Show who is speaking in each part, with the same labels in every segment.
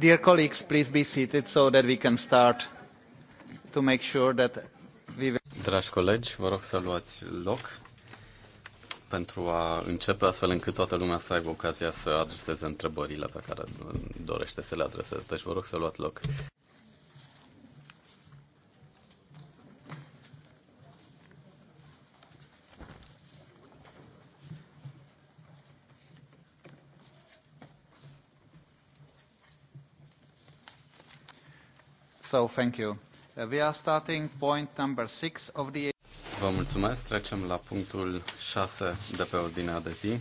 Speaker 1: Dear colleagues, please be seated so that we can start to make sure that we will...
Speaker 2: Dragi colegi, vă rog să luați loc pentru a începe astfel încât toată lumea să aibă ocazia să adreseze întrebările pe care dorește să le adreseze. Deci vă rog să luați loc.
Speaker 1: So, thank you. Uh, we are starting point number six of the...
Speaker 2: Vă mulțumesc. Trecem la punctul 6 de pe ordinea de zi.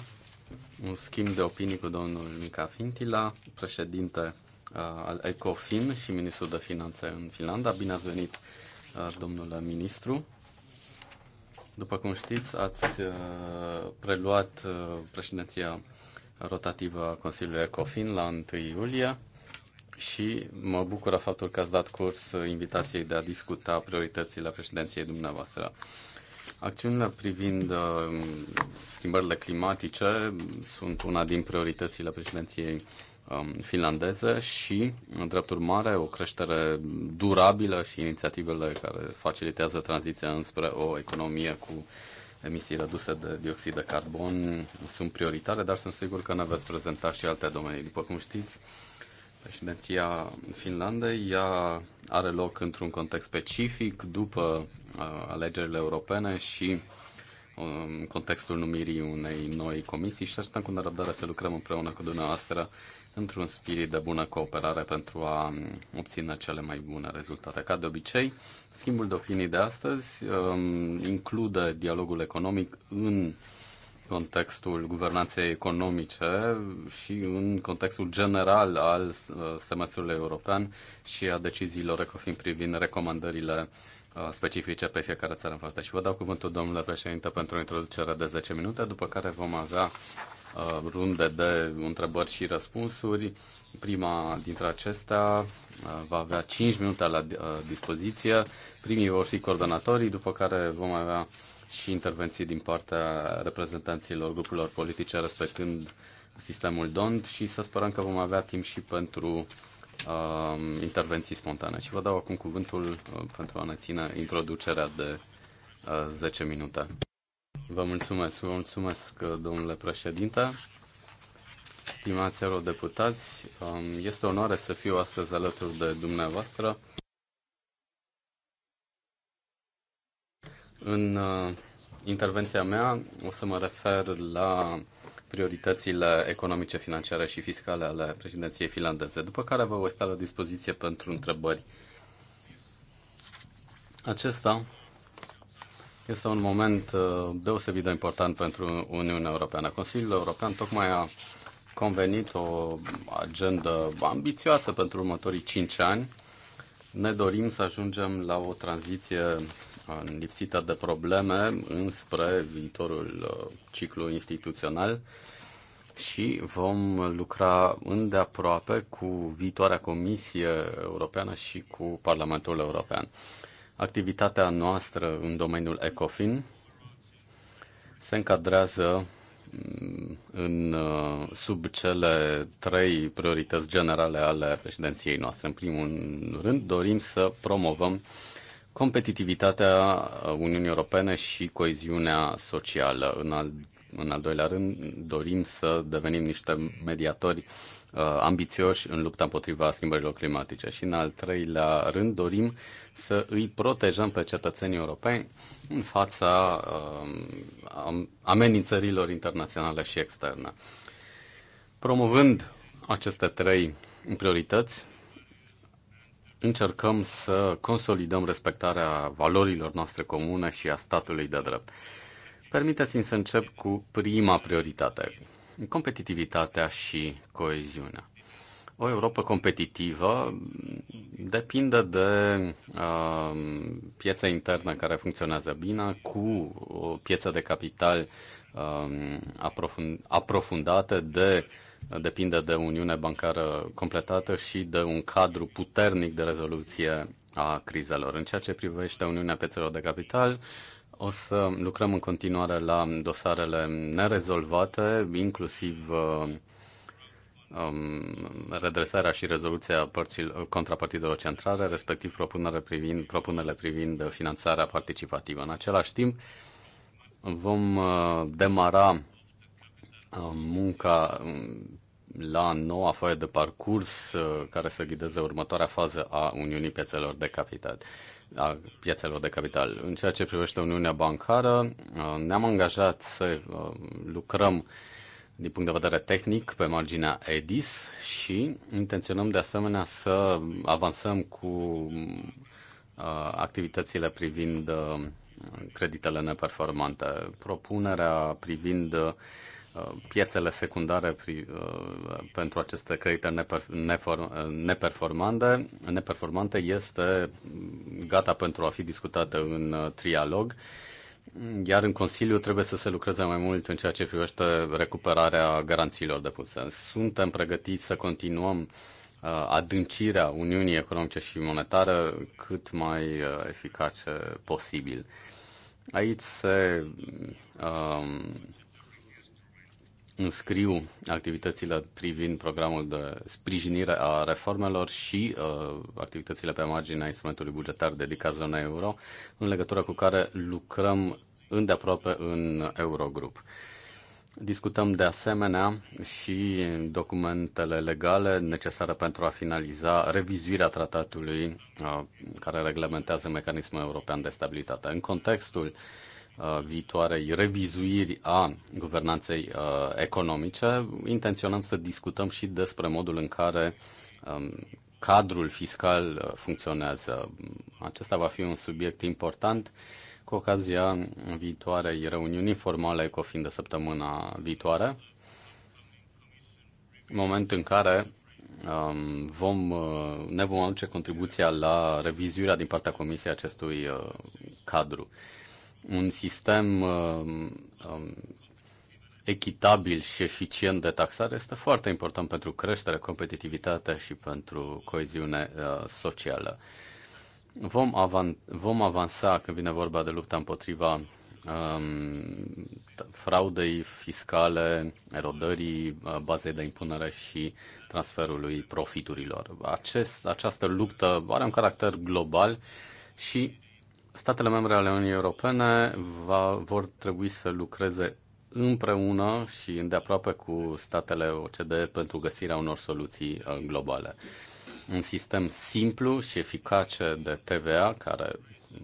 Speaker 2: Un schimb de opinii cu domnul Mica Fintila, președinte uh, al ECOFIN și ministru de finanțe în Finlanda. Bine ați venit, uh, domnule ministru. După cum știți, ați uh, preluat uh, președinția rotativă a Consiliului ECOFIN la 1 iulie și mă bucură faptul că ați dat curs invitației de a discuta prioritățile președinției dumneavoastră. Acțiunile privind uh, schimbările climatice sunt una din prioritățile președinției um, finlandeze și, în drept urmare, o creștere durabilă și inițiativele care facilitează tranziția înspre o economie cu emisii reduse de dioxid de carbon sunt prioritare, dar sunt sigur că ne veți prezenta și alte domenii. După cum știți, Președinția Finlandei ea are loc într-un context specific după uh, alegerile europene și în um, contextul numirii unei noi comisii și așteptăm cu nerăbdare să lucrăm împreună cu dumneavoastră într-un spirit de bună cooperare pentru a um, obține cele mai bune rezultate. Ca de obicei, schimbul de opinii de astăzi uh, include dialogul economic în contextul guvernanței economice și în contextul general al uh, semestrului european și a deciziilor ECOFIN privind recomandările uh, specifice pe fiecare țară în parte. Și vă dau cuvântul, domnule președinte, pentru o introducere de 10 minute, după care vom avea uh, runde de întrebări și răspunsuri. Prima dintre acestea va avea 5 minute la dispoziție. Primii vor fi coordonatorii, după care vom avea și intervenții din partea reprezentanților grupurilor politice respectând sistemul DOND și să sperăm că vom avea timp și pentru uh, intervenții spontane. Și vă dau acum cuvântul uh, pentru a ne ține introducerea de uh, 10 minute. Vă mulțumesc, vă mulțumesc, uh, domnule președinte. Stimați eurodeputați, um, este o onoare să fiu astăzi alături de dumneavoastră În uh, intervenția mea o să mă refer la prioritățile economice, financiare și fiscale ale președinției finlandeze, după care vă voi sta la dispoziție pentru întrebări. Acesta este un moment uh, deosebit de important pentru Uniunea Europeană. Consiliul European tocmai a convenit o agendă ambițioasă pentru următorii 5 ani. Ne dorim să ajungem la o tranziție lipsită de probleme înspre viitorul uh, ciclu instituțional și vom lucra îndeaproape cu viitoarea Comisie Europeană și cu Parlamentul European. Activitatea noastră în domeniul ECOFIN se încadrează mm, în, uh, sub cele trei priorități generale ale președinției noastre. În primul rând, dorim să promovăm competitivitatea Uniunii Europene și coeziunea socială. În al, în al doilea rând, dorim să devenim niște mediatori uh, ambițioși în lupta împotriva schimbărilor climatice. Și în al treilea rând, dorim să îi protejăm pe cetățenii europeni în fața uh, amenințărilor internaționale și externe. Promovând aceste trei priorități, încercăm să consolidăm respectarea valorilor noastre comune și a statului de drept. Permiteți-mi să încep cu prima prioritate, competitivitatea și coeziunea. O Europa competitivă depinde de uh, um, piața internă care funcționează bine, cu o pieță de capital uh, aprofund- aprofundată de uh, depinde de Uniune Bancară completată și de un cadru puternic de rezoluție a crizelor. În ceea ce privește Uniunea Piețelor de Capital, o să lucrăm în continuare la dosarele nerezolvate, inclusiv uh, um, redresarea și rezoluția contrapartidelor centrale, respectiv propunerile privind, propunerile privind finanțarea participativă. În același timp, vom uh, demara munca mm, la noua foaie de parcurs uh, care să ghideze următoarea fază a Uniunii Piețelor de Capital. A piețelor de capital. În ceea ce privește Uniunea Bancară, uh, ne-am angajat să uh, lucrăm din punct de vedere tehnic pe marginea EDIS și intenționăm de asemenea să avansăm cu activitățile privind creditele neperformante. Propunerea privind Uh, piețele secundare pri, uh, pentru aceste credite neper, neform, uh, neperformante, neperformante este gata pentru a fi discutată în trialog. Iar în Consiliu trebuie să se lucreze mai mult în ceea ce privește recuperarea garanțiilor depuse. Suntem pregătiți să continuăm adâncirea Uniunii Economice și Monetare cât mai eficace posibil. Aici se Uh, înscriu activitățile privind programul de sprijinire a reformelor și uh, activitățile pe marginea instrumentului bugetar dedicat zonei euro, în legătură cu care lucrăm îndeaproape în Eurogrup. Discutăm de asemenea și documentele legale necesare pentru a finaliza revizuirea tratatului uh, care reglementează mecanismul european de stabilitate. În contextul uh, Uh, viitoarei revizuiri a guvernanței uh, economice, intenționăm să discutăm și despre modul în care um, cadrul fiscal uh, funcționează. Acesta va fi un subiect important cu ocazia viitoarei reuniuni formale ECOFIN de săptămâna viitoare, moment în care um, vom, ne vom aduce contribuția la revizuirea din partea Comisiei acestui cadru un sistem um, um, echitabil și eficient de taxare este foarte important pentru creștere, competitivitate și pentru coeziune uh, socială. Vom, avan- vom avansa când vine vorba de lupta împotriva um, fraudei fiscale, erodării uh, bazei de impunere și transferului profiturilor. Acest, această luptă are un caracter global și statele membre ale Uniunii Europene va, vor trebui să lucreze împreună și îndeaproape cu statele OCDE pentru găsirea unor soluții uh, globale. Un sistem simplu și eficace de TVA care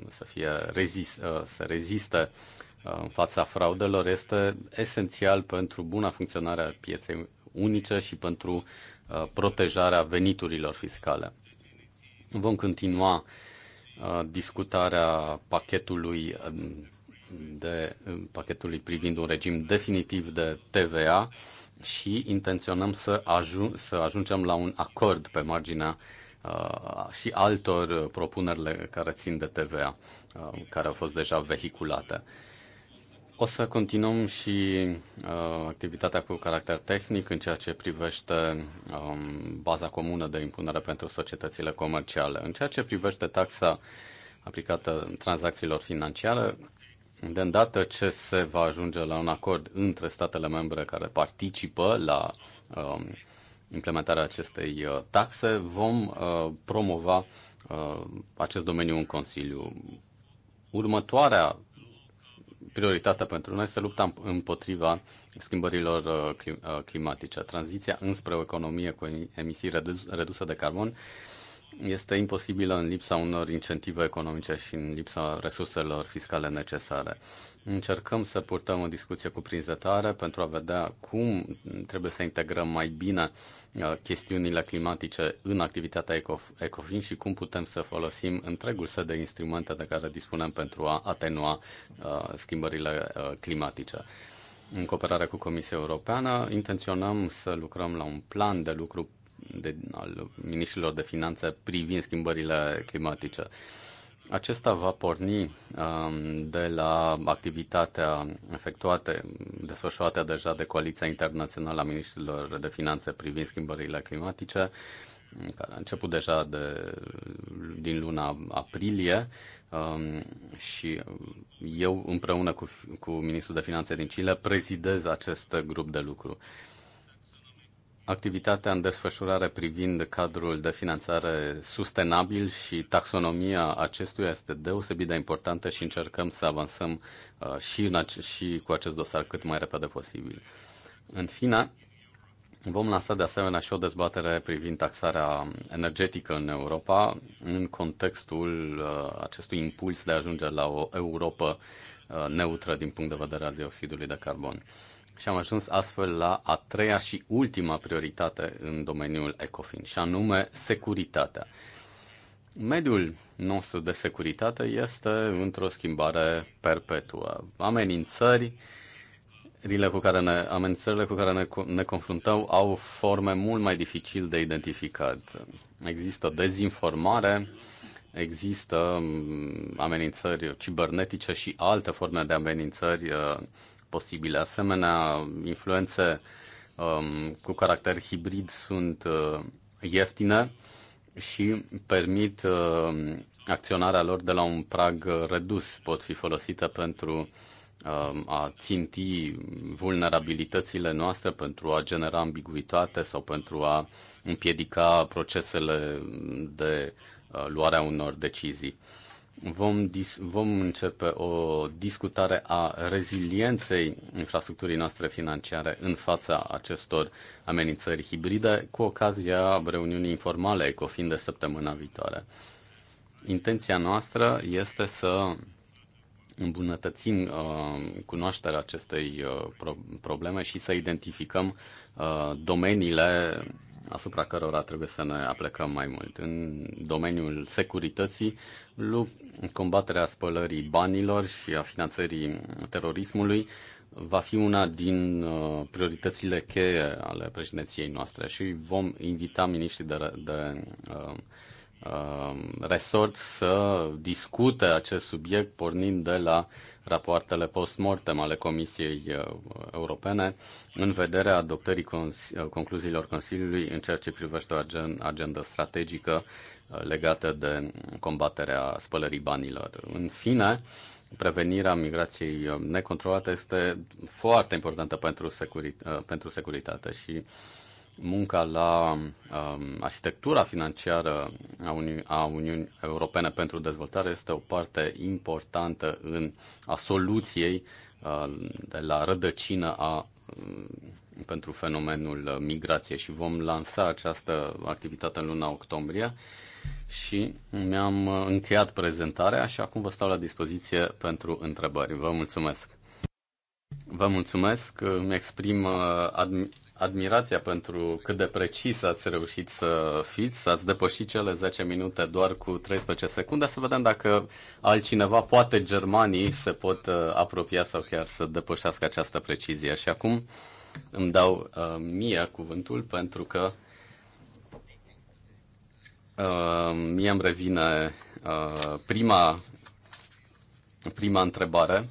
Speaker 2: să, fie rezist, uh, să reziste uh, în fața fraudelor este esențial pentru buna funcționare a pieței unice și pentru protejarea veniturilor fiscale. Vom continua uh, Uh, discutarea pachetului um, de um, pachetului privind un regim definitiv de TVA și intenționăm să, ajun- să ajungem la un acord pe marginea uh, și altor propunerile care țin de TVA, uh, care au fost deja vehiculate. Uh, o să continuăm și uh, activitatea cu caracter tehnic în ceea ce privește um, baza comună de impunere pentru societățile comerciale. În ceea ce privește taxa aplicată tranzacțiilor financiare, de îndată ce se va ajunge la un acord între statele membre care participă la um, implementarea acestei uh, taxe, vom uh, promova uh, acest domeniu în Consiliu. Următoarea prioritatea pentru noi este lupta împotriva schimbărilor uh, uh, climatice. Tranziția înspre o economie cu emisii reduse de carbon este imposibilă în lipsa unor incentive economice și în lipsa resurselor fiscale necesare. Încercăm să purtăm o discuție cuprinzătoare pentru a vedea cum trebuie să integrăm mai bine Uh, chestiunile climatice în activitatea ECOFIN și cum putem să folosim întregul set de instrumente de care dispunem pentru a atenua uh, schimbările uh, climatice. În cooperare cu Comisia Europeană, intenționăm să lucrăm la un plan de lucru de, al ministrilor de finanțe privind schimbările climatice. Uh, acesta va porni um, de la activitatea efectuată, desfășurată deja de Coaliția Internațională a Ministrilor de Finanțe privind schimbările climatice, care a început deja de, din luna aprilie um, și eu împreună cu, cu Ministrul de Finanțe din Chile prezidez acest grup de lucru. Uh, activitatea în desfășurare privind cadrul de finanțare sustenabil și taxonomia acestuia este deosebit de importantă și încercăm să avansăm uh, și, în ac- și cu acest dosar cât mai repede posibil. În fine, vom lansa de asemenea și o dezbatere privind taxarea energetică în Europa în contextul uh, acestui impuls de a ajunge la o Europa uh, neutră din punct de vedere al dioxidului de carbon. Și am ajuns astfel la a treia și ultima prioritate în domeniul ECOFIN, și anume securitatea. Mediul nostru de securitate este într-o schimbare perpetuă. Amenințări, cu care ne, amenințările cu care ne, ne confruntăm au forme mult mai dificil de identificat. Există dezinformare, există mm, amenințări cibernetice și alte forme de amenințări uh, posibile. Asemenea, influențe um, cu caracter hibrid sunt uh, ieftine și permit uh, acționarea lor de la un prag redus. Pot fi folosite pentru uh, a ținti vulnerabilitățile noastre, pentru a genera ambiguitate sau pentru a împiedica procesele de uh, luarea unor decizii vom, dis- vom începe o discutare a rezilienței infrastructurii noastre financiare în fața acestor amenințări hibride cu ocazia reuniunii informale ECOFIN de săptămâna viitoare. Intenția noastră este să îmbunătățim uh, cunoașterea acestei uh, pro- probleme și să identificăm uh, domeniile asupra cărora trebuie să ne aplecăm mai mult. În domeniul securității, combaterea spălării banilor și a finanțării terorismului va fi una din uh, prioritățile cheie ale președinției noastre și vom invita miniștrii de, de uh, Um, resort să discute acest subiect pornind de la rapoartele post-mortem ale Comisiei uh, Europene în vederea adoptării uh, concluziilor Consiliului în ceea ce privește o agendă strategică uh, legată de combaterea spălării banilor. În fine, prevenirea migrației necontrolate este foarte importantă pentru, securit- pentru securitate și munca la um, arhitectura financiară a, Uni- a Uniunii Europene pentru dezvoltare este o parte importantă în a soluției uh, de la rădăcină a, uh, pentru fenomenul migrației și vom lansa această activitate în luna octombrie și mi-am uh, încheiat prezentarea și acum vă stau la dispoziție pentru întrebări. Vă mulțumesc! Vă mulțumesc, îmi exprim uh, admirația pentru cât de precis ați reușit să fiți, să ați depășit cele 10 minute doar cu 13 secunde, să vedem dacă altcineva, poate germanii, se pot uh, apropia sau chiar să depășească această precizie. Și acum îmi dau uh, mie cuvântul pentru că mie îmi revine prima, prima întrebare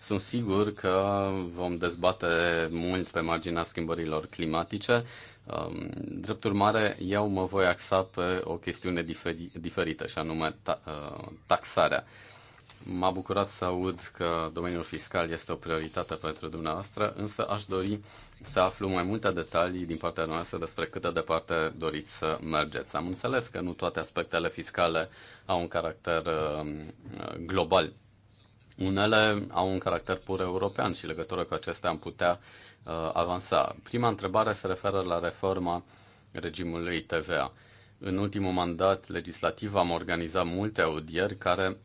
Speaker 2: sunt sigur că vom dezbate mult pe marginea schimbărilor climatice. Um, drept urmare, eu mă voi axa pe o chestiune diferi- diferită, și anume ta- uh, taxarea. M-a bucurat să aud că domeniul fiscal este o prioritate pentru dumneavoastră, însă aș dori să aflu mai multe detalii din partea noastră despre cât de departe doriți să mergeți. Am înțeles că nu toate aspectele fiscale au un caracter um, global unele au un caracter pur european și legătură cu acestea am putea uh, avansa. Prima întrebare se referă la reforma regimului TVA. În ultimul mandat legislativ am organizat multe audieri care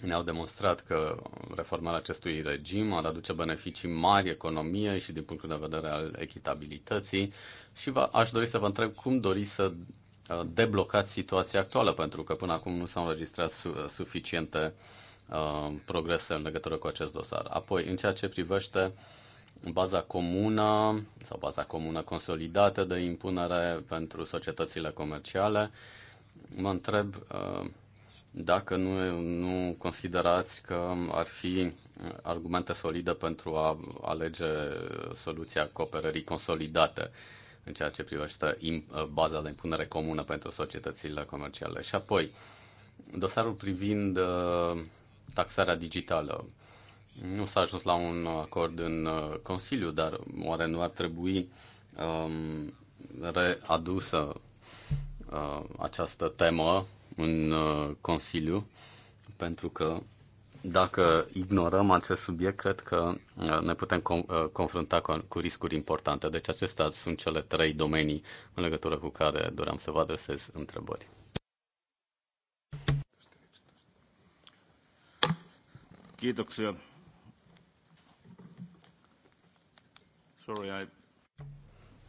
Speaker 2: ne-au demonstrat că reformarea acestui regim ar aduce beneficii mari economiei și din punctul de vedere al echitabilității și va, aș dori să vă întreb cum doriți să uh, deblocați situația actuală, pentru că până acum nu s-au înregistrat su- suficiente uh, Uh, progrese în legătură cu acest dosar. Apoi, în ceea ce privește baza comună sau baza comună consolidată de impunere pentru societățile comerciale, mă întreb uh, dacă nu, nu considerați că ar fi argumente solide pentru a alege soluția cooperării consolidate în ceea ce privește uh, baza de impunere comună pentru societățile comerciale. Și apoi, dosarul privind taxarea digitală. Nu s-a ajuns la un acord în uh, Consiliu, dar oare nu ar trebui um, readusă uh, această temă în uh, Consiliu? Pentru că dacă ignorăm acest subiect, cred că uh, ne putem com- uh, confrunta cu, cu riscuri importante. Deci acestea sunt cele trei domenii în legătură cu care doream să vă adresez întrebări. Kiitoksia. Sorry, I...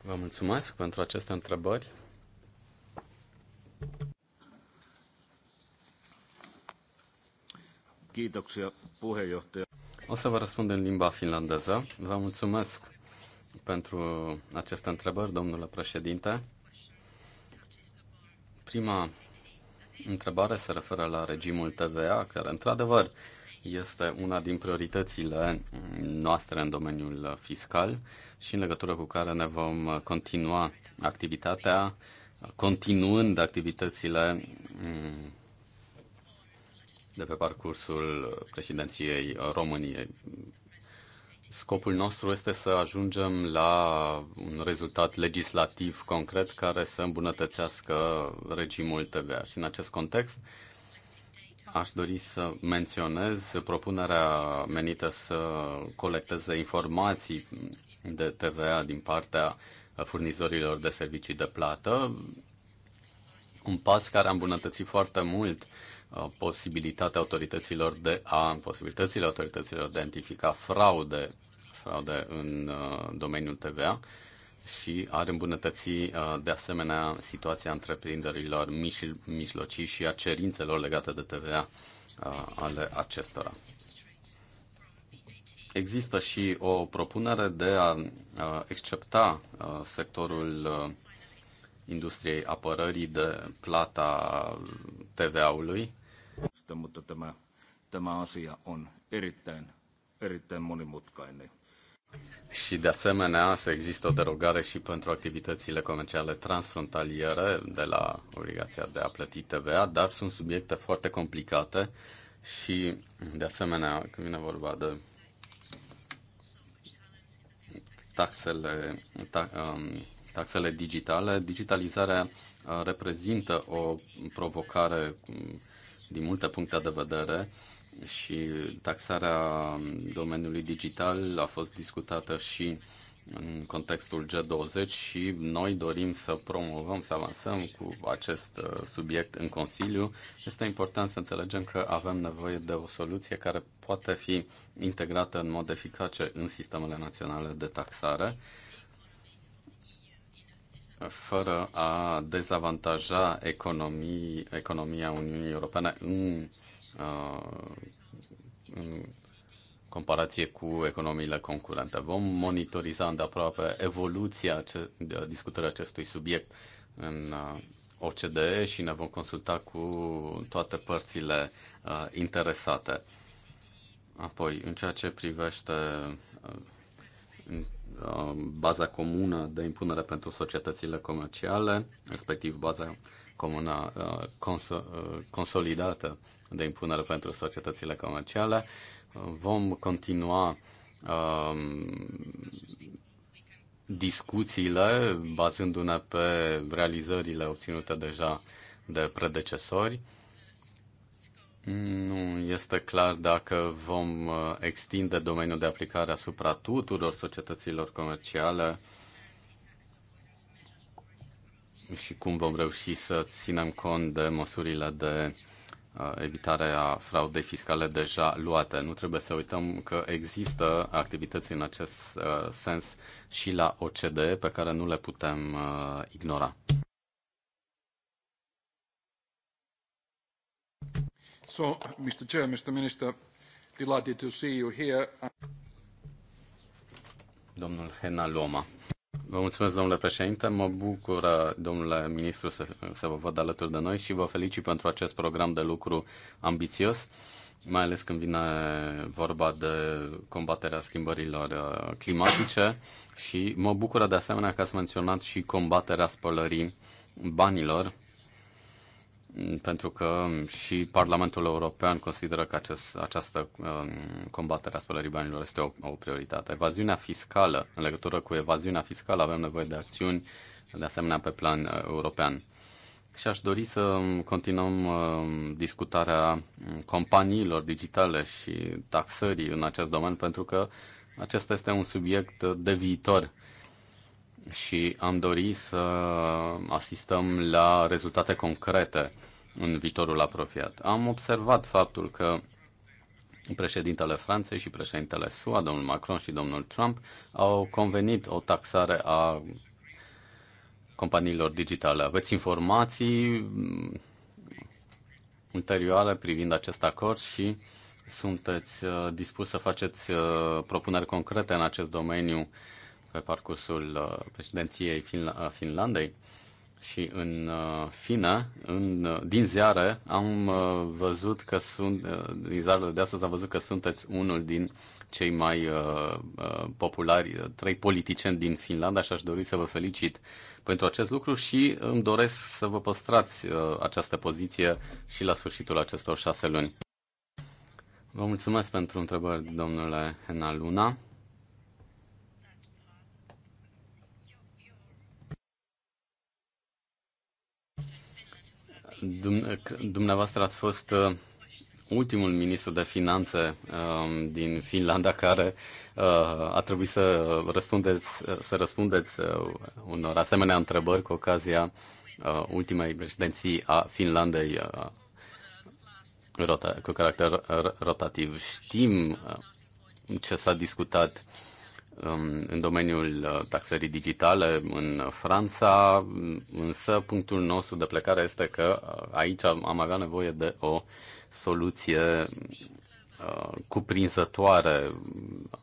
Speaker 2: Vă mulțumesc pentru aceste întrebări.
Speaker 3: Kiitoksia, puheenjohtaja.
Speaker 2: O să vă răspund în limba finlandeză. Vă mulțumesc pentru aceste întrebări, domnule președinte. Prima întrebare se referă la regimul TVA, care, într-adevăr, este una din prioritățile noastre în domeniul fiscal și în legătură cu care ne vom continua activitatea, continuând activitățile mm, de pe parcursul președinției României. Scopul nostru este să ajungem la un rezultat legislativ concret care să îmbunătățească regimul TVA și în acest context Aș dori să menționez propunerea menită să colecteze informații de TVA din partea furnizorilor de servicii de plată, un pas care a îmbunătățit foarte mult uh, posibilitatea autorităților de a, posibilitățile autorităților de a identifica fraude, fraude în uh, domeniul TVA și ar îmbunătăți uh, de asemenea situația întreprinderilor mici, mijlocii și a cerințelor legate de TVA uh, ale acestora. Există și o propunere de a uh, excepta sectorul industriei apărării de plata TVA-ului. asia on erittäin,
Speaker 3: erittäin monimutkainen
Speaker 2: și de asemenea să există o derogare și pentru activitățile comerciale transfrontaliere de la obligația de a plăti TVA, dar sunt subiecte foarte complicate și de asemenea când vine vorba de taxele, ta, um, taxele digitale, digitalizarea uh, reprezintă o provocare um, din multe puncte de vedere și taxarea domeniului digital a fost discutată și în contextul G20 și noi dorim să promovăm, să avansăm cu acest uh, subiect în Consiliu. Este important să înțelegem că avem nevoie de o soluție care poate fi integrată în mod eficace în sistemele naționale de taxare fără a dezavantaja economii, economia Uniunii Europene în Uh, în comparație cu economiile concurente. Vom monitoriza îndeaproape evoluția discutării acestui subiect în uh, OCDE și ne vom consulta cu toate părțile uh, interesate. Apoi, în ceea ce privește baza comună de impunere pentru societățile comerciale, respectiv baza comună consolidată de impunere pentru societățile comerciale. Vom continua um, discuțiile bazându-ne pe realizările obținute deja de predecesori. Nu este clar dacă vom uh, extinde domeniul de aplicare asupra tuturor societăților comerciale și cum vom reuși să ținem cont de măsurile de Uh, evitarea fraudei fiscale deja luate. Nu trebuie să uităm că există activități în acest uh, sens și la OCDE pe care nu le putem uh, ignora.
Speaker 1: So, Mr. Chair, Mr. Minister, delighted to see you here.
Speaker 2: Domnul Hena Loma. Vă mulțumesc, domnule președinte. Mă bucură, domnule ministru, să, să vă văd alături de noi și vă felicit pentru acest program de lucru ambițios, mai ales când vine vorba de combaterea schimbărilor uh, climatice și mă bucură de asemenea că ați menționat și combaterea spălării banilor pentru că și Parlamentul European consideră că acest, această um, combatere a spălării banilor este o, o prioritate. Evaziunea fiscală, în legătură cu evaziunea fiscală, avem nevoie de acțiuni, de asemenea, pe plan uh, european. Și aș dori să continuăm um, discutarea companiilor digitale și taxării în acest domeniu, pentru că acesta este un subiect de viitor și am dori să asistăm la rezultate concrete în viitorul apropiat. Am observat faptul că președintele Franței și președintele SUA, domnul Macron și domnul Trump, au convenit o taxare a companiilor digitale. Aveți informații mm, ulterioare privind acest acord și sunteți uh, dispus să faceți uh, propuneri concrete în acest domeniu pe parcursul uh, președinției Finlandei și în uh, fine, în, uh, din ziare, am văzut că sunt, din ziarele de astăzi am văzut că sunteți unul din cei mai uh, populari, trei politicieni din Finlanda și aș dori să vă felicit pentru acest lucru și îmi doresc să vă păstrați uh, această poziție și la sfârșitul acestor șase luni. Vă mulțumesc pentru întrebări, domnule Hena Luna. Dumneavoastră ați fost uh, ultimul ministru de finanțe um, din Finlanda care uh, a trebuit să răspundeți, să răspundeți uh, unor asemenea întrebări cu ocazia ultimei președinții a Finlandei cu caracter rotativ. Știm ce s-a discutat Um, în domeniul uh, taxării digitale în Franța, însă punctul nostru de plecare este că uh, aici am avea nevoie de o soluție uh, cuprinzătoare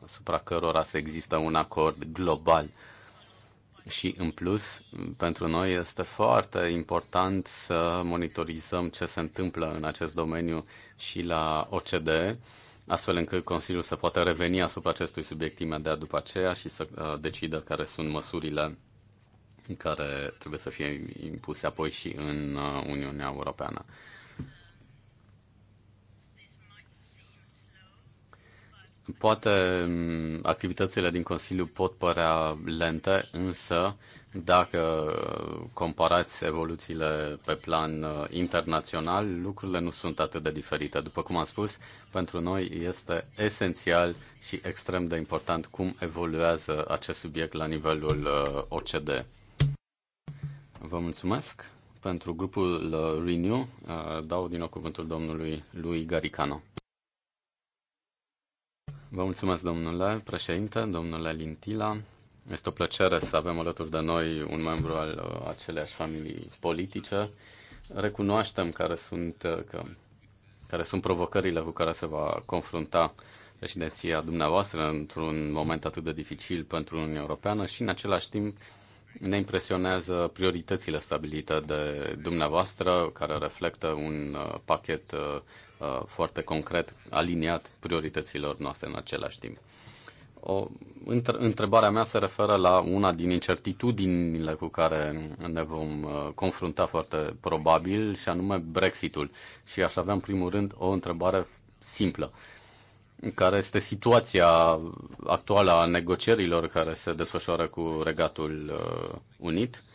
Speaker 2: asupra cărora să există un acord global. Și în plus, pentru noi este foarte important să monitorizăm ce se întâmplă în acest domeniu și la OCDE astfel încât Consiliul să poată reveni asupra acestui subiect imediat după aceea și să uh, decidă care sunt măsurile care trebuie să fie impuse apoi și în uh, Uniunea Europeană. Poate mm, activitățile din Consiliu pot părea lente, însă dacă comparați evoluțiile pe plan uh, internațional, lucrurile nu sunt atât de diferite. După cum am spus, pentru noi este esențial și extrem de important cum evoluează acest subiect la nivelul uh, OCD. Vă mulțumesc. Pentru grupul uh, Renew dau din nou cuvântul domnului lui Garicano. Vă mulțumesc, domnule președinte, domnule Lintila, este o plăcere să avem alături de noi un membru al uh, aceleași familii politice. Recunoaștem care sunt, uh, că, care sunt provocările cu care se va confrunta președinția dumneavoastră într-un moment atât de dificil pentru Uniunea Europeană și în același timp ne impresionează prioritățile stabilite de dumneavoastră, care reflectă un uh, pachet foarte concret, aliniat priorităților noastre în același timp. O, întrebarea mea se referă la una din incertitudinile cu care ne vom uh, confrunta foarte probabil, și anume Brexitul. Și aș avea, în primul rând, o întrebare simplă. Care este situația actuală a negocierilor care se desfășoară cu Regatul uh, Unit? Uh,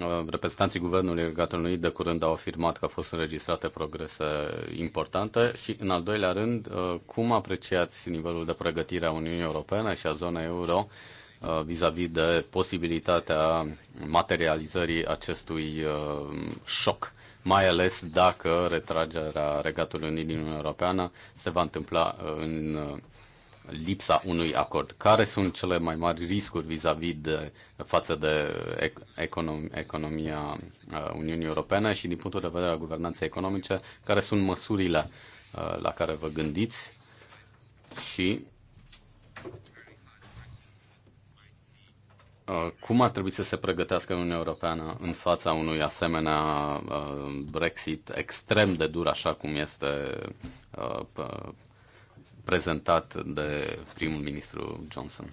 Speaker 2: Uh, reprezentanții Guvernului Regatului Unit de curând au afirmat că au fost înregistrate progrese importante și, în al doilea rând, uh, cum apreciați nivelul de pregătire a Uniunii Europene și a zonei euro uh, vis-a-vis -vis de posibilitatea materializării acestui șoc, mai ales dacă retragerea Regatului Unit din Uniunea Europeană se va întâmpla în lipsa unui acord. Care sunt cele mai mari riscuri vis-a-vis -vis de față de econom, economia uh, Uniunii Europene și din punctul de vedere al guvernanței economice, care sunt măsurile uh, la care vă gândiți și uh, cum ar trebui să se pregătească Uniunea Europeană în fața unui asemenea Brexit extrem de dur, așa cum este prezentat de primul ministru Johnson.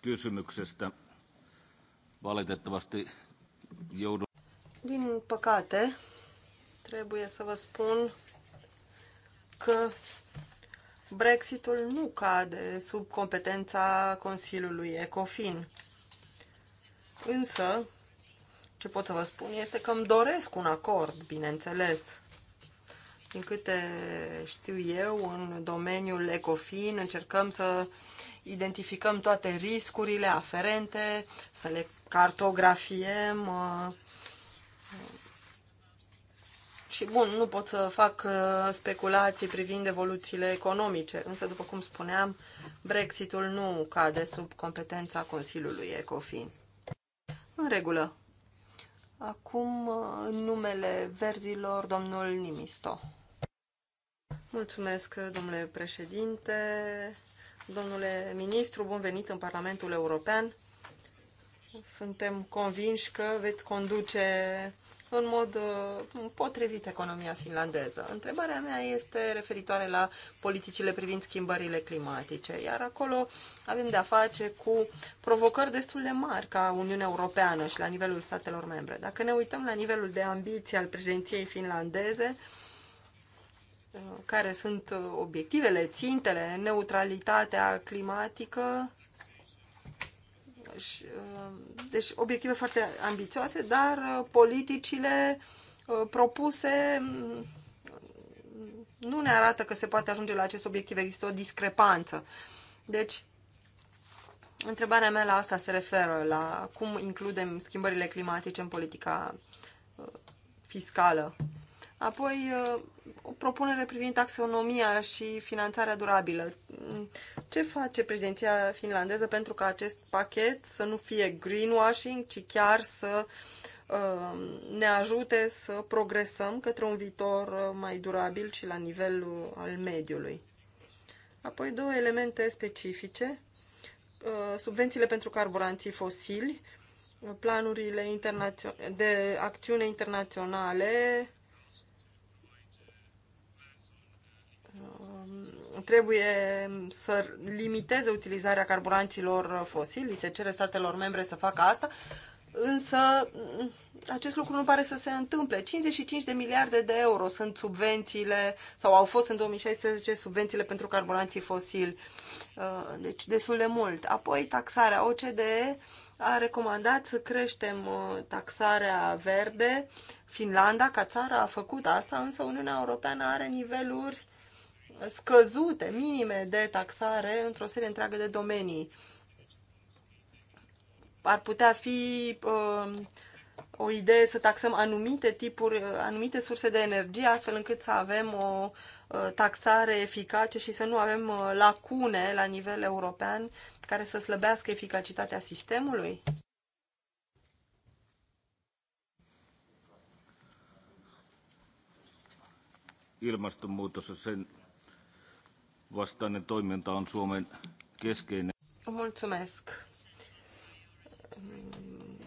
Speaker 3: Kysymyksestä. Valitettavasti
Speaker 2: joudun...
Speaker 4: Din păcate, trebuie să vă spun că Brexitul nu cade sub competența Consiliului Ecofin. Însă, ce pot să vă spun este că îmi doresc un acord, bineînțeles. Din câte știu eu, în domeniul ECOFIN încercăm să identificăm toate riscurile aferente, să le cartografiem. Uh, și bun, nu pot să fac uh, speculații privind evoluțiile economice, însă, după cum spuneam, Brexitul nu cade sub competența Consiliului ECOFIN. În regulă. Acum, uh, în numele verzilor, domnul Nimisto. Mulțumesc, domnule președinte, domnule ministru, bun venit în Parlamentul European. Suntem convinși că veți conduce în mod uh, potrivit economia finlandeză. Întrebarea mea este referitoare la politicile privind schimbările climatice, iar acolo avem de-a face cu provocări destul de mari ca Uniunea Europeană și la nivelul statelor membre. Dacă ne uităm la nivelul de ambiție al președinției finlandeze, care sunt obiectivele, țintele, neutralitatea climatică. Uh, deci obiective foarte ambițioase, dar uh, politicile uh, propuse mm, nu ne arată că se poate ajunge la acest obiectiv. Există o discrepanță. Deci, întrebarea mea la asta se referă, la cum includem schimbările climatice în politica fiscală. Apoi, uh, o propunere privind taxonomia și finanțarea durabilă. Mm, ce face președinția finlandeză pentru ca acest pachet să nu fie greenwashing, ci chiar să uh, ne ajute să progresăm către un viitor uh, mai durabil și la nivelul al mediului. Apoi două elemente specifice, subvențiile pentru carburanții fosili, planurile de acțiune internaționale trebuie să limiteze utilizarea carburanților fosili, se cere statelor membre să facă asta, însă acest lucru nu pare să se întâmple. 55 de miliarde de euro sunt subvențiile, sau au fost în 2016 subvențiile pentru carburanții fosili, uh, deci destul de mult. Apoi taxarea OCDE a recomandat să creștem uh, taxarea verde. Finlanda, ca țară, a făcut asta, însă Uniunea Europeană are niveluri scăzute, minime de taxare într-o serie întreagă de domenii. Ar putea fi uh, o idee să taxăm anumite tipuri, uh, anumite surse de energie, astfel încât să avem o uh, taxare eficace și să nu avem uh, lacune la nivel european care să slăbească eficacitatea sistemului?
Speaker 3: Ilmastonmuutos on sen vastainen toiminta on Suomen keskeinen.
Speaker 4: Mulțumesc.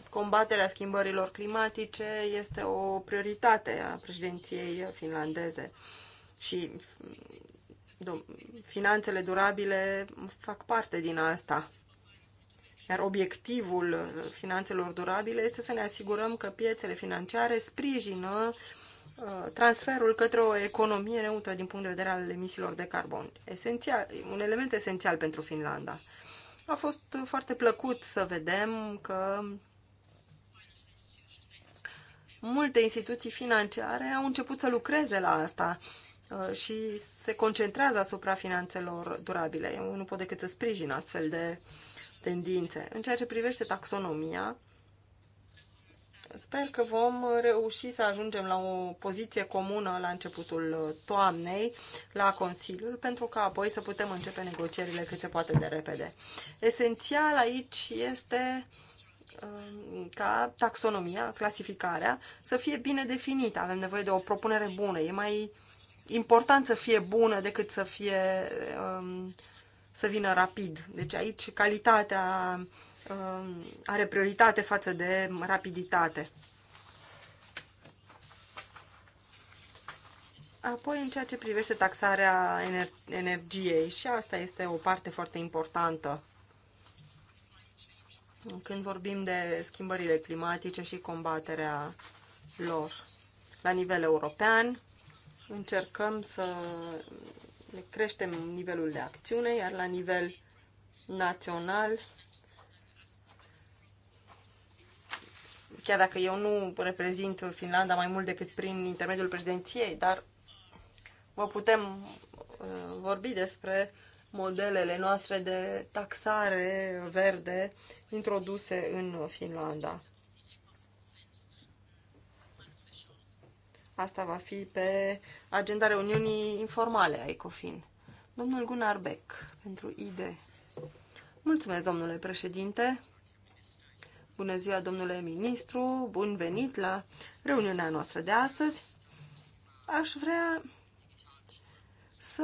Speaker 4: Combaterea schimbărilor climatice este o prioritate a președinției finlandeze și finanțele durabile fac parte din asta. Iar obiectivul finanțelor durabile este să ne asigurăm că piețele financiare sprijină uh, Uh, transferul către o economie neutră din punct de vedere al emisiilor de carbon. Esențial, un element esențial pentru Finlanda. A fost foarte plăcut să vedem că multe instituții financiare au început să lucreze la asta uh, și se concentrează asupra finanțelor durabile. Eu nu pot decât să sprijin astfel de tendințe. În ceea ce privește taxonomia, Sper că vom reuși să ajungem la o poziție comună la începutul toamnei, la Consiliul, pentru că apoi să putem începe negocierile cât se poate de repede. Esențial aici este um, ca taxonomia, clasificarea, să fie bine definită. Avem nevoie de o propunere bună. E mai important să fie bună decât să fie um, să vină rapid. Deci aici calitatea Um, are prioritate față de rapiditate. Apoi, în ceea ce privește taxarea ener- energiei, și asta este o parte foarte importantă. Când vorbim de schimbările climatice și combaterea lor, la nivel european, încercăm să creștem nivelul de acțiune, iar la nivel național chiar dacă eu nu reprezint Finlanda mai mult decât prin intermediul președinției, dar vă putem uh, vorbi despre modelele noastre de taxare verde introduse în Finlanda. Asta va fi pe agenda reuniunii informale a ECOFIN. Domnul Gunnar Beck, pentru IDE. Mulțumesc, domnule președinte. Bună ziua, domnule ministru, bun venit la reuniunea noastră de astăzi. Aș vrea să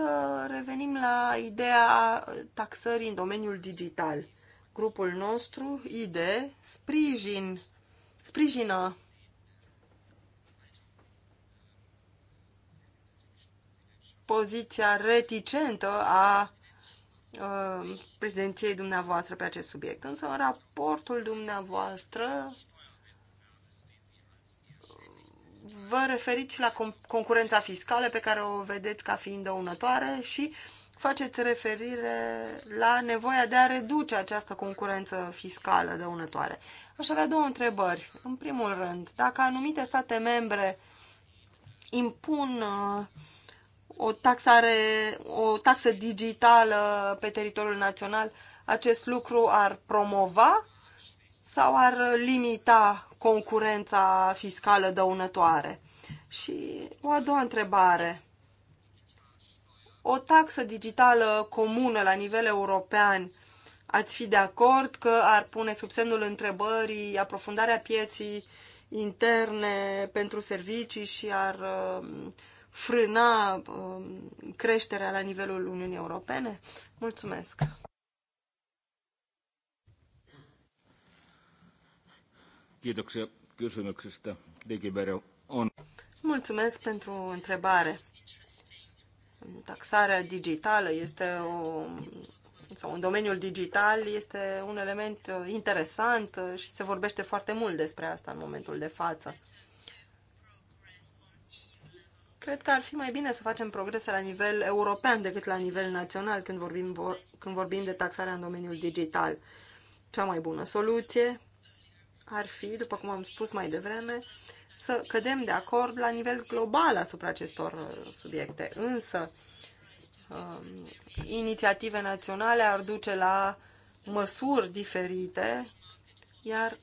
Speaker 4: revenim la ideea taxării în domeniul digital. Grupul nostru, ID, sprijin, sprijină poziția reticentă a Uh, prezenției dumneavoastră pe acest subiect. Însă în raportul dumneavoastră vă referiți și la concurența fiscală pe care o vedeți ca fiind dăunătoare și faceți referire la nevoia de a reduce această concurență fiscală dăunătoare. Aș avea două întrebări. În primul rând, dacă anumite state membre impun uh, o, taxare, o taxă digitală pe teritoriul național, acest lucru ar promova sau ar limita concurența fiscală dăunătoare? Și o a doua întrebare. O taxă digitală comună la nivel european, ați fi de acord că ar pune sub semnul întrebării aprofundarea pieții interne pentru servicii și ar uh, frâna um, creșterea la nivelul Uniunii Europene? Mulțumesc!
Speaker 3: Kiitoksia kysymyksestä. Digivero on.
Speaker 4: Mulțumesc pentru întrebare. Taxarea digitală este o, sau în domeniul digital este un element uh, interesant uh, și se vorbește foarte mult despre asta în momentul de față. Cred că ar fi mai bine să facem progrese la nivel european decât la nivel național când vorbim, vor, când vorbim de taxarea în domeniul digital. Cea mai bună soluție ar fi, după cum am spus mai devreme, să cădem de acord la nivel global asupra acestor uh, subiecte. Însă, um, inițiative naționale ar duce la măsuri diferite, iar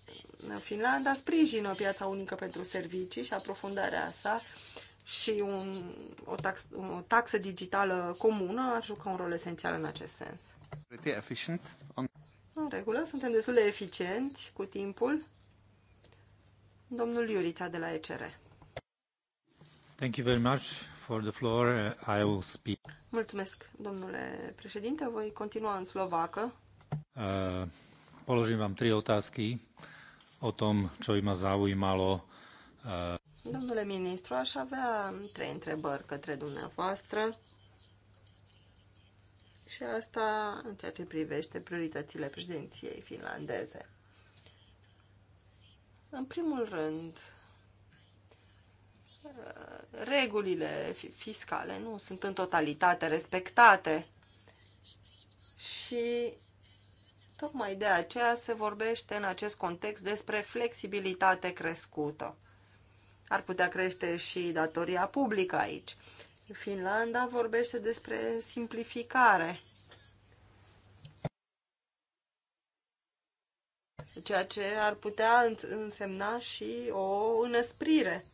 Speaker 4: Finlanda sprijină piața unică pentru servicii și aprofundarea sa și un, o, tax, o taxă digitală comună ar juca un rol esențial în acest sens. În regulă, suntem destul de eficienți cu timpul. Domnul Iurița de la ECR.
Speaker 1: Thank you very
Speaker 3: much for the floor. I will speak.
Speaker 4: Mulțumesc, domnule președinte. Voi continua în slovacă.
Speaker 3: Uh, položím vám tri otázky o tom, čo by ma zaujímalo. Uh...
Speaker 4: Domnule ministru, aș avea trei întrebări către dumneavoastră și asta în ceea ce privește prioritățile președinției finlandeze. În primul rând, regulile fiscale nu sunt în totalitate respectate și tocmai de aceea se vorbește în acest context despre flexibilitate crescută ar putea crește și datoria publică aici. Finlanda vorbește despre simplificare. Ceea ce ar putea însemna și o înăsprire.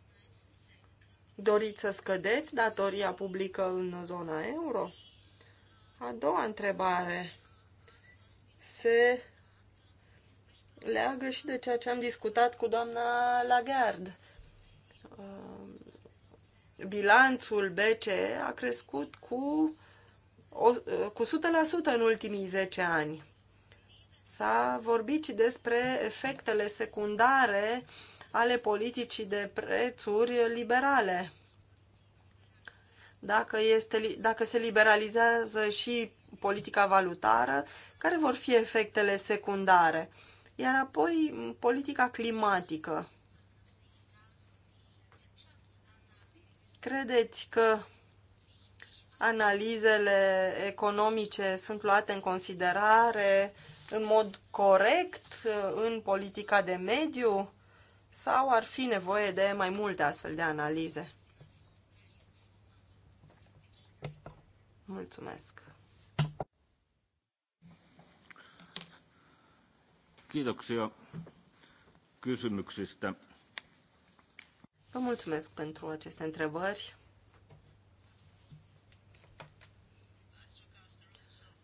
Speaker 4: Doriți să scădeți datoria publică în zona euro? A doua întrebare se leagă și de ceea ce am discutat cu doamna Lagarde Um, bilanțul BCE a crescut cu, o, cu 100% în ultimii 10 ani. S-a vorbit și despre efectele secundare ale politicii de prețuri liberale. Dacă, este, dacă se liberalizează și politica valutară, care vor fi efectele secundare? Iar apoi politica climatică. Credeți că analizele economice sunt luate în considerare în mod corect în politica de mediu sau ar fi nevoie de mai multe astfel de analize? Mulțumesc!
Speaker 3: Kiitoksia kysymyksistä.
Speaker 4: Vă mulțumesc pentru aceste întrebări.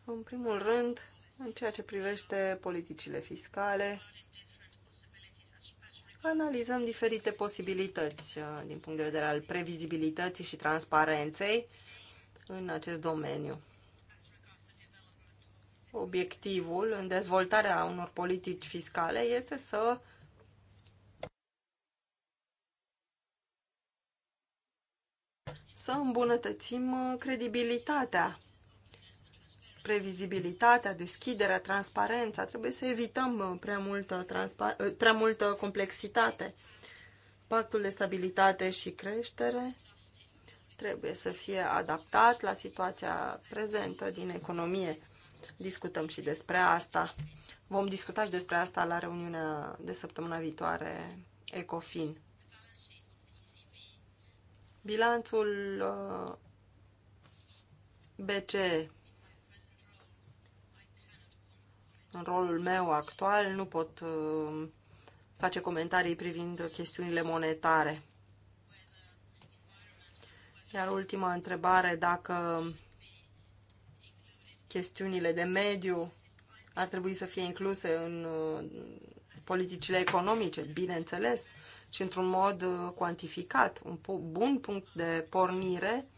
Speaker 4: În primul rând, în ceea ce privește politicile fiscale, analizăm diferite posibilități uh, din punct de vedere al previzibilității și transparenței în acest domeniu. Obiectivul în dezvoltarea unor politici fiscale este să să îmbunătățim uh, credibilitatea, previzibilitatea, deschiderea, transparența. Trebuie să evităm uh, prea multă, uh, prea multă complexitate. Pactul de stabilitate și creștere trebuie să fie adaptat la situația prezentă din economie. Discutăm și despre asta. Vom discuta și despre asta la reuniunea de săptămâna viitoare ECOFIN. Bilanțul uh, BCE. În rolul meu actual nu pot uh, face comentarii privind chestiunile monetare. Iar ultima întrebare, dacă chestiunile de mediu ar trebui să fie incluse în uh, politicile economice, bineînțeles și într-un mod uh, cuantificat. Un bun punct de pornire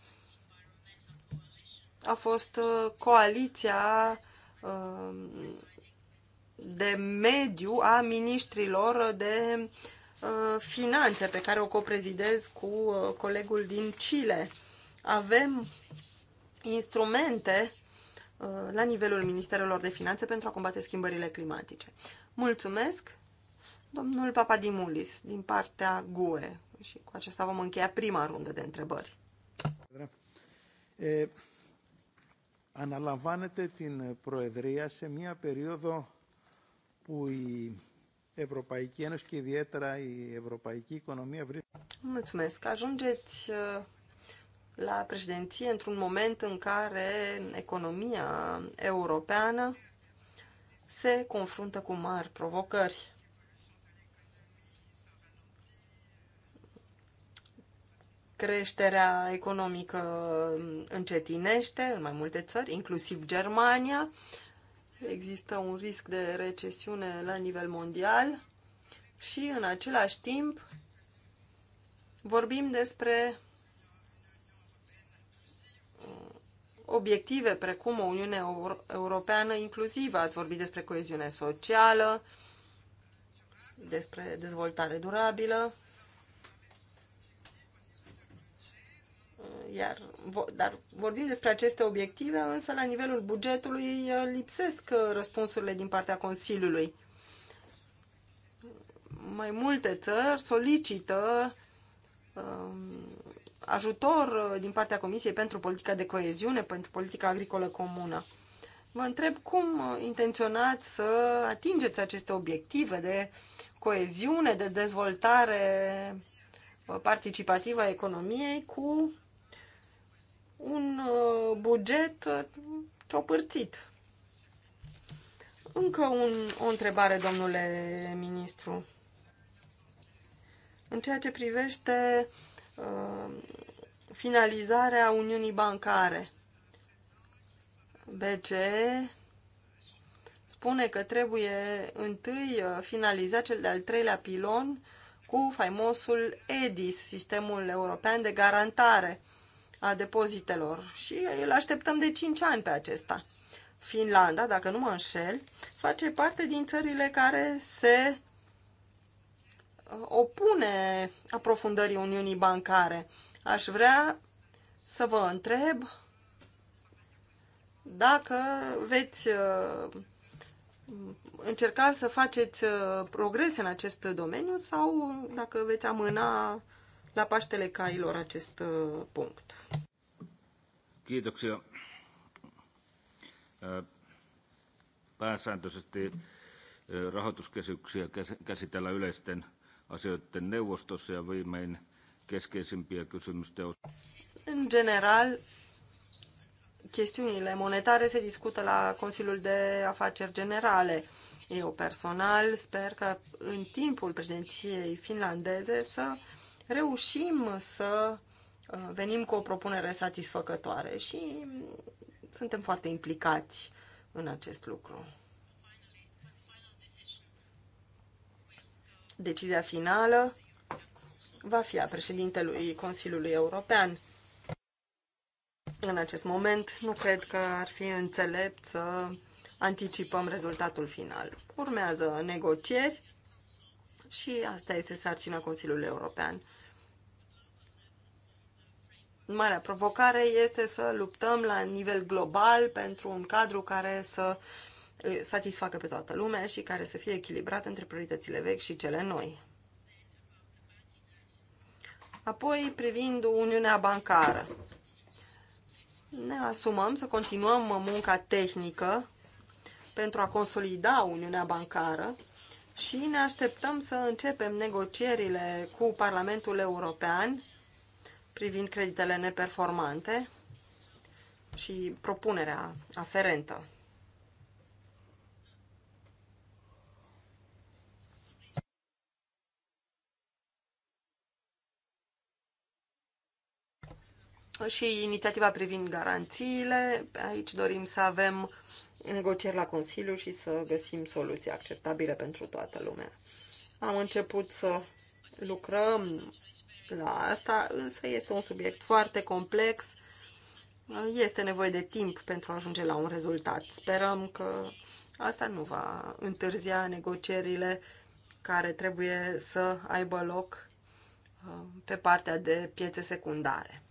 Speaker 4: a fost uh, coaliția uh, de mediu a ministrilor de finanțe pe care o coprezidez cu colegul din Chile. Avem instrumente la nivelul Ministerelor de Finanțe pentru a combate schimbările climatice. Mulțumesc! Domnul Papadimulis, din partea GUE. Și cu aceasta vom încheia prima rundă de întrebări.
Speaker 3: Ε, αναλαμβάνετε την Προεδρία σε μια περίοδο που η Ευρωπαϊκή Ένωση και ιδιαίτερα η Ευρωπαϊκή Οικονομία
Speaker 4: Mulțumesc. Ajungeți la președinție într-un moment în care economia europeană se confruntă cu mari provocări. creșterea economică încetinește în mai multe țări, inclusiv Germania. Există un risc de recesiune la nivel mondial și în același timp vorbim despre obiective precum o Uniune Europeană inclusivă. Ați vorbit despre coeziune socială, despre dezvoltare durabilă. Iar, dar vorbim despre aceste obiective, însă la nivelul bugetului uh, lipsesc uh, răspunsurile din partea Consiliului. Mai multe țări solicită um, ajutor uh, din partea Comisiei pentru politica de coeziune, pentru politica agricolă comună. Vă întreb cum intenționați să atingeți aceste obiective de coeziune, de dezvoltare participativă a economiei cu un uh, buget uh, ciopârțit. Încă un, o întrebare, domnule ministru. În ceea ce privește uh, finalizarea Uniunii Bancare, BCE spune că trebuie întâi uh, finalizat cel de-al treilea pilon cu faimosul EDIS, Sistemul European de Garantare, a depozitelor și îl așteptăm de 5 ani pe acesta. Finlanda, dacă nu mă înșel, face parte din țările care se uh, opune aprofundării Uniunii Bancare. Aș vrea să vă întreb dacă veți uh, încerca să faceți uh, progrese în acest domeniu sau dacă veți amâna la Paștele Cailor acest punct.
Speaker 3: Kiitoksia. Pääsääntöisesti rahoituskesyksiä käsitellään yleisten asioiden neuvostossa ja viimein keskeisimpiä kysymystä
Speaker 4: In general, chestiunile monetare se discută la Consiliul de Afaceri Generale. Eu personal sper că în timpul președinției finlandeze să reușim să venim cu o propunere satisfăcătoare și suntem foarte implicați în acest lucru. Decizia finală va fi a președintelui Consiliului European. În acest moment, nu cred că ar fi înțelept să anticipăm rezultatul final. Urmează negocieri și asta este sarcina Consiliului European. Marea provocare este să luptăm la nivel global pentru un cadru care să satisfacă pe toată lumea și care să fie echilibrat între prioritățile vechi și cele noi. Apoi, privind Uniunea Bancară, ne asumăm să continuăm munca tehnică pentru a consolida Uniunea Bancară și ne așteptăm să începem negocierile cu Parlamentul European privind creditele neperformante și propunerea aferentă. și inițiativa privind garanțiile. Aici dorim să avem negocieri la Consiliu și să găsim soluții acceptabile pentru toată lumea. Am început să lucrăm la da, asta, însă este un subiect foarte complex. Este nevoie de timp pentru a ajunge la un rezultat. Sperăm că asta nu va întârzia negocierile care trebuie să aibă loc uh, pe partea de piețe secundare.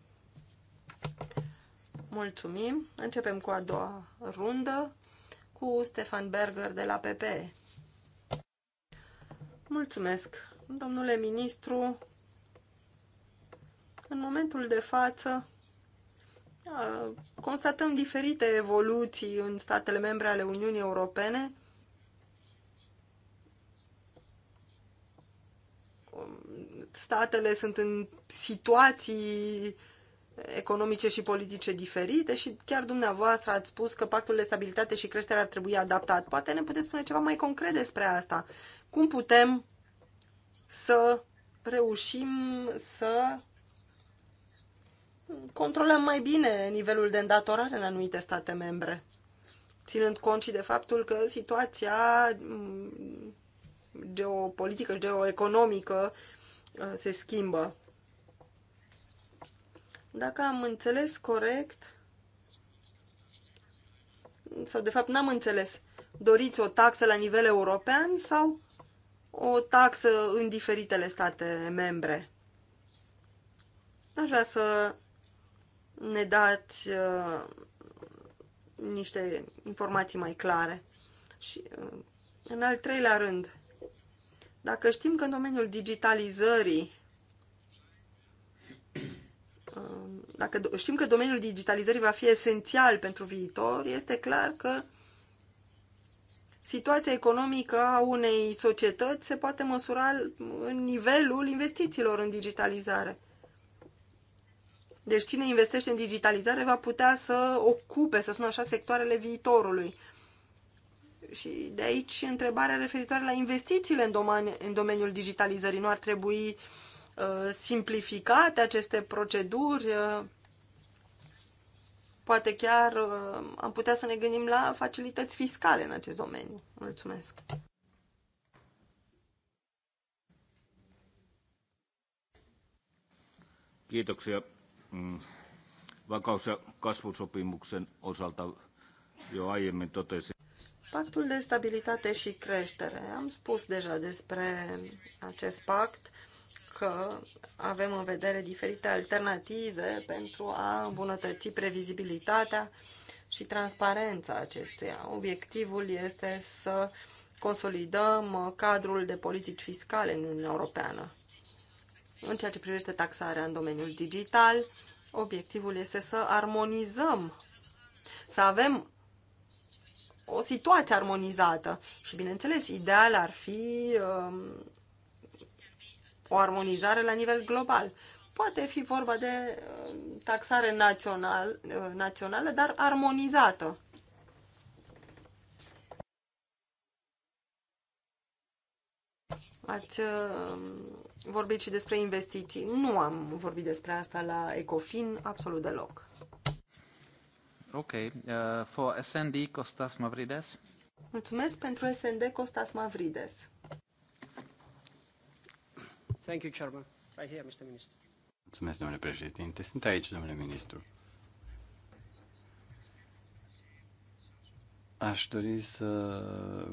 Speaker 4: Mulțumim. Începem cu a doua rundă cu Stefan Berger de la PPE. Mulțumesc, domnule ministru. În momentul de față, constatăm diferite evoluții în statele membre ale Uniunii Europene. Statele sunt în situații economice și politice diferite și chiar dumneavoastră ați spus că pactul de stabilitate și creștere ar trebui adaptat. Poate ne puteți spune ceva mai concret despre asta. Cum putem să reușim să controlăm mai bine nivelul de îndatorare în anumite state membre, ținând cont și de faptul că situația mm, geopolitică, geoeconomică uh, se schimbă. Dacă am înțeles corect, sau de fapt n-am înțeles, doriți o taxă la nivel european sau o taxă în diferitele state membre? Aș vrea să ne dați uh, niște informații mai clare. Și, uh, în al treilea rând, dacă știm că în domeniul digitalizării, uh, dacă știm că domeniul digitalizării va fi esențial pentru viitor, este clar că situația economică a unei societăți se poate măsura în nivelul investițiilor în digitalizare. Deci cine investește în digitalizare va putea să ocupe, să spun așa, sectoarele viitorului. Și de aici întrebarea referitoare la investițiile în, domani, în domeniul digitalizării. Nu ar trebui uh, simplificate aceste proceduri? Uh, poate chiar uh, am putea să ne gândim la facilități fiscale în acest domeniu. Mulțumesc!
Speaker 3: Kiitoksia Mm, vakaus- ja kasvusopimuksen osalta jo aiemmin totesin.
Speaker 4: Pactul de stabilitate și creștere. Am spus deja despre acest pact că avem în vedere diferite alternative pentru a îmbunătăți previzibilitatea și transparența acestuia. Obiectivul este să consolidăm cadrul de politici fiscale în Uniunea Europeană. În ceea ce privește taxarea în domeniul digital, obiectivul este să armonizăm, să avem o situație armonizată. Și, bineînțeles, ideal ar fi um, o armonizare la nivel global. Poate fi vorba de um, taxare național, uh, națională, dar armonizată. Ați um, vorbit și despre investiții. Nu am vorbit despre asta la Ecofin absolut deloc.
Speaker 1: Ok. Uh, for SND, Costas Mavrides.
Speaker 4: Mulțumesc pentru SND, Costas Mavrides.
Speaker 1: Thank you, Chairman. I hear, Mr. Minister.
Speaker 5: Mulțumesc, domnule președinte. Sunt aici, domnule ministru. Aș dori să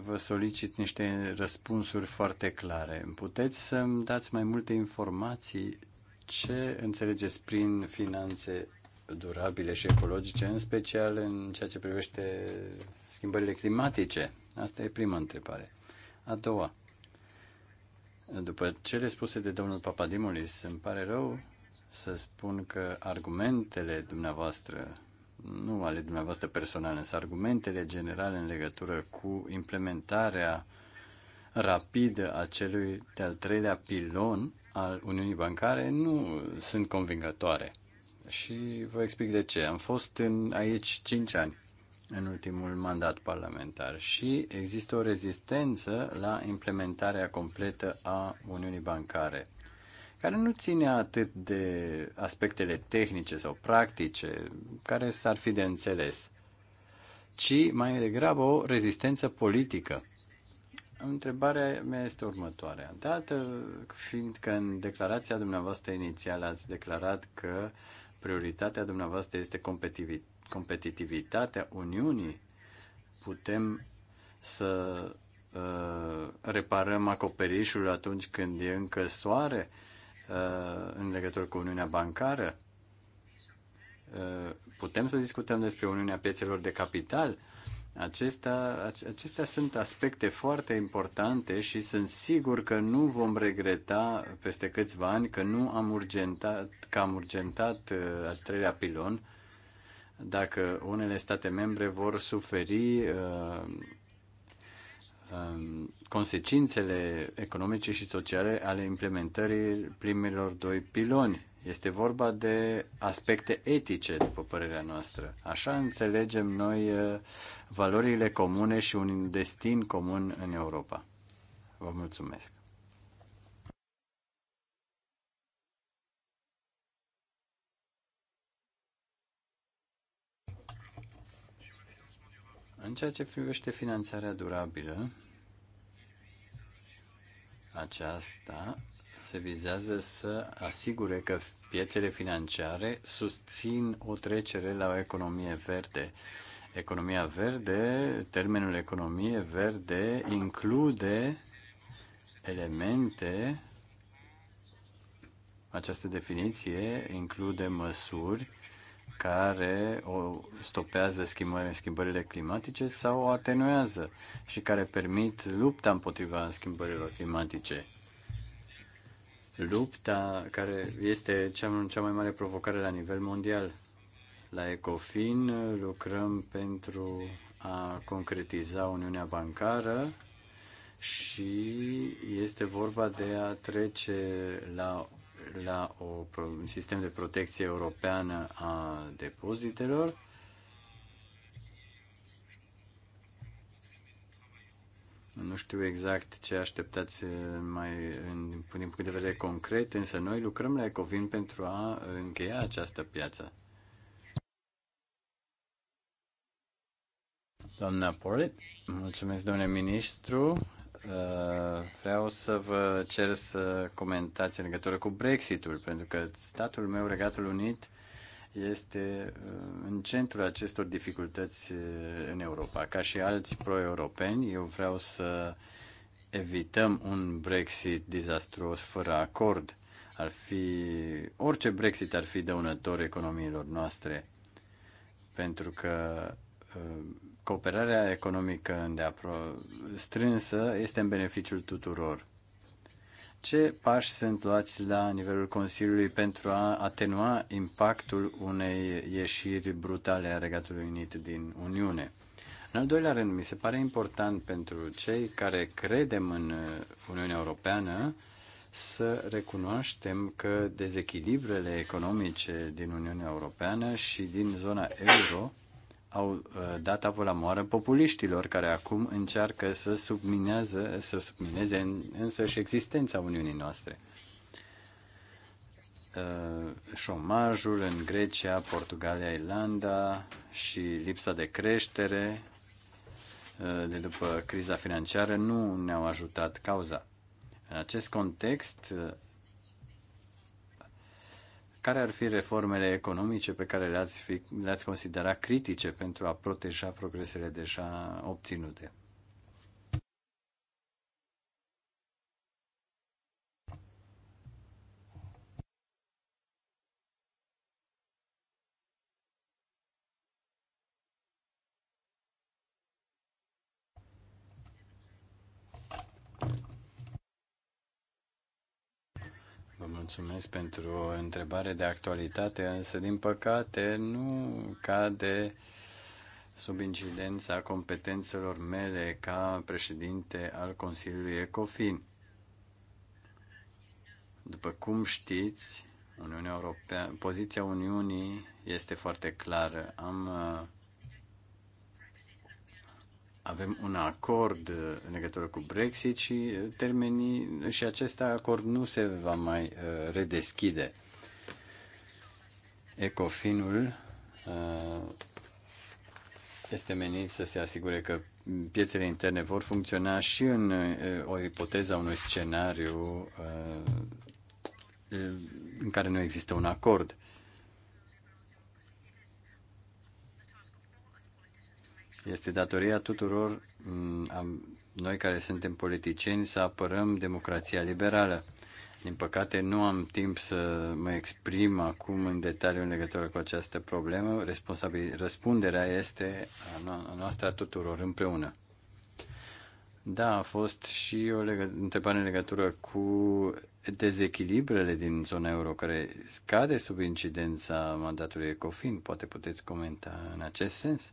Speaker 5: vă solicit niște răspunsuri foarte clare. Puteți să-mi dați mai multe informații ce înțelegeți prin finanțe durabile și ecologice, în special în ceea ce privește schimbările climatice? Asta e prima întrebare. A doua, după cele spuse de domnul Papadimulis, îmi pare rău să spun că argumentele dumneavoastră nu ale dumneavoastră personale, însă argumentele generale în legătură cu implementarea rapidă a celui de-al treilea pilon al Uniunii Bancare nu sunt convingătoare. Și vă explic de ce. Am fost în, aici 5 ani în ultimul mandat parlamentar și există o rezistență la implementarea completă a Uniunii Bancare care nu ține atât de aspectele tehnice sau practice, care s-ar fi de înțeles, ci mai degrabă o rezistență politică. Întrebarea mea este următoarea. Dată fiindcă în declarația dumneavoastră inițială ați declarat că prioritatea dumneavoastră este competitivitatea Uniunii, putem să uh, reparăm acoperișul atunci când e încă soare, uh, Uh, în legătură cu Uniunea Bancară. Uh, putem să discutăm despre Uniunea Piețelor de Capital. Acestea, acestea sunt aspecte foarte importante și sunt sigur că nu vom regreta peste câțiva ani că nu am urgentat, că am urgentat uh, al treilea pilon dacă unele state membre vor suferi uh, Um, consecințele economice și sociale ale implementării primilor doi piloni. Este vorba de aspecte etice, după părerea noastră. Așa înțelegem noi uh, valorile comune și un destin comun în Europa. Vă mulțumesc. În ceea ce privește finanțarea durabilă, aceasta se vizează să asigure că piețele financiare susțin o trecere la o economie verde. Economia verde, termenul economie verde include elemente, această definiție include măsuri care o stopează schimbările, schimbările climatice sau o atenuează și care permit lupta împotriva schimbărilor climatice. Lupta care este cea, cea mai mare provocare la nivel mondial. La Ecofin lucrăm pentru a concretiza Uniunea Bancară și este vorba de a trece la la o, un sistem de protecție europeană a depozitelor. Nu știu exact ce așteptați mai în, din punct de vedere concret, însă noi lucrăm la Ecovin pentru a încheia această piață. Doamna Porit, mulțumesc, domnule ministru. Uh, vreau să vă cer să comentați în legătură cu Brexitul, pentru că statul meu, Regatul Unit, este uh, în centrul acestor dificultăți uh, în Europa. Ca și alți pro-europeni, eu vreau să evităm un Brexit dezastruos fără acord. Ar fi, orice Brexit ar fi dăunător economiilor noastre, pentru că Cooperarea economică îndeapro- strânsă este în beneficiul tuturor. Ce pași sunt luați la nivelul Consiliului pentru a atenua impactul unei ieșiri brutale a Regatului Unit din Uniune? În al doilea rând, mi se pare important pentru cei care credem în Uniunea Europeană să recunoaștem că dezechilibrele economice din Uniunea Europeană și din zona euro au uh, dat apă la moară populiștilor care acum încearcă să subminează, să submineze însă și existența Uniunii noastre. Uh, șomajul în Grecia, Portugalia, Irlanda și lipsa de creștere uh, de după criza financiară nu ne-au ajutat cauza. În acest context, care ar fi reformele economice pe care le-ați, fi, le-ați considera critice pentru a proteja progresele deja obținute? Mulțumesc pentru o întrebare de actualitate, însă, din păcate, nu cade sub incidența competențelor mele ca președinte al Consiliului ECOFIN. După cum știți, Uniunea Europeană, poziția Uniunii este foarte clară. Am uh, avem un acord în legătură cu Brexit și uh, termenii și acest acord nu se va mai uh, redeschide. Ecofinul uh, este menit să se asigure că piețele interne vor funcționa și în o ipoteză a unui scenariu în care nu există un acord. Este datoria tuturor mm, noi care suntem politicieni să apărăm democrația liberală. Din păcate, nu am timp să mă exprim acum în detaliu în legătură cu această problemă. Responsabil, răspunderea este a noastră a tuturor împreună. Da, a fost și o legă- întrebare în legătură cu dezechilibrele din zona euro care scade sub incidența mandatului ECOFIN. Poate puteți comenta în acest sens?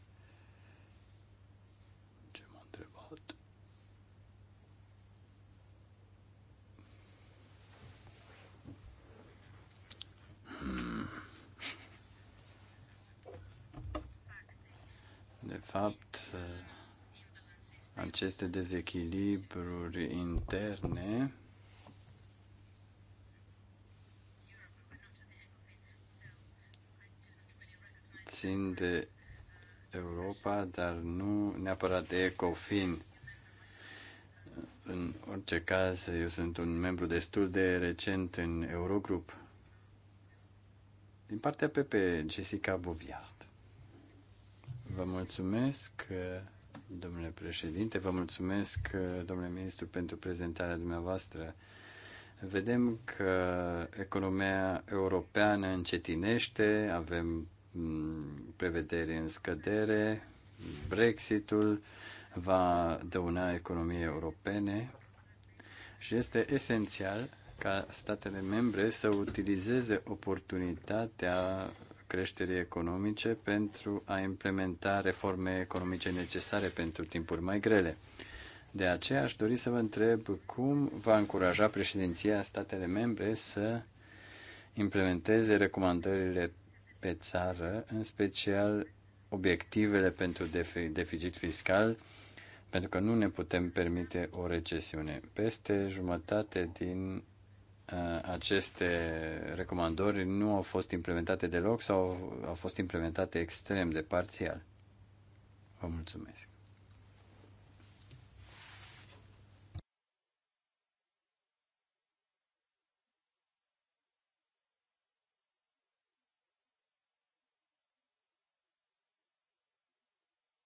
Speaker 5: fapt, aceste dezechilibruri interne țin de Europa, dar nu neapărat de ECOFIN. În orice caz, eu sunt un membru destul de recent în Eurogrup. Din partea PP, Jessica Boviar. Vă mulțumesc, domnule președinte, vă mulțumesc, domnule ministru, pentru prezentarea dumneavoastră. Vedem că economia europeană încetinește, avem mm, prevederi în scădere, Brexitul va dăuna economiei europene și este esențial ca statele membre să utilizeze oportunitatea creșterii economice pentru a implementa reforme economice necesare pentru timpuri mai grele. De aceea aș dori să vă întreb cum va încuraja președinția statele membre să implementeze recomandările pe țară, în special obiectivele pentru deficit fiscal, pentru că nu ne putem permite o recesiune. Peste jumătate din Uh, aceste recomandări nu au fost implementate deloc sau au fost implementate extrem de parțial. Vă mulțumesc.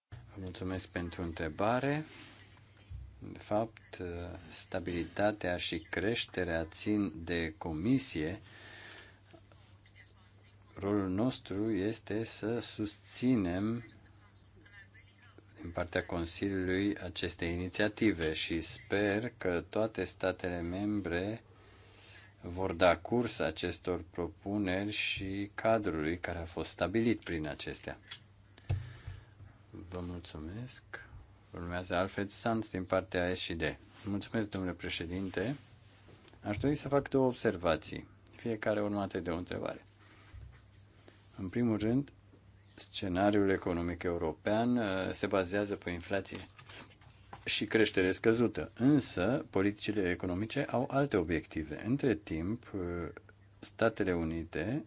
Speaker 5: Vă mulțumesc pentru întrebare. De fapt, stabilitatea și creșterea țin de comisie. Rolul nostru este să susținem din partea Consiliului aceste inițiative și sper că toate statele membre vor da curs acestor propuneri și cadrului care a fost stabilit prin acestea. Vă mulțumesc. Urmează Alfred Sanz din partea SD. Mulțumesc, domnule președinte. Aș dori să fac două observații, fiecare urmate de o întrebare. În primul rând, scenariul economic european uh, se bazează pe inflație și creștere scăzută, însă politicile economice au alte obiective. Între timp, uh, Statele Unite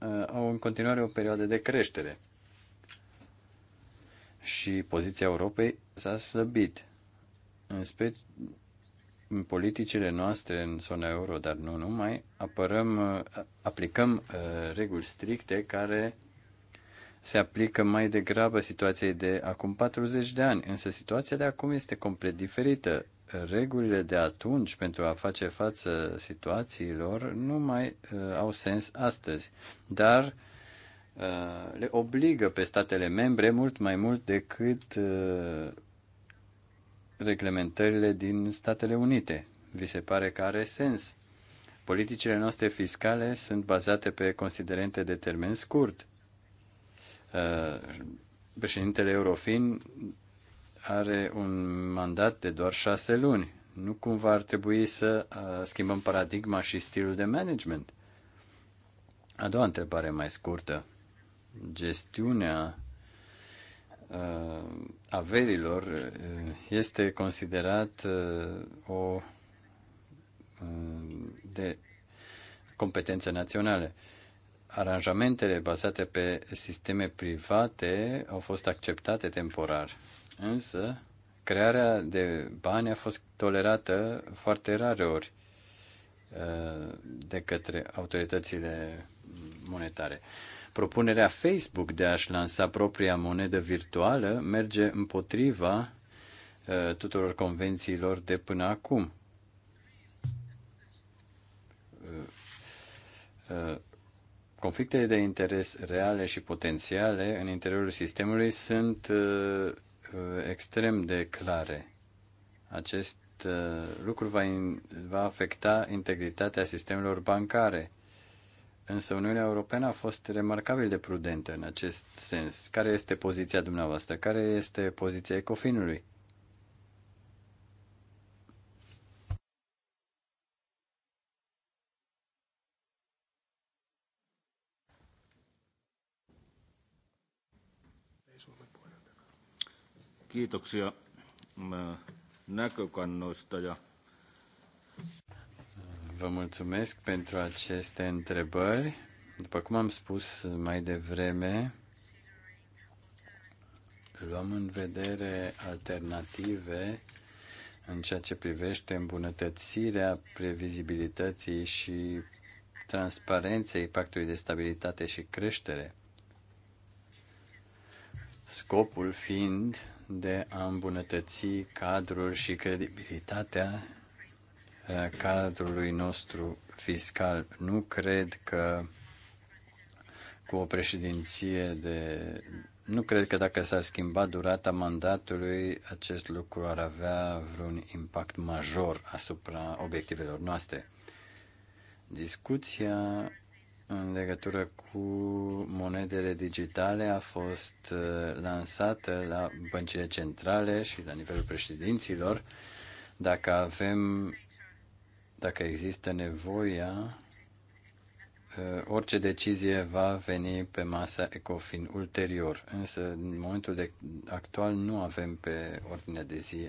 Speaker 5: uh, au în continuare o perioadă de creștere și poziția Europei s-a slăbit. În specie, în politicile noastre în zona euro, dar nu numai, apărăm, aplicăm uh, reguli stricte care se aplică mai degrabă situației de acum 40 de ani, însă situația de acum este complet diferită. Regulile de atunci pentru a face față situațiilor nu mai uh, au sens astăzi, dar le obligă pe statele membre mult mai mult decât uh, reglementările din Statele Unite. Vi se pare că are sens? Politicile noastre fiscale sunt bazate pe considerente de termen scurt. Uh, președintele Eurofin are un mandat de doar șase luni. Nu cumva ar trebui să uh, schimbăm paradigma și stilul de management? A doua întrebare mai scurtă gestiunea uh, averilor uh, este considerat uh, o de competențe naționale. Aranjamentele bazate pe sisteme private au fost acceptate temporar, însă crearea de bani a fost tolerată foarte rare ori de către autoritățile monetare. Propunerea Facebook de a-și lansa propria monedă virtuală merge împotriva uh, tuturor convențiilor de până acum. Uh, uh, conflictele de interes reale și potențiale în interiorul sistemului sunt extrem de clare. Acest lucru va, va afecta integritatea sistemelor bancare Însă Uniunea Europeană a fost remarcabil de prudentă în acest sens. Care este poziția dumneavoastră? Care este poziția Ecofinului?
Speaker 3: Kiitoksia
Speaker 5: näkökannoista ja Vă mulțumesc pentru aceste întrebări. După cum am spus mai devreme, luăm în vedere alternative în ceea ce privește îmbunătățirea previzibilității și transparenței pactului de stabilitate și creștere. Scopul fiind de a îmbunătăți cadrul și credibilitatea cadrului nostru fiscal. Nu cred că cu o președinție de. Nu cred că dacă s-ar schimba durata mandatului, acest lucru ar avea vreun impact major asupra obiectivelor noastre. Discuția în legătură cu monedele digitale a fost uh, lansată la băncile centrale și la nivelul președinților. Dacă avem dacă există nevoia, ă, orice decizie va veni pe masa ECOFIN ulterior. Însă, în momentul de actual, nu avem pe ordinea de zi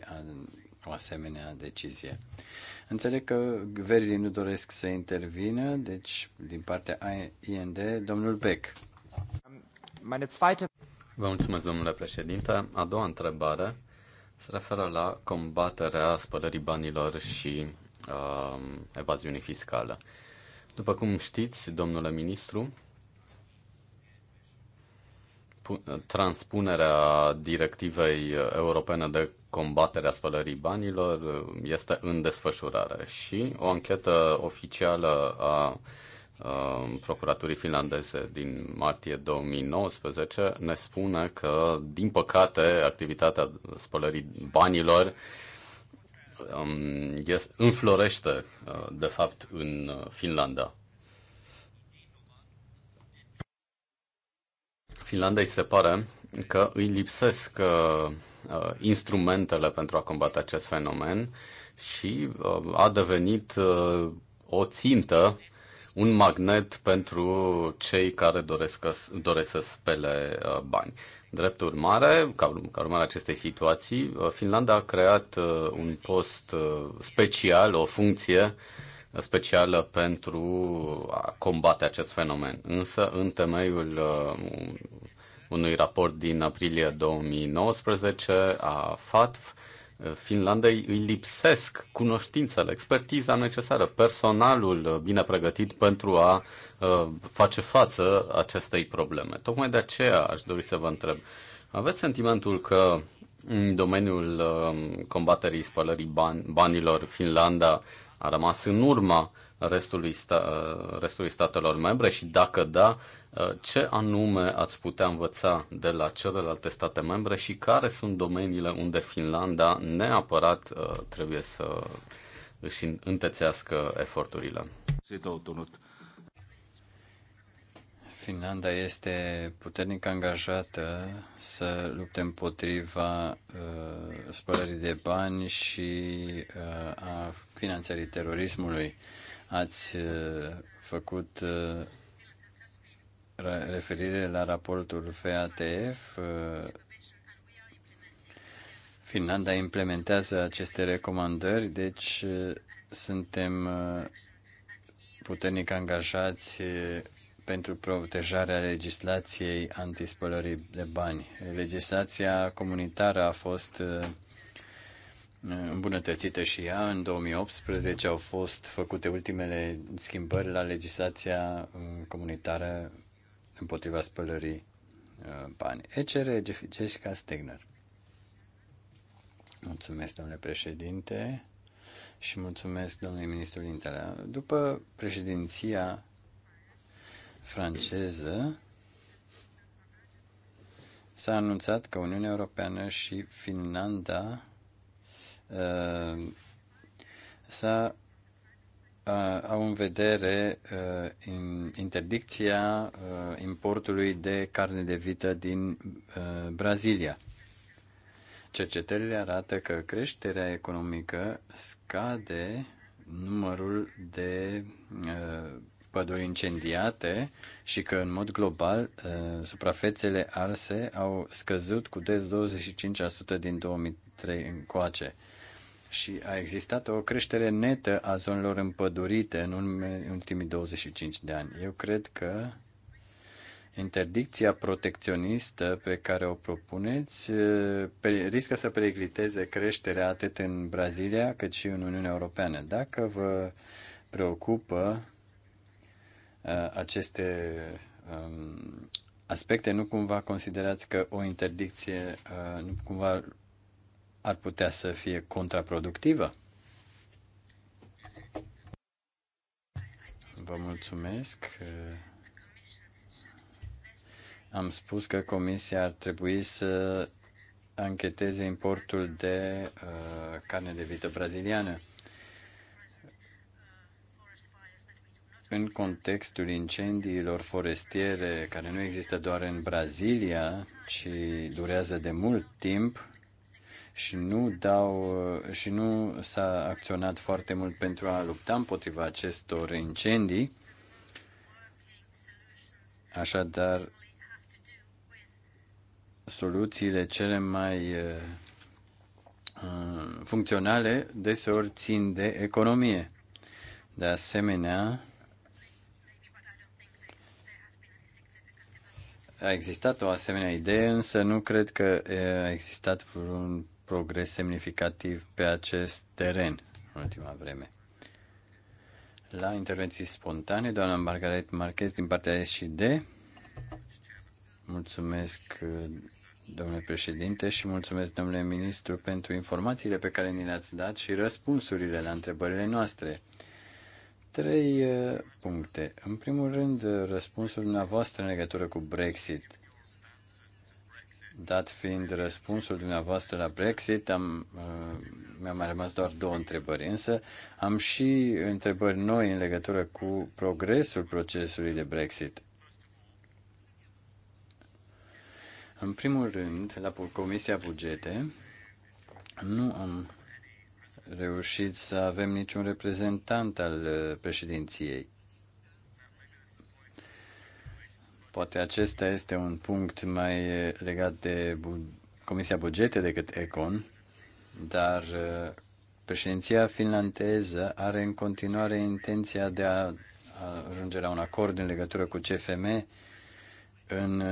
Speaker 5: o asemenea decizie. Înțeleg că verzii nu doresc să intervină, deci, din partea IND, domnul Beck.
Speaker 2: Vă mulțumesc, domnule președinte. A doua întrebare se referă la combaterea spălării banilor și uh, evaziunii fiscale. După cum știți, domnule ministru, transpunerea directivei europene de combatere a spălării banilor este în desfășurare și o anchetă oficială a um, Procuraturii finlandeze din martie 2019 ne spune că, din păcate, activitatea spălării banilor Um, înflorește, uh, de fapt, în uh, Finlanda. Finlandei se pare că îi lipsesc uh, uh, instrumentele pentru a combate acest fenomen și uh, a devenit uh, o țintă, un magnet pentru cei care doresc, doresc să spele uh, bani. Drept urmare, ca, ca urmare acestei situații, uh, Finlanda a creat uh, un post uh, special, o funcție specială pentru a combate acest fenomen. Însă, în temeiul unui raport din aprilie 2019 a FATF, Uh, finlandei îi lipsesc cunoștințele, expertiza necesară, personalul uh, bine pregătit pentru a uh, face față acestei probleme. Tocmai de aceea aș dori să vă întreb. Aveți sentimentul că în domeniul um, combaterii spălării ban- banilor Finlanda a rămas în urma restului, sta- restului statelor membre și dacă da, Uh, ce anume ați putea învăța de la celelalte state membre și care sunt domeniile unde Finlanda neapărat uh, trebuie să își întețească eforturile? Finlanda este
Speaker 5: puternic angajată să lupte împotriva uh, spălării de bani și uh, a finanțării terorismului. Ați uh, făcut uh, referire la raportul FATF, uh, Finlanda implementează aceste recomandări, deci uh, suntem uh, puternic angajați pentru protejarea legislației antispălării de bani. Legislația comunitară a fost îmbunătățită și ea. În 2018 au fost făcute ultimele schimbări la legislația comunitară împotriva spălării uh, bani. ECR Jessica Stegner. Mulțumesc, domnule președinte, și mulțumesc, domnule ministru Lintele. După președinția franceză, s-a anunțat că Uniunea Europeană și Finlanda uh, s-a au în vedere interdicția importului de carne de vită din Brazilia. Cercetările arată că creșterea economică scade numărul de păduri incendiate și că, în mod global, suprafețele arse au scăzut cu de 25% din 2003 încoace și a existat o creștere netă a zonelor împădurite în ultimii 25 de ani. Eu cred că interdicția protecționistă pe care o propuneți eh, riscă să pericliteze creșterea atât în Brazilia cât și în Uniunea Europeană. Dacă vă preocupă eh, aceste ehm, aspecte, nu cumva considerați că o interdicție eh, nu cumva ar putea să fie contraproductivă? Vă mulțumesc. Am spus că Comisia ar trebui să ancheteze importul de uh, carne de vită braziliană. În contextul incendiilor forestiere, care nu există doar în Brazilia, ci durează de mult timp, și nu, dau, și nu s-a acționat foarte mult pentru a lupta împotriva acestor incendii. Așadar, soluțiile cele mai uh, uh, funcționale deseori țin de economie. De asemenea, a existat o asemenea idee, însă nu cred că uh, a existat vreun progres semnificativ pe acest teren în ultima vreme. La intervenții spontane, doamna Margaret Marchez din partea SD. Mulțumesc, domnule președinte, și mulțumesc, domnule ministru, pentru informațiile pe care ni le-ați dat și răspunsurile la întrebările noastre. Trei eh, puncte. În primul rând, răspunsul dumneavoastră în legătură cu Brexit Dat fiind răspunsul dumneavoastră la Brexit, am, uh, mi au mai rămas doar două întrebări, însă am și întrebări noi în legătură cu progresul procesului de Brexit. În primul rând, la Comisia Bugete, nu am reușit să avem niciun reprezentant al uh, președinției. Poate acesta este un punct mai legat de Comisia Bugete decât Econ, dar președinția finlandeză are în continuare intenția de a ajunge la un acord în legătură cu CFM în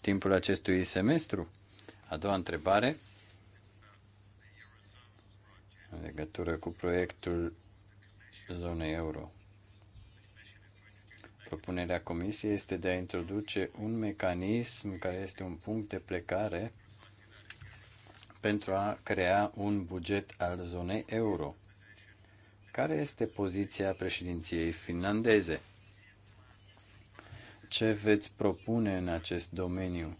Speaker 5: timpul acestui semestru? A doua întrebare, în legătură cu proiectul zonei euro. Propunerea Comisiei este de a introduce un mecanism care este un punct de plecare pentru a crea un buget al zonei euro. Care este poziția președinției finlandeze? Ce veți propune în acest domeniu?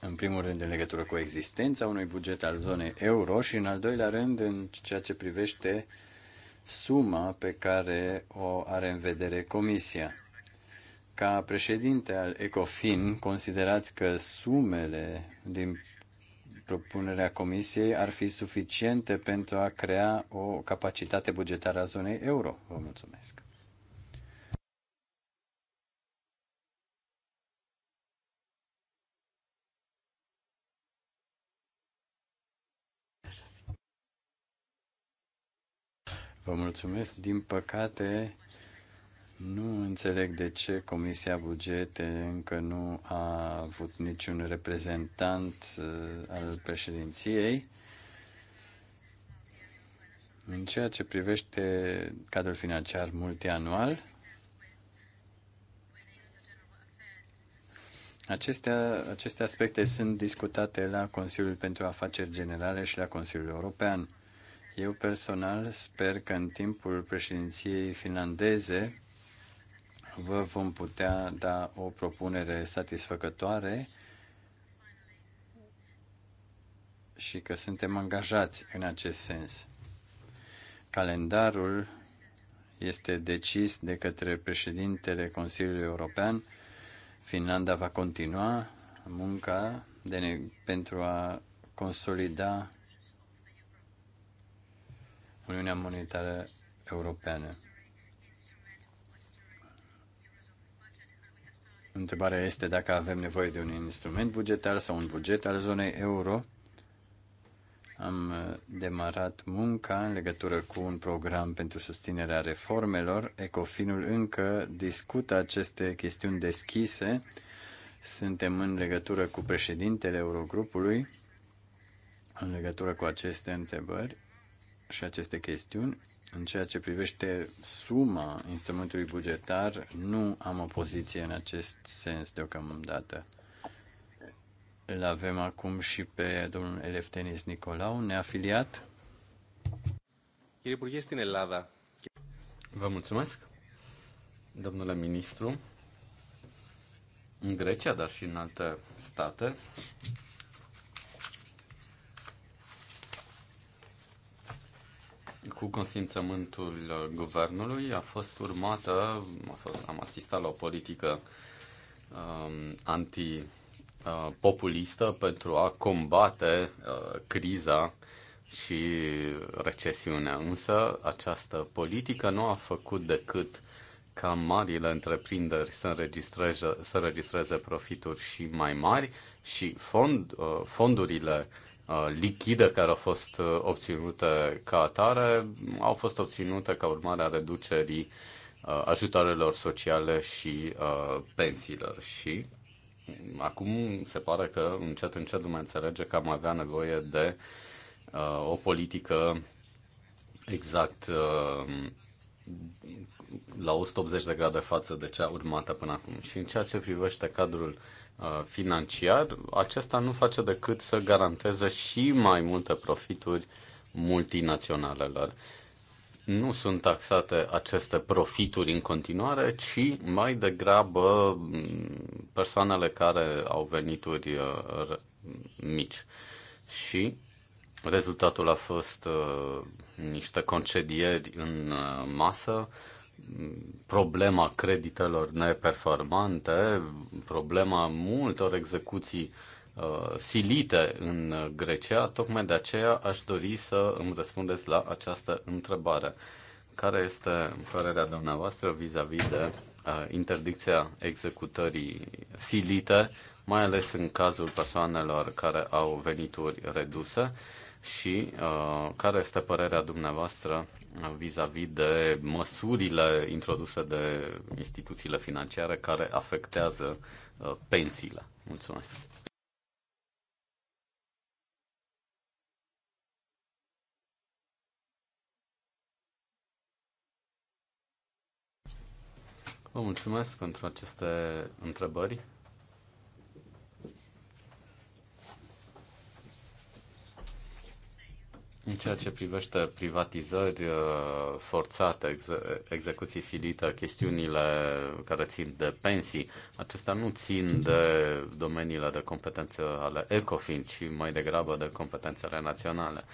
Speaker 5: În primul rând, în legătură cu existența unui buget al zonei euro și, în al doilea rând, în ceea ce privește uh, suma pe care o are în vedere Comisia. Ca președinte al ECOFIN, considerați că sumele din propunerea Comisiei ar fi suficiente pentru a crea o capacitate bugetară a zonei euro? Vă mulțumesc. Vă mulțumesc. Din păcate, nu înțeleg de ce Comisia Bugete încă nu a avut niciun reprezentant uh, al președinției. În ceea ce privește cadrul financiar multianual, Acestea, aceste aspecte sunt discutate la Consiliul pentru Afaceri Generale și la Consiliul European. Eu personal sper că în timpul președinției finlandeze vă vom putea da o propunere satisfăcătoare și că suntem angajați în acest sens. Calendarul este decis de către președintele Consiliului European. Finlanda va continua munca de pentru a consolida Uniunea Monetară Europeană. Întrebarea este dacă avem nevoie de un instrument bugetar sau un buget al zonei euro. Am uh, demarat munca în legătură cu un program pentru susținerea reformelor. Ecofinul încă discută aceste chestiuni deschise. Suntem în legătură cu președintele Eurogrupului în legătură cu aceste întrebări și aceste chestiuni. În ceea ce privește suma instrumentului bugetar, nu am o poziție în acest sens deocamdată. Îl avem acum și pe domnul Eleftenis
Speaker 2: Nicolau, neafiliat. Vă mulțumesc, domnule ministru. În Grecia, dar și în alte state, cu consimțământul guvernului a fost urmată, a fost, am asistat la o politică um, anti populistă pentru a combate uh, criza și recesiunea. Însă această politică nu a făcut decât ca marile întreprinderi să înregistreze, să înregistreze profituri și mai mari și fond, uh, fondurile uh, Uh, lichidă care a fost uh, obținută ca atare au fost obținute ca urmare a reducerii uh, ajutoarelor sociale și pensiilor. Și acum se pare că încet, încet lumea înțelege că am avea nevoie de o politică exact la 180 de grade față de cea urmată până acum. Și în ceea ce privește cadrul Uh, financiar, acesta nu face decât să garanteze și mai multe profituri multinaționalelor. Nu sunt taxate aceste profituri în continuare, ci mai degrabă mm, persoanele care au venituri uh, mici. Și rezultatul a fost uh, niște concedieri în masă, problema creditelor neperformante, problema multor execuții uh, silite în Grecia. Tocmai de aceea aș dori să îmi răspundeți la această întrebare. Care este părerea dumneavoastră vis-a-vis -vis de uh, interdicția executării silite, mai ales în cazul persoanelor care au venituri reduse? și uh, care este părerea dumneavoastră vis-a-vis de măsurile introduse de instituțiile financiare care afectează uh, pensiile. Mulțumesc! Vă mulțumesc pentru aceste întrebări. În ceea ce privește privatizări uh, forțate, execuții silite, chestiunile care țin de pensii, acestea nu țin de domeniile de competență ale ECOFIN, ci mai degrabă de competențele naționale.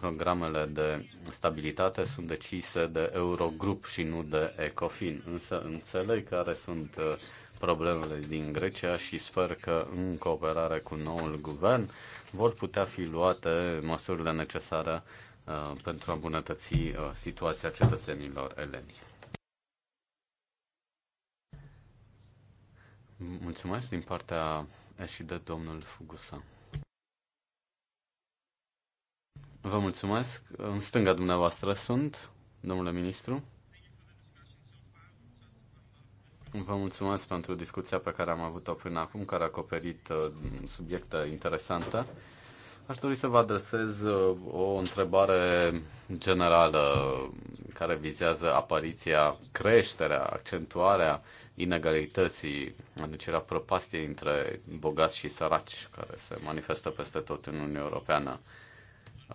Speaker 2: Programele de stabilitate sunt decise de Eurogrup și nu de ECOFIN, însă înțeleg care sunt uh, problemele din Grecia și sper că în cooperare cu noul guvern vor putea fi luate măsurile necesare uh, pentru a îmbunătăți uh, situația cetățenilor eleni. Mulțumesc din partea și de domnul Fugusa. Vă mulțumesc. În stânga dumneavoastră sunt, domnule ministru. Vă mulțumesc pentru discuția pe care am avut-o până acum, care a acoperit uh, subiecte interesante. Aș dori să vă adresez uh, o întrebare generală care vizează apariția, creșterea, accentuarea inegalității, aducerea prăpastiei între bogați și săraci, care se manifestă peste tot în Uniunea Europeană.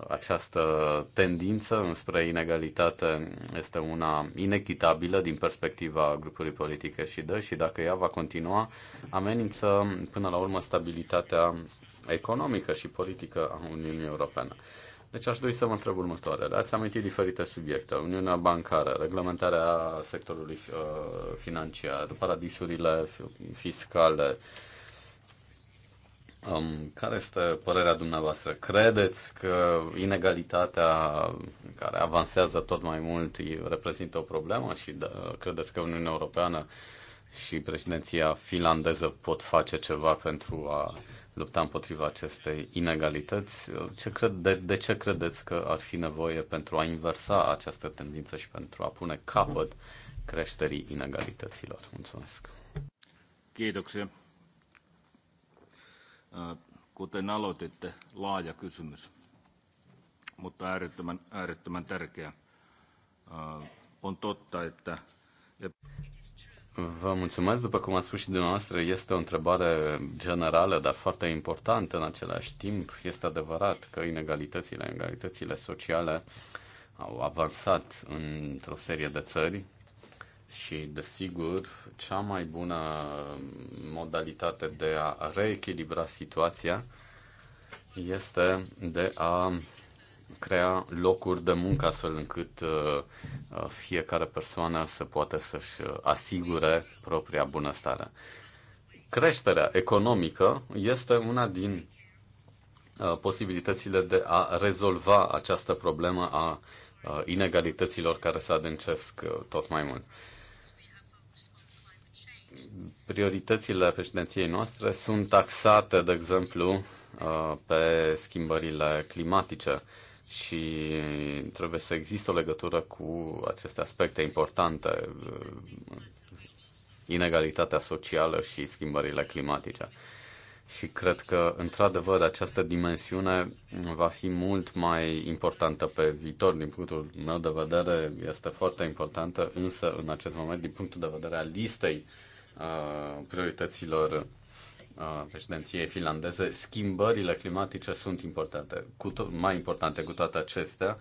Speaker 2: Această tendință înspre inegalitate este una inechitabilă din perspectiva grupului politic și dă și dacă ea va continua, amenință până la urmă stabilitatea economică și politică a Uniunii Europene. Deci aș dori să vă întreb următoarele. Ați amintit diferite subiecte. Uniunea bancară, reglementarea sectorului uh, financiar, paradisurile fiscale, Um, care este părerea dumneavoastră? Credeți că inegalitatea care avansează tot mai mult reprezintă o problemă și da, credeți că Uniunea Europeană și președinția finlandeză pot face ceva pentru a lupta împotriva acestei inegalități? Ce cred, de, de ce credeți că ar fi nevoie pentru a inversa această tendință și pentru a pune capăt creșterii inegalităților? Mulțumesc!
Speaker 3: Kiitoksia. Kuten aloititte, laaja kysymys, mutta äärettömän, äärettömän tärkeä. On totta, että...
Speaker 2: Vă mulțumesc, după cum a spus și dumneavoastră, este o întrebare generală, dar foarte importantă în același timp. Este adevărat că inegalitățile, inegalitățile sociale au avansat într-o serie de țări, și, desigur, cea mai bună modalitate de a reechilibra situația este de a crea locuri de muncă astfel încât uh, uh, fiecare persoană să poată să-și uh, asigure propria bunăstare. Creșterea economică este una din posibilitățile de a rezolva această problemă a inegalităților care se adâncesc tot mai mult prioritățile președinției noastre sunt taxate, de exemplu, uh, pe schimbările climatice și trebuie să există o legătură cu aceste aspecte importante, uh, inegalitatea socială și schimbările climatice. Și cred că, într-adevăr, această dimensiune va fi mult mai importantă pe viitor. Din punctul meu de vedere, este foarte importantă, însă, în acest moment, din punctul de vedere al listei uh, Uh, priorităților uh, președinției finlandeze, schimbările climatice sunt importante. Cu to- mai importante cu toate acestea,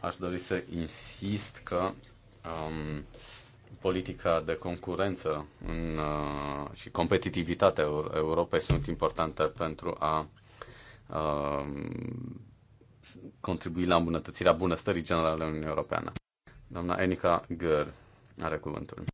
Speaker 2: aș dori să insist că um, politica de concurență în, uh, și competitivitatea Europei sunt importante pentru a uh, contribui la îmbunătățirea bunăstării generale în Uniunea Europeană. Doamna Enica Găr are cuvântul.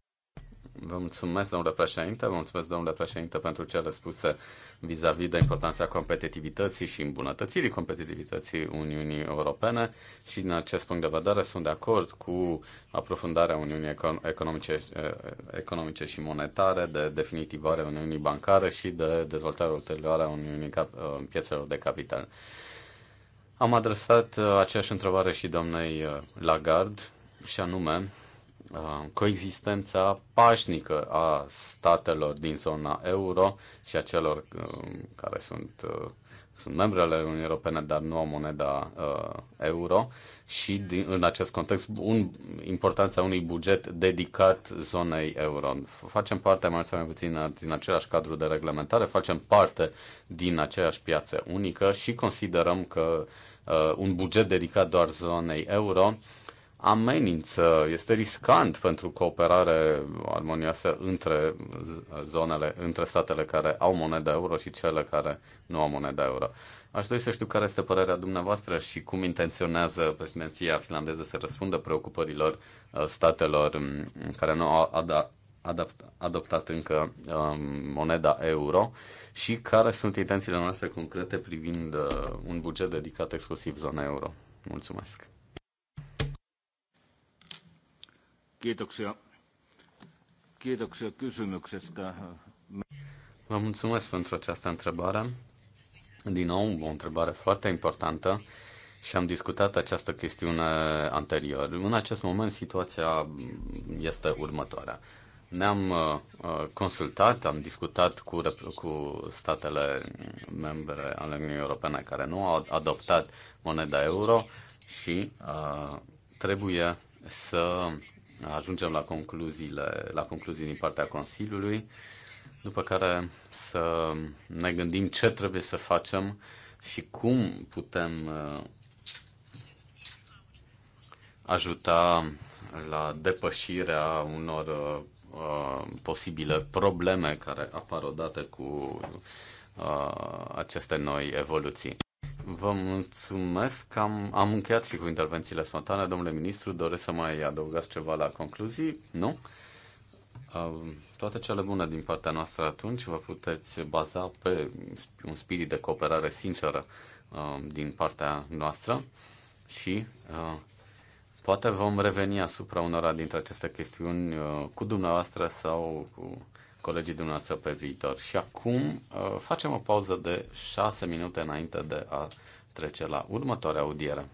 Speaker 2: Vă mulțumesc, domnule președinte, vă mulțumesc, domnule președinte, pentru cele spuse vis-a-vis -vis de importanța competitivității și îmbunătățirii competitivității Uniunii Europene și, din acest punct de vedere, sunt de acord cu aprofundarea Uniunii Economice, eh, economice și Monetare, de definitivarea Uniunii Bancare și de dezvoltarea ulterioară a Uniunii Cap- eh, Piețelor de Capital. Am adresat eh, aceeași întrebare și domnei Lagarde, și anume, Uh, coexistența pașnică a statelor din zona euro și a celor uh, care sunt, uh, sunt ale Uniunii Europene, dar nu au moneda euro și din, în acest context un, importanța unui buget dedicat zonei euro. Facem parte mai sau mai puțin din același cadru de reglementare, facem parte din aceeași piață unică și considerăm că uh, un buget dedicat doar zonei euro uh, amenință, este riscant pentru cooperare armonioasă între zonele, între statele care au moneda euro și cele care nu au moneda euro. Aș dori să știu care este părerea dumneavoastră și cum intenționează președinția finlandeză să răspundă preocupărilor uh, statelor um, care nu au ada- adapt, adoptat încă um, moneda euro și care sunt intențiile noastre concrete privind uh, un buget dedicat exclusiv zonei euro. Mulțumesc! Vă mulțumesc pentru această întrebare. Din nou, o întrebare foarte importantă și am discutat această chestiune anterior. În acest moment, situația este următoarea. Ne-am uh, uh consultat, am discutat cu, cu statele membre ale Uniunii Europene care nu au adoptat moneda euro și uh, trebuie să ajungem la concluziile, la concluzii din partea Consiliului, după care să ne gândim ce trebuie să facem și cum putem uh, ajuta la depășirea unor uh, posibile probleme care apar odată cu uh, aceste noi evoluții. Vă mulțumesc. Am, am încheiat și cu intervențiile spontane. Domnule ministru, doresc să mai adăugați ceva la concluzii? Nu? Uh, toate cele bune din partea noastră atunci vă puteți baza pe un spirit de cooperare sinceră uh, din partea noastră și uh, poate vom reveni asupra unora dintre aceste chestiuni cu dumneavoastră sau cu colegii dumneavoastră pe viitor. Și acum uh, facem o pauză de șase minute înainte de a trece la următoarea audiere.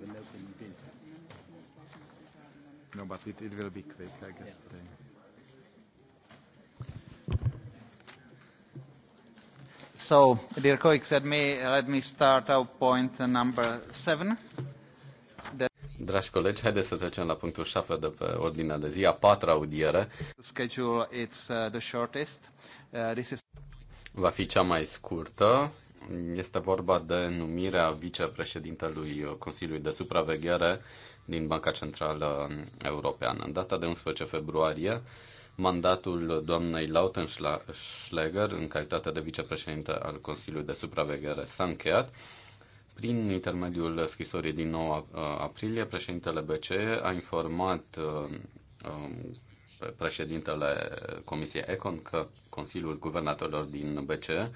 Speaker 1: the milk in the bin. No, but it, it will be quick, I guess. Yeah. Today. So, dear colleagues, let me, let me start out point number seven.
Speaker 2: Dragi colegi, haideți să trecem la punctul 7 de pe ordinea de zi, a patra audiere. Schedule it's uh, the shortest. Uh, this is... Va fi cea mai scurtă este vorba de numirea vicepreședintelui Consiliului de Supraveghere din Banca Centrală Europeană. În data de 11 februarie, mandatul doamnei Lautenschläger, în calitate de vicepreședinte al Consiliului de Supraveghere, s-a încheiat. Prin intermediul scrisorii din 9 aprilie, președintele BCE a informat președintele Comisiei Econ că Consiliul Guvernatorilor din BCE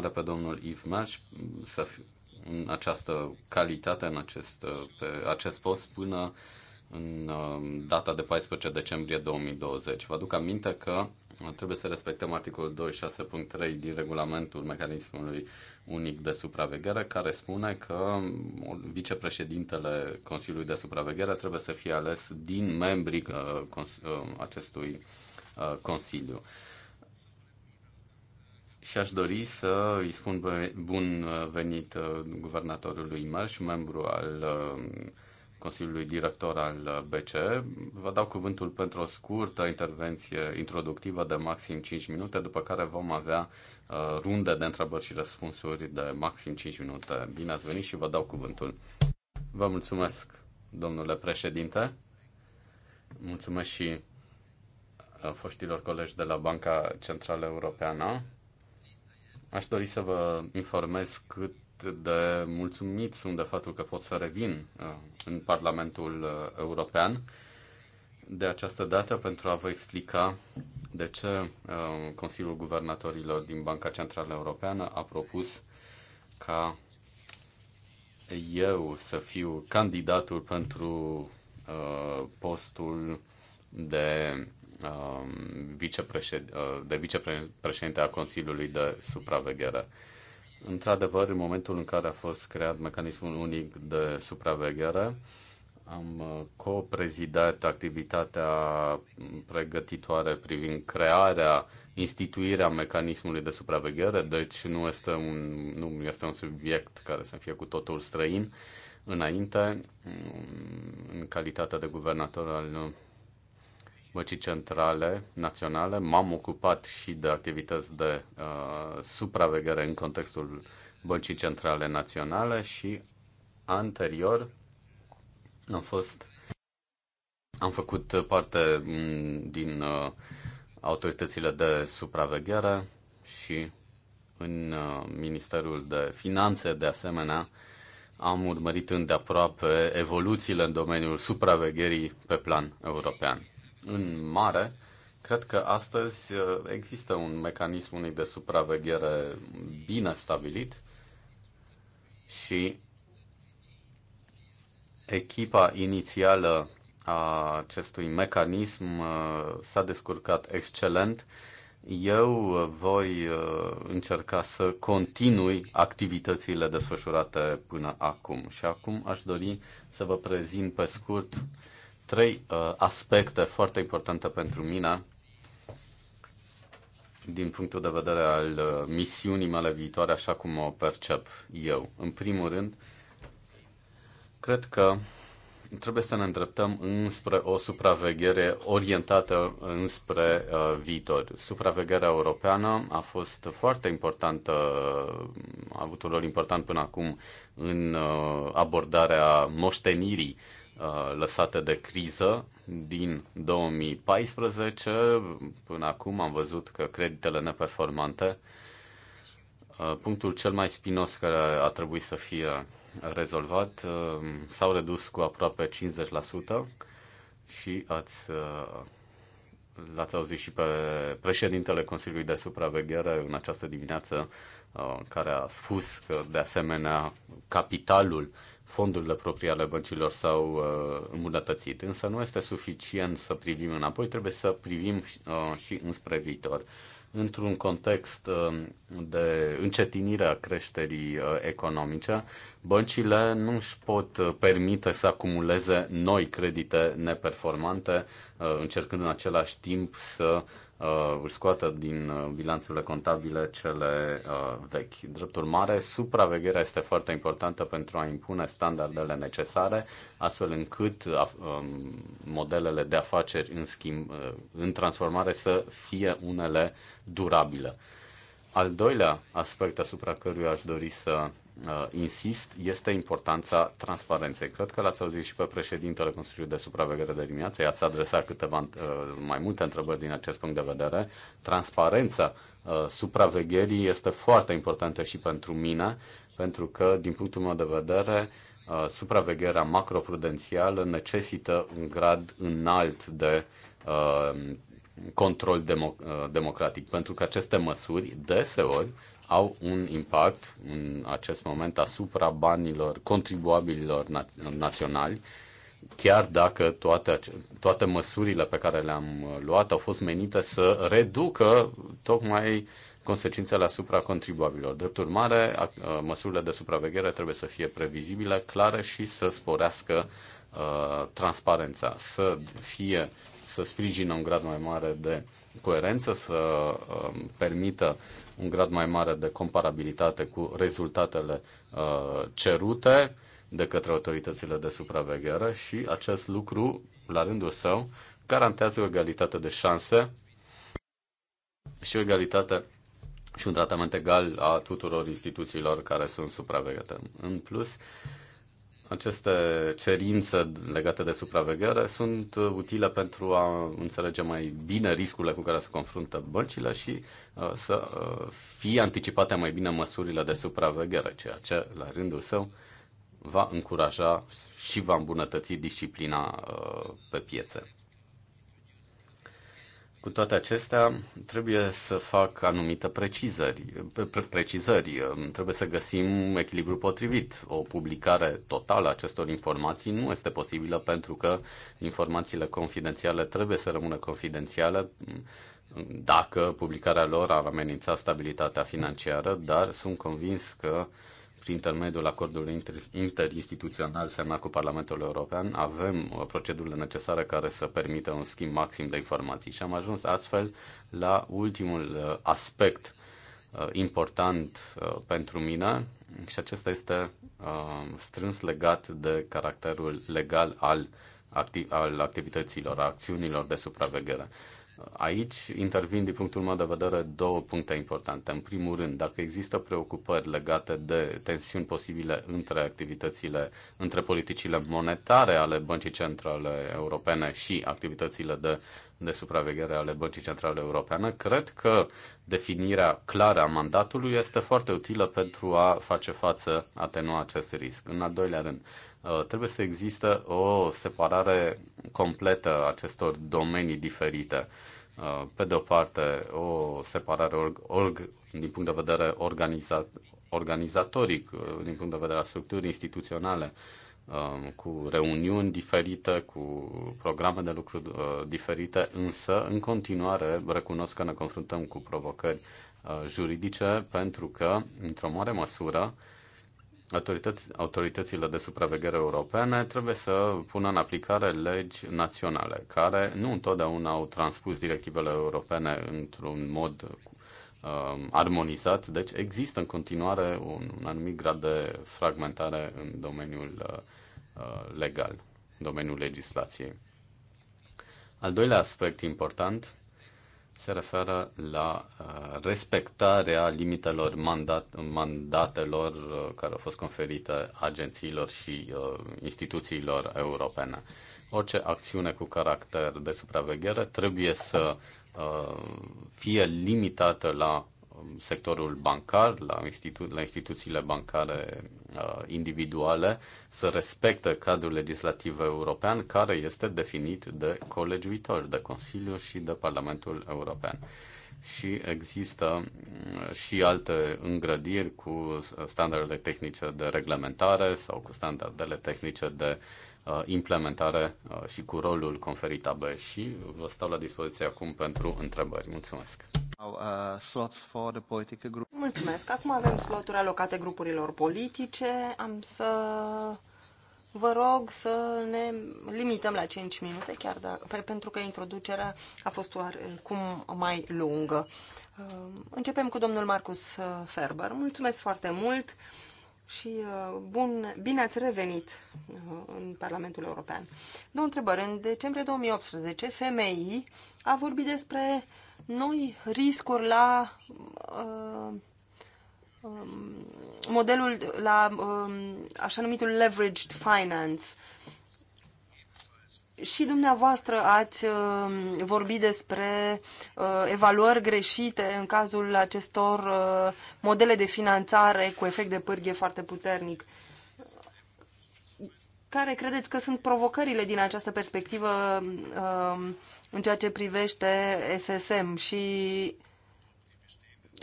Speaker 2: de pe domnul Yves Marș să fi, în această calitate, în acest, pe acest post, până în um, data de 14 decembrie 2020. Vă aduc aminte că trebuie să respectăm articolul 26.3 din regulamentul mecanismului unic de supraveghere, care spune că vicepreședintele Consiliului de Supraveghere trebuie să fie ales din membrii uh, uh, acestui uh, Consiliu și aș dori să îi spun bun uh, venit uh, guvernatorului Mărș, membru al um, Consiliului Director al uh, BCE. Vă dau cuvântul pentru o scurtă intervenție introductivă de maxim 5 minute, după care vom avea runde de întrebări și răspunsuri de maxim 5 minute. Bine ați venit și vă dau cuvântul. Vă mulțumesc, domnule președinte. Mulțumesc și foștilor colegi de la Banca Centrală Europeană Aș dori să vă informez cât de mulțumit sunt de faptul că pot să revin uh, în Parlamentul uh, European de această dată pentru a vă explica de ce uh, Consiliul Guvernatorilor din Banca Centrală Europeană a propus ca eu să fiu candidatul pentru postul de Um, uh, de vicepreședinte a Consiliului de Supraveghere. Într-adevăr, în momentul în care a fost creat mecanismul unic de supraveghere, am uh, coprezidat activitatea pregătitoare privind crearea, instituirea mecanismului de supraveghere, deci nu este un, nu este un subiect care să fie cu totul străin. Înainte, în calitatea de guvernator al Băcii Centrale Naționale. M-am ocupat și de activități de uh, supraveghere în contextul Băcii Centrale Naționale și anterior am fost am făcut parte din uh, autoritățile de supraveghere și în uh, Ministerul de Finanțe de asemenea am urmărit îndeaproape evoluțiile în domeniul supravegherii pe plan european în mare, cred că astăzi uh, există un mecanism unic de supraveghere bine stabilit și echipa inițială a acestui mecanism uh, s-a descurcat excelent. Eu uh, voi încerca să continui activitățile desfășurate până acum și acum aș dori să vă prezint pe scurt trei uh, aspecte foarte importante pentru mine din punctul de vedere al uh, misiunii mele viitoare, așa cum o percep eu. În primul rând, cred că trebuie să ne îndreptăm înspre o supraveghere orientată înspre uh, viitor. Supravegherea europeană a fost foarte importantă, a avut un rol important până acum în uh, abordarea moștenirii Uh, lăsate de criză din 2014. Până acum am văzut că creditele neperformante, uh, punctul cel mai spinos care a trebuit să fie rezolvat, uh, s-au redus cu aproape 50% și ați l-ați auzit și pe președintele Consiliului de Supraveghere în această dimineață, care a spus că, de asemenea, capitalul fondurile proprii ale băncilor s-au uh, îmbunătățit, însă nu este suficient să privim înapoi, trebuie să privim uh, și înspre viitor. Într-un context uh, de încetinire a creșterii uh, economice, băncile nu își pot uh, permite să acumuleze noi credite neperformante Uh, încercând în același timp să uh, își scoată din uh, bilanțurile contabile cele vechi. Drept urmare, supravegherea este foarte importantă pentru a impune standardele necesare, astfel încât um, modelele de afaceri în, schimb, în transformare să fie unele durabile. Al doilea aspect asupra căruia aș dori să uh, insist este importanța transparenței. Cred că l-ați auzit și pe președintele Consiliului de Supraveghere de dimineață, i-ați adresat câteva, uh, mai multe întrebări din acest punct de vedere. Transparența uh, supravegherii este foarte importantă și pentru mine, pentru că, din punctul meu de vedere, uh, supravegherea macroprudențială necesită un grad înalt de uh, control democ- uh, democratic, pentru că aceste măsuri deseori au un impact în acest moment asupra banilor contribuabililor na- naționali, chiar dacă toate, toate măsurile pe care le-am uh, luat au fost menite să reducă tocmai consecințele asupra contribuabililor. Drept urmare, uh, măsurile de supraveghere trebuie să fie previzibile, clare și să sporească uh, transparența, să fie să sprijină un grad mai mare de coerență, să uh, permită un grad mai mare de comparabilitate cu rezultatele uh, cerute de către autoritățile de supraveghere și acest lucru, la rândul său, garantează o egalitate de șanse și o egalitate și un tratament egal a tuturor instituțiilor care sunt supraveghete. În plus, uh, aceste cerințe legate de supraveghere sunt utile pentru a înțelege mai bine riscurile cu care se confruntă băncile și uh, să uh, fie anticipate mai bine măsurile de supraveghere, ceea ce, la rândul său, va încuraja și va îmbunătăți disciplina uh, pe piețe. Cu toate acestea, trebuie să fac anumite precizări. Pre- precizări. Trebuie să găsim echilibru potrivit. O publicare totală a acestor informații nu este posibilă pentru că informațiile confidențiale trebuie să rămână confidențiale dacă publicarea lor ar amenința stabilitatea financiară, dar sunt convins că prin intermediul acordului interinstituțional semnat cu Parlamentul European, avem uh, procedurile necesare care să permită un schimb maxim de informații. Și am ajuns astfel la ultimul uh, aspect uh, important pentru mine și acesta este strâns legat de caracterul legal al, acti- al activităților, a acțiunilor de supraveghere. Aici intervin, din punctul meu de vedere, două puncte importante. În primul rând, dacă există preocupări legate de tensiuni posibile între activitățile, între politicile monetare ale Băncii Centrale Europene și activitățile de, de supraveghere ale Băncii Centrale Europene, cred că definirea clară a mandatului este foarte utilă pentru a face față, atenua acest risc. În al doilea rând, Uh, trebuie să există o separare completă a acestor domenii diferite. Uh, pe de o parte, o separare org, org, din punct de vedere organiza, organizatoric, uh, din punct de vedere a structurii instituționale, cu reuniuni diferite, cu programe de lucru diferite, însă, în continuare, recunosc că ne confruntăm cu provocări juridice pentru că, într-o mare măsură, autorități, autoritățile de supraveghere europene trebuie să pună în aplicare legi naționale, care nu întotdeauna au transpus directivele europene într-un mod uh, armonizat, deci există în continuare un, un anumit grad de fragmentare în domeniul uh, legal, în domeniul legislației. Al doilea aspect important se referă la uh, respectarea limitelor mandat, mandatelor uh, care au fost conferite agențiilor și uh, instituțiilor europene. Orice acțiune cu caracter de supraveghere trebuie să fie limitată la Um, sectorul bancar, la, institu- la instituțiile bancare uh, individuale, să respecte cadrul legislativ european care este definit de viitor, de Consiliu și de Parlamentul European. Și există uh, și alte îngrădiri cu standardele tehnice de reglementare sau cu standardele tehnice de uh, Uh, implementare uh, și cu rolul conferit AB și vă stau la dispoziție acum pentru întrebări. Mulțumesc! Uh,
Speaker 4: Mulțumesc! Acum avem sloturi alocate grupurilor politice. Am să vă rog să ne limităm la 5 minute, chiar dacă, pentru că introducerea a fost oarecum mai lungă. Începem cu domnul Marcus Ferber. Mulțumesc foarte mult! și uh, bun, bine ați revenit uh, în Parlamentul European. Două întrebări. În decembrie 2018, FMI a vorbit despre noi riscuri la uh, um, modelul, la uh, așa numitul leveraged finance, și dumneavoastră ați uh, vorbit despre uh, evaluări greșite în cazul acestor uh, modele de finanțare cu efect de pârghie foarte puternic. Care credeți că sunt provocările din această perspectivă în ceea ce privește SSM și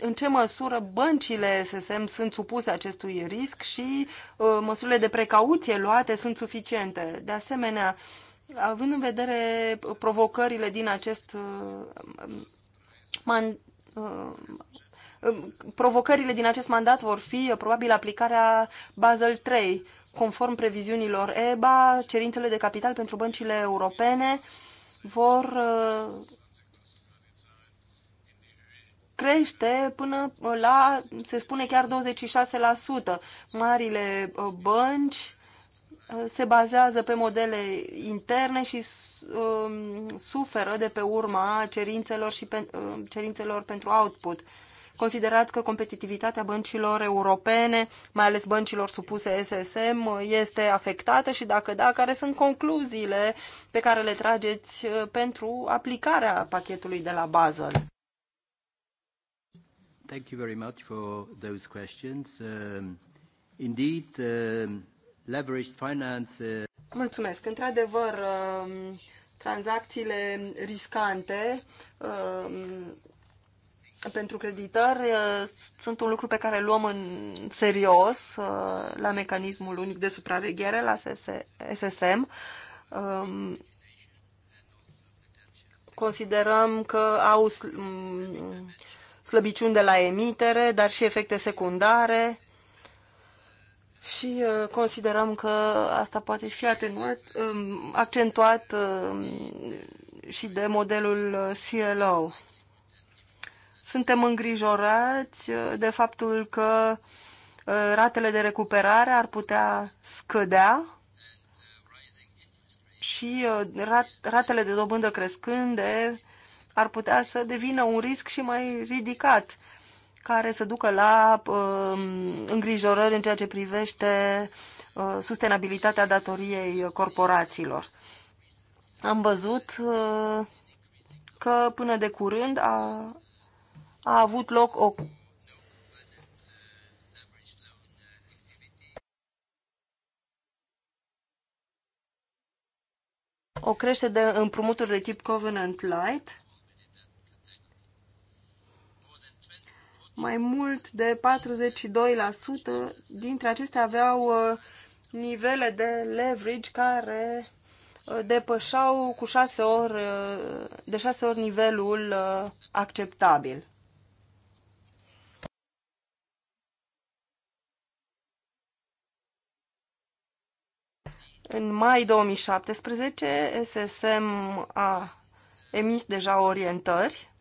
Speaker 4: în ce măsură băncile SSM sunt supuse acestui risc și măsurile de precauție luate sunt suficiente? De asemenea, uh, având în vedere provocările din acest uh, man, uh, um, provocările din acest mandat vor fi uh, probabil aplicarea Basel 3, conform previziunilor EBA, cerințele de capital pentru băncile europene vor crește până la, se spune chiar 26%. Marile bănci se bazează pe modele interne și um, suferă de pe urma cerințelor, și pe, um, cerințelor pentru output. Considerați că competitivitatea băncilor europene, mai ales băncilor supuse SSM, este afectată și dacă da, care sunt concluziile pe care le trageți uh, pentru aplicarea pachetului de la Basel?
Speaker 1: Thank you very much for those questions. Uh, indeed, uh, leveraged finance.
Speaker 4: Mulțumesc. Într-adevăr, um, tranzacțiile riscante um, pentru creditări uh, sunt un lucru pe care îl luăm în serios uh, la mecanismul unic de supraveghere, la SSM. Um, considerăm că au mm, slăbiciuni de la emitere, dar și efecte secundare și uh, considerăm că asta poate fi atenuat, um, accentuat um, și de modelul uh, CLO. Suntem îngrijorați uh, de faptul că ratele de recuperare ar putea scădea și ratele de dobândă crescânde ar putea să devină un risc și mai ridicat care să ducă la um, îngrijorări în ceea ce privește uh, sustenabilitatea datoriei corporațiilor. Am văzut uh, că până de curând a, a avut loc o o creștere de împrumuturi de tip Covenant Light mai mult de 42% dintre acestea aveau uh, nivele de leverage care uh, depășau cu 6 ori, uh, de 6 ori nivelul acceptabil. În mai 2017, SSM a emis deja orientări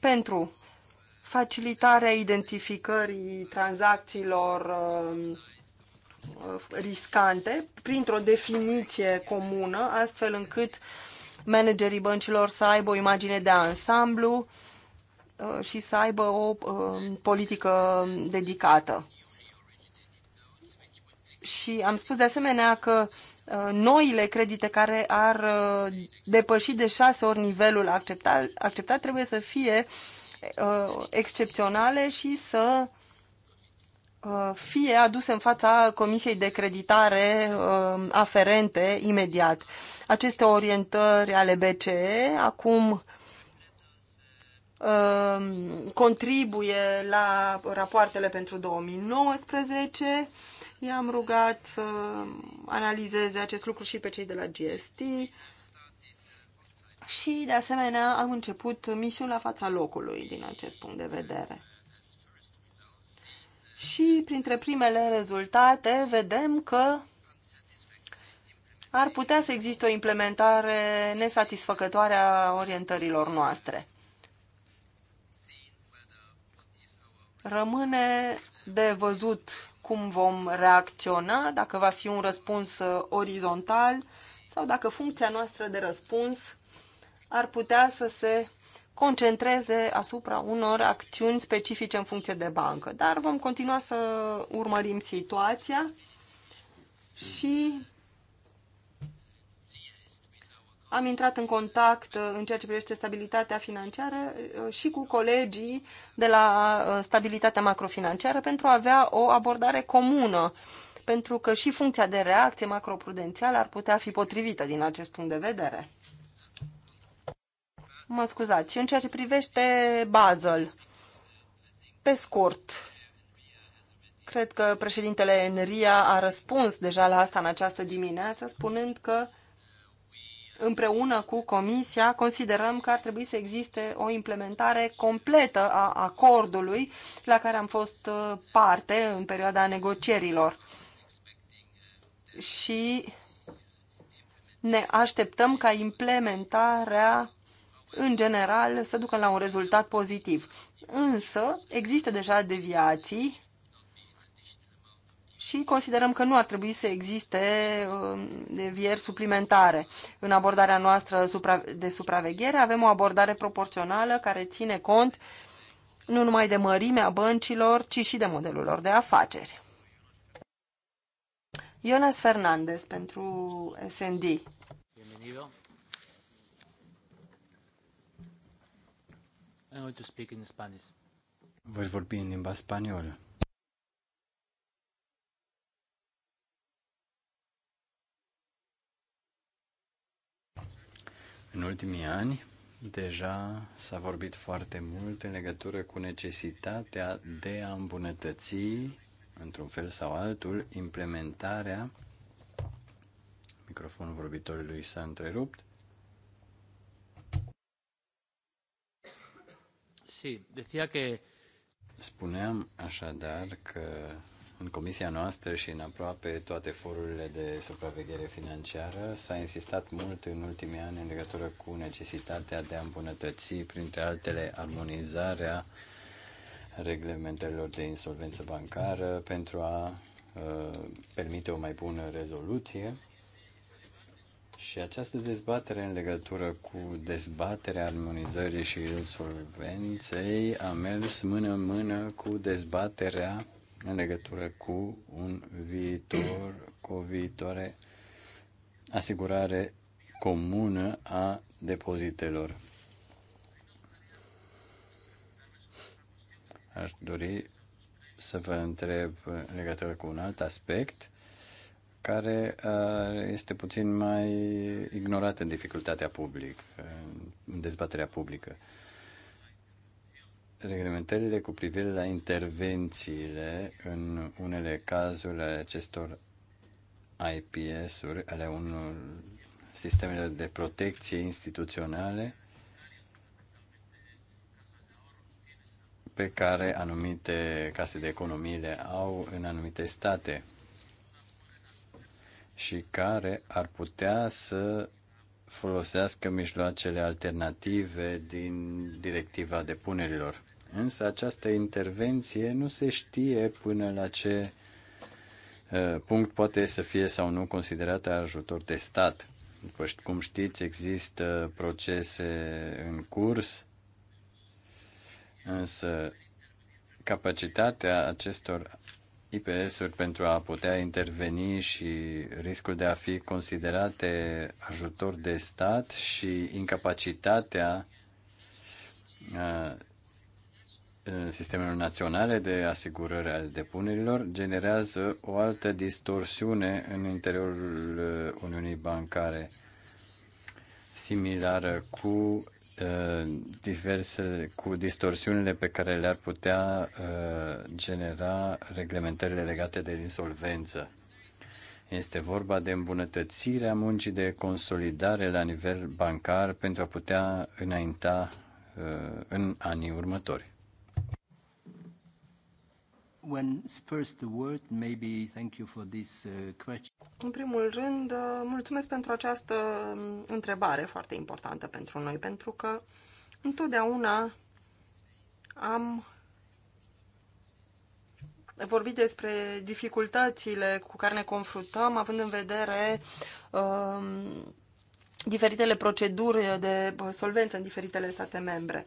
Speaker 4: pentru facilitarea identificării tranzacțiilor uh, riscante printr-o definiție comună, astfel încât managerii băncilor să aibă o imagine de ansamblu uh, și să aibă o uh, politică dedicată. Și am spus de asemenea că Uh, noile credite care ar uh, depăși de șase ori nivelul acceptat, acceptat trebuie să fie uh, excepționale și să fie aduse în fața Comisiei de Creditare aferente imediat. Aceste orientări ale BCE acum contribuie la rapoartele pentru 2019 I-am rugat să analizeze acest lucru și pe cei de la GST și, de asemenea, am început misiunea la fața locului din acest punct de vedere. Și printre primele rezultate vedem că ar putea să existe o implementare nesatisfăcătoare a orientărilor noastre. Rămâne de văzut cum vom reacționa, dacă va fi un răspuns uh, orizontal sau dacă funcția noastră de răspuns ar putea să se concentreze asupra unor acțiuni specifice în funcție de bancă. Dar vom continua să urmărim situația și am intrat în contact uh, în ceea ce privește stabilitatea financiară uh, și cu colegii de la uh, stabilitatea macrofinanciară pentru a avea o abordare comună, pentru că și funcția de reacție macroprudențială ar putea fi potrivită din acest punct de vedere. Mă scuzați. Și în ceea ce privește Basel, pe scurt, Cred că președintele Enria a răspuns deja la asta în această dimineață, spunând că împreună cu Comisia, considerăm că ar trebui să existe o implementare completă a acordului la care am fost uh, parte în perioada negocierilor. Și ne așteptăm ca implementarea în general să ducă la un rezultat pozitiv. Însă există deja deviații și considerăm că nu ar trebui să existe um, devieri suplimentare. În abordarea noastră de supraveghere avem o abordare proporțională care ține cont nu numai de mărimea băncilor, ci și de modelul lor de afaceri. Jonas Fernandez pentru SND.
Speaker 5: Voi vorbi în limba spaniolă. În ultimii ani, deja s-a vorbit foarte mult în legătură cu necesitatea de a îmbunătăți, într-un fel sau altul, implementarea. Microfonul vorbitorului s-a întrerupt.
Speaker 2: Sí, decía que...
Speaker 5: Spuneam așadar că în comisia noastră și în aproape toate forurile de supraveghere financiară s-a insistat mult în ultimii ani în legătură cu necesitatea de a îmbunătăți, printre altele, armonizarea reglementărilor de insolvență bancară pentru a uh, permite o mai bună rezoluție. Și această dezbatere în legătură cu dezbaterea armonizării și insolvenței a mers mână-mână cu dezbaterea în legătură cu un viitor, cu o viitoare asigurare comună a depozitelor. Aș dori să vă întreb în legătură cu un alt aspect care este puțin mai ignorat în dificultatea publică, în dezbaterea publică reglementările cu privire la intervențiile în unele cazuri ale acestor IPS-uri, ale unor sistemele de protecție instituționale pe care anumite case de economie le au în anumite state și care ar putea să folosească mijloacele alternative din directiva depunerilor. Însă această intervenție nu se știe până la ce uh, punct poate să fie sau nu considerată ajutor de stat. După cum știți, există procese în curs, însă capacitatea acestor IPS-uri pentru a putea interveni și riscul de a fi considerate ajutor de stat și incapacitatea uh, sistemelor naționale de asigurare al depunerilor generează o altă distorsiune în interiorul uh, Uniunii Bancare, similară cu uh, diverse cu distorsiunile pe care le-ar putea uh, genera reglementările legate de insolvență. Este vorba de îmbunătățirea muncii de consolidare la nivel bancar pentru a putea înainta uh, în anii următori
Speaker 1: when first word, maybe thank you for this uh, question.
Speaker 4: În primul rând, uh, mulțumesc pentru această um, întrebare foarte importantă pentru noi, pentru că întotdeauna am vorbit despre dificultățile cu care ne confruntăm, având în vedere um, diferitele proceduri de uh, solvență în diferitele state membre.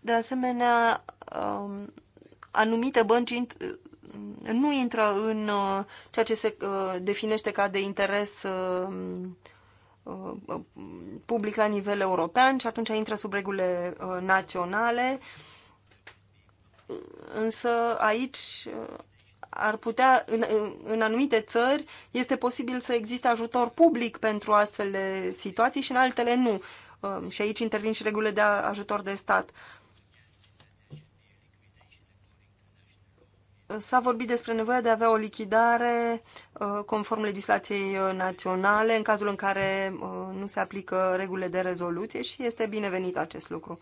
Speaker 4: De asemenea, um, anumite bănci nu intră în uh, ceea ce se uh, definește ca de interes uh, public la nivel european și atunci intră sub regulile naționale. Însă aici ar putea, în, în anumite țări, este posibil să existe ajutor public pentru astfel de situații și în altele nu. Um, și aici intervin și regulile de ajutor de stat. S-a vorbit despre nevoia de a avea o lichidare uh, conform legislației uh, naționale în cazul în care uh, nu se aplică regulile de rezoluție și este binevenit acest lucru.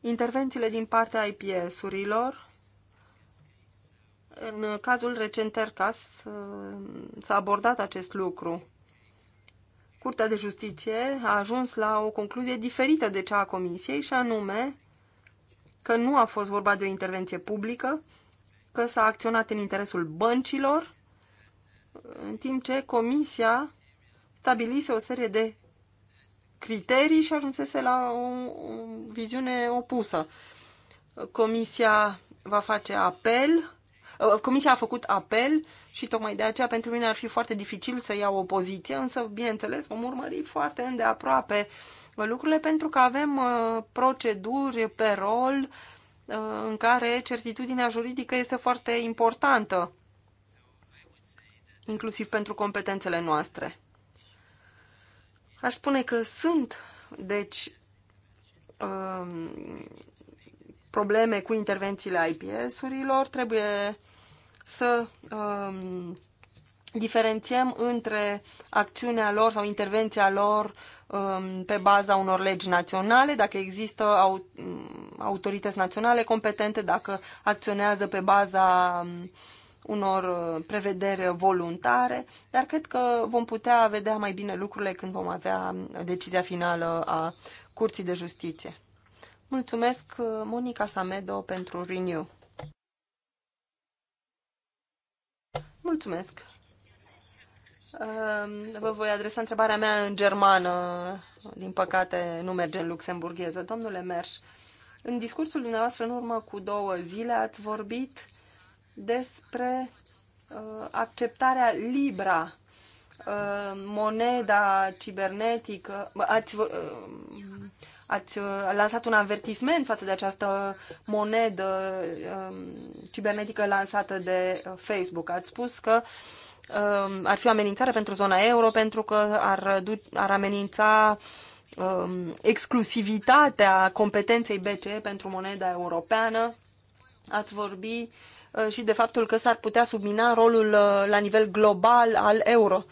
Speaker 4: Intervențiile din partea IPS-urilor în cazul recent Tercas s-a abordat acest lucru. Curtea de Justiție a ajuns la o concluzie diferită de cea a Comisiei și anume că nu a fost vorba de o intervenție publică, că s-a acționat în interesul băncilor, în timp ce Comisia stabilise o serie de criterii și ajunsese la o, o viziune opusă. Comisia va face apel, ă, Comisia a făcut apel și tocmai de aceea pentru mine ar fi foarte dificil să iau o poziție, însă, bineînțeles, vom urmări foarte îndeaproape lucrurile pentru că avem ă, proceduri pe rol uh, Uh, în care certitudinea juridică este foarte importantă, inclusiv pentru competențele noastre. Aș spune că sunt, deci, uh, probleme cu intervențiile IPS-urilor, trebuie să um, diferențiem între acțiunea lor sau intervenția lor um, pe baza unor legi naționale, dacă există um, autorități naționale competente, dacă acționează pe baza um, unor uh, prevederi voluntare, dar cred că vom putea vedea mai bine lucrurile când vom avea decizia finală a Curții de Justiție. Mulțumesc, uh, Monica Samedo, pentru Renew. Mulțumesc! Vă voi adresa întrebarea mea în germană. Din păcate, nu merge în luxemburgheză. Domnule Merș, în discursul dumneavoastră în urmă cu două zile ați vorbit despre uh, acceptarea Libra, uh, moneda cibernetică. Uh, ați, uh, ați lansat un avertisment față de această monedă um, cibernetică lansată de uh, Facebook. Ați spus că uh, Um, ar fi o amenințare pentru zona euro pentru că ar, ar amenința um, exclusivitatea competenței BCE pentru moneda europeană. Ați vorbit uh, și de faptul că s-ar putea submina rolul uh, la nivel global al euro.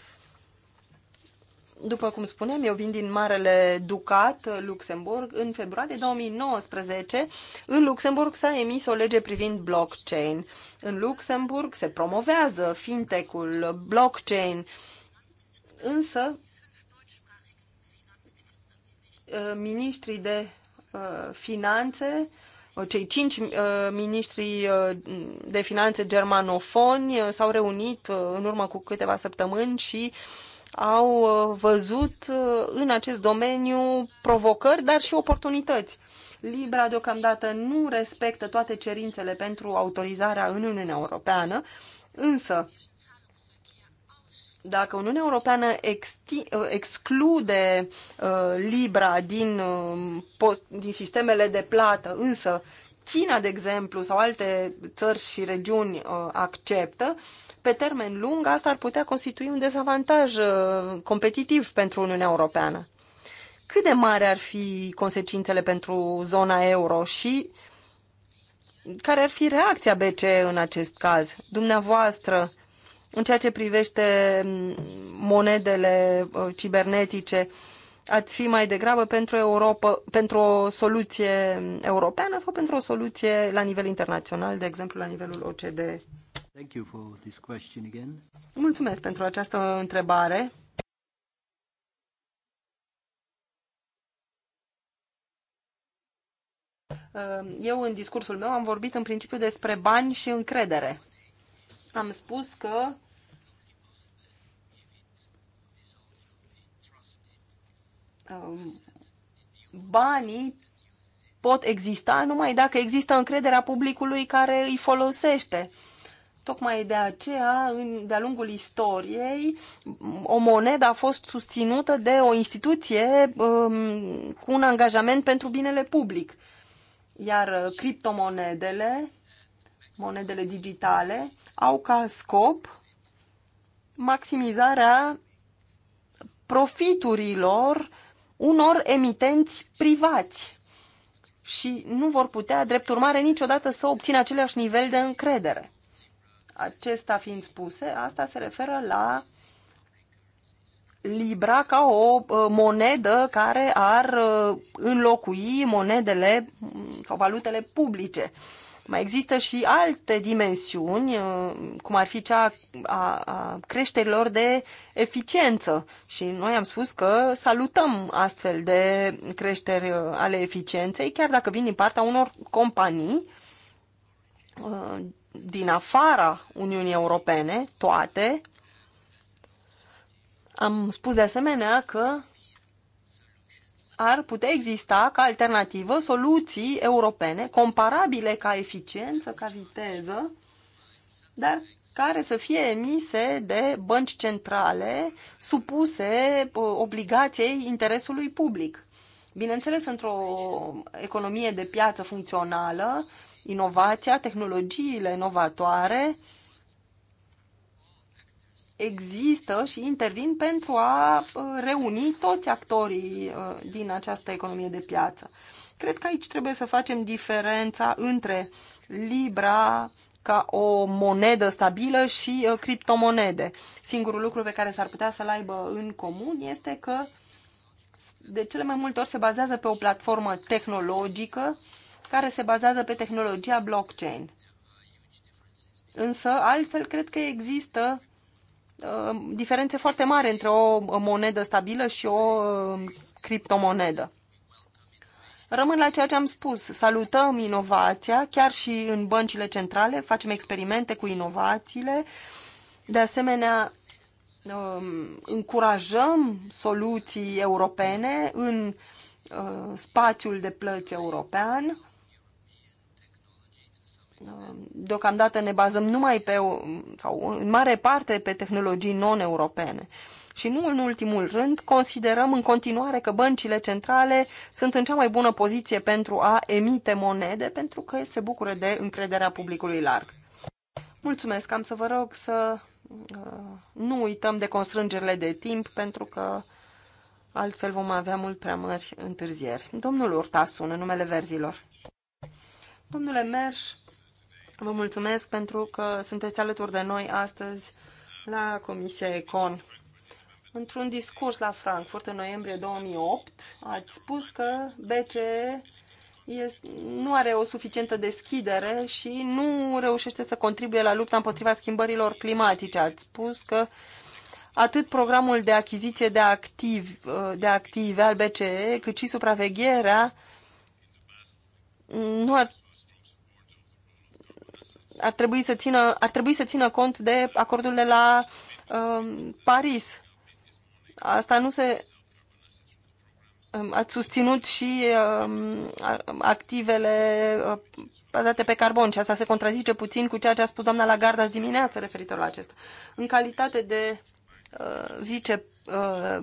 Speaker 4: După cum spuneam, eu vin din Marele Ducat, Luxemburg. În februarie 2019, în Luxemburg s-a emis o lege privind blockchain. În Luxemburg se promovează fintech-ul, blockchain, însă uh, ministrii de uh, finanțe uh, cei cinci ministri de finanțe germanofoni s-au reunit în urmă cu câteva săptămâni și au uh, văzut uh, în acest domeniu provocări, dar și oportunități. Libra deocamdată nu respectă toate cerințele pentru autorizarea în Uniunea Europeană, însă dacă Uniunea Europeană uh, exclude Libra din, um, din sistemele de plată, însă China, de exemplu, sau alte țări și regiuni acceptă, pe termen lung asta ar putea constitui un dezavantaj uh, competitiv pentru Uniunea Europeană. Cât de mare ar fi consecințele pentru zona euro și care ar fi reacția BCE în acest caz? Dumneavoastră, în ceea ce privește mm, monedele uh, cibernetice, ați fi mai degrabă pentru, Europa, pentru o soluție europeană sau pentru o soluție la nivel internațional, de exemplu la nivelul OCDE? Mulțumesc pentru această întrebare. Ehm, eu, în discursul meu, am vorbit în principiu despre bani și încredere. Am spus că ehm, banii pot exista numai dacă există încrederea publicului care îi folosește. Tocmai de aceea, de-a lungul istoriei, o monedă a fost susținută de o instituție um, cu un angajament pentru binele public. Iar uh, criptomonedele, monedele digitale, au ca scop maximizarea profiturilor unor emitenți privați și nu vor putea, drept urmare, niciodată să obțină același nivel de încredere. Acesta fiind spuse, asta se referă la libra ca o uh, monedă care ar uh, înlocui monedele mm, sau valutele publice. Mai există și alte dimensiuni, uh, cum ar fi cea a, a creșterilor de eficiență. Și noi am spus că salutăm astfel de creșteri ale eficienței, chiar dacă vin din partea unor companii din afara Uniunii Europene, toate. Am spus de asemenea că ar putea exista ca alternativă soluții europene comparabile ca eficiență, ca viteză, dar care să fie emise de bănci centrale supuse obligației interesului public. Bineînțeles, într-o economie de piață funcțională, inovația, tehnologiile inovatoare există și intervin pentru a uh, reuni toți actorii uh, din această economie de piață. Cred că aici trebuie să facem diferența între Libra ca o monedă stabilă și uh, criptomonede. Singurul lucru pe care s-ar putea să-l aibă în comun este că de cele mai multe ori se bazează pe o platformă tehnologică care se bazează pe tehnologia blockchain. Însă, altfel, cred că există uh, diferențe foarte mari între o monedă stabilă și o uh, criptomonedă. Rămân la ceea ce am spus. Salutăm inovația, chiar și în băncile centrale, facem experimente cu inovațiile. De asemenea, um, încurajăm soluții europene în uh, spațiul de plăți european deocamdată ne bazăm numai pe, sau în mare parte, pe tehnologii non-europene. Și nu în ultimul rând, considerăm în continuare că băncile centrale sunt în cea mai bună poziție pentru a emite monede, pentru că se bucură de încrederea publicului larg. Mulțumesc, am să vă rog să uh, nu uităm de constrângerile de timp, pentru că altfel vom avea mult prea mari întârzieri. Domnul Urtasun, în numele verzilor. Domnule Merș, Vă mulțumesc pentru că sunteți alături de noi astăzi la Comisia Econ. Într-un discurs la Frankfurt în noiembrie 2008, ați spus că BCE nu are o suficientă deschidere și nu reușește să contribuie la lupta împotriva schimbărilor climatice. Ați spus că atât programul de achiziție de, activ, de active al BCE, cât și supravegherea nu ar ar trebui să țină, ar trebui să țină cont de acordurile la uh, Paris. Asta nu se... Um, ați susținut și um, activele uh, bazate pe carbon și asta se contrazice puțin cu ceea ce a spus doamna Lagarda azi dimineață referitor la acesta. În calitate de uh, vice uh,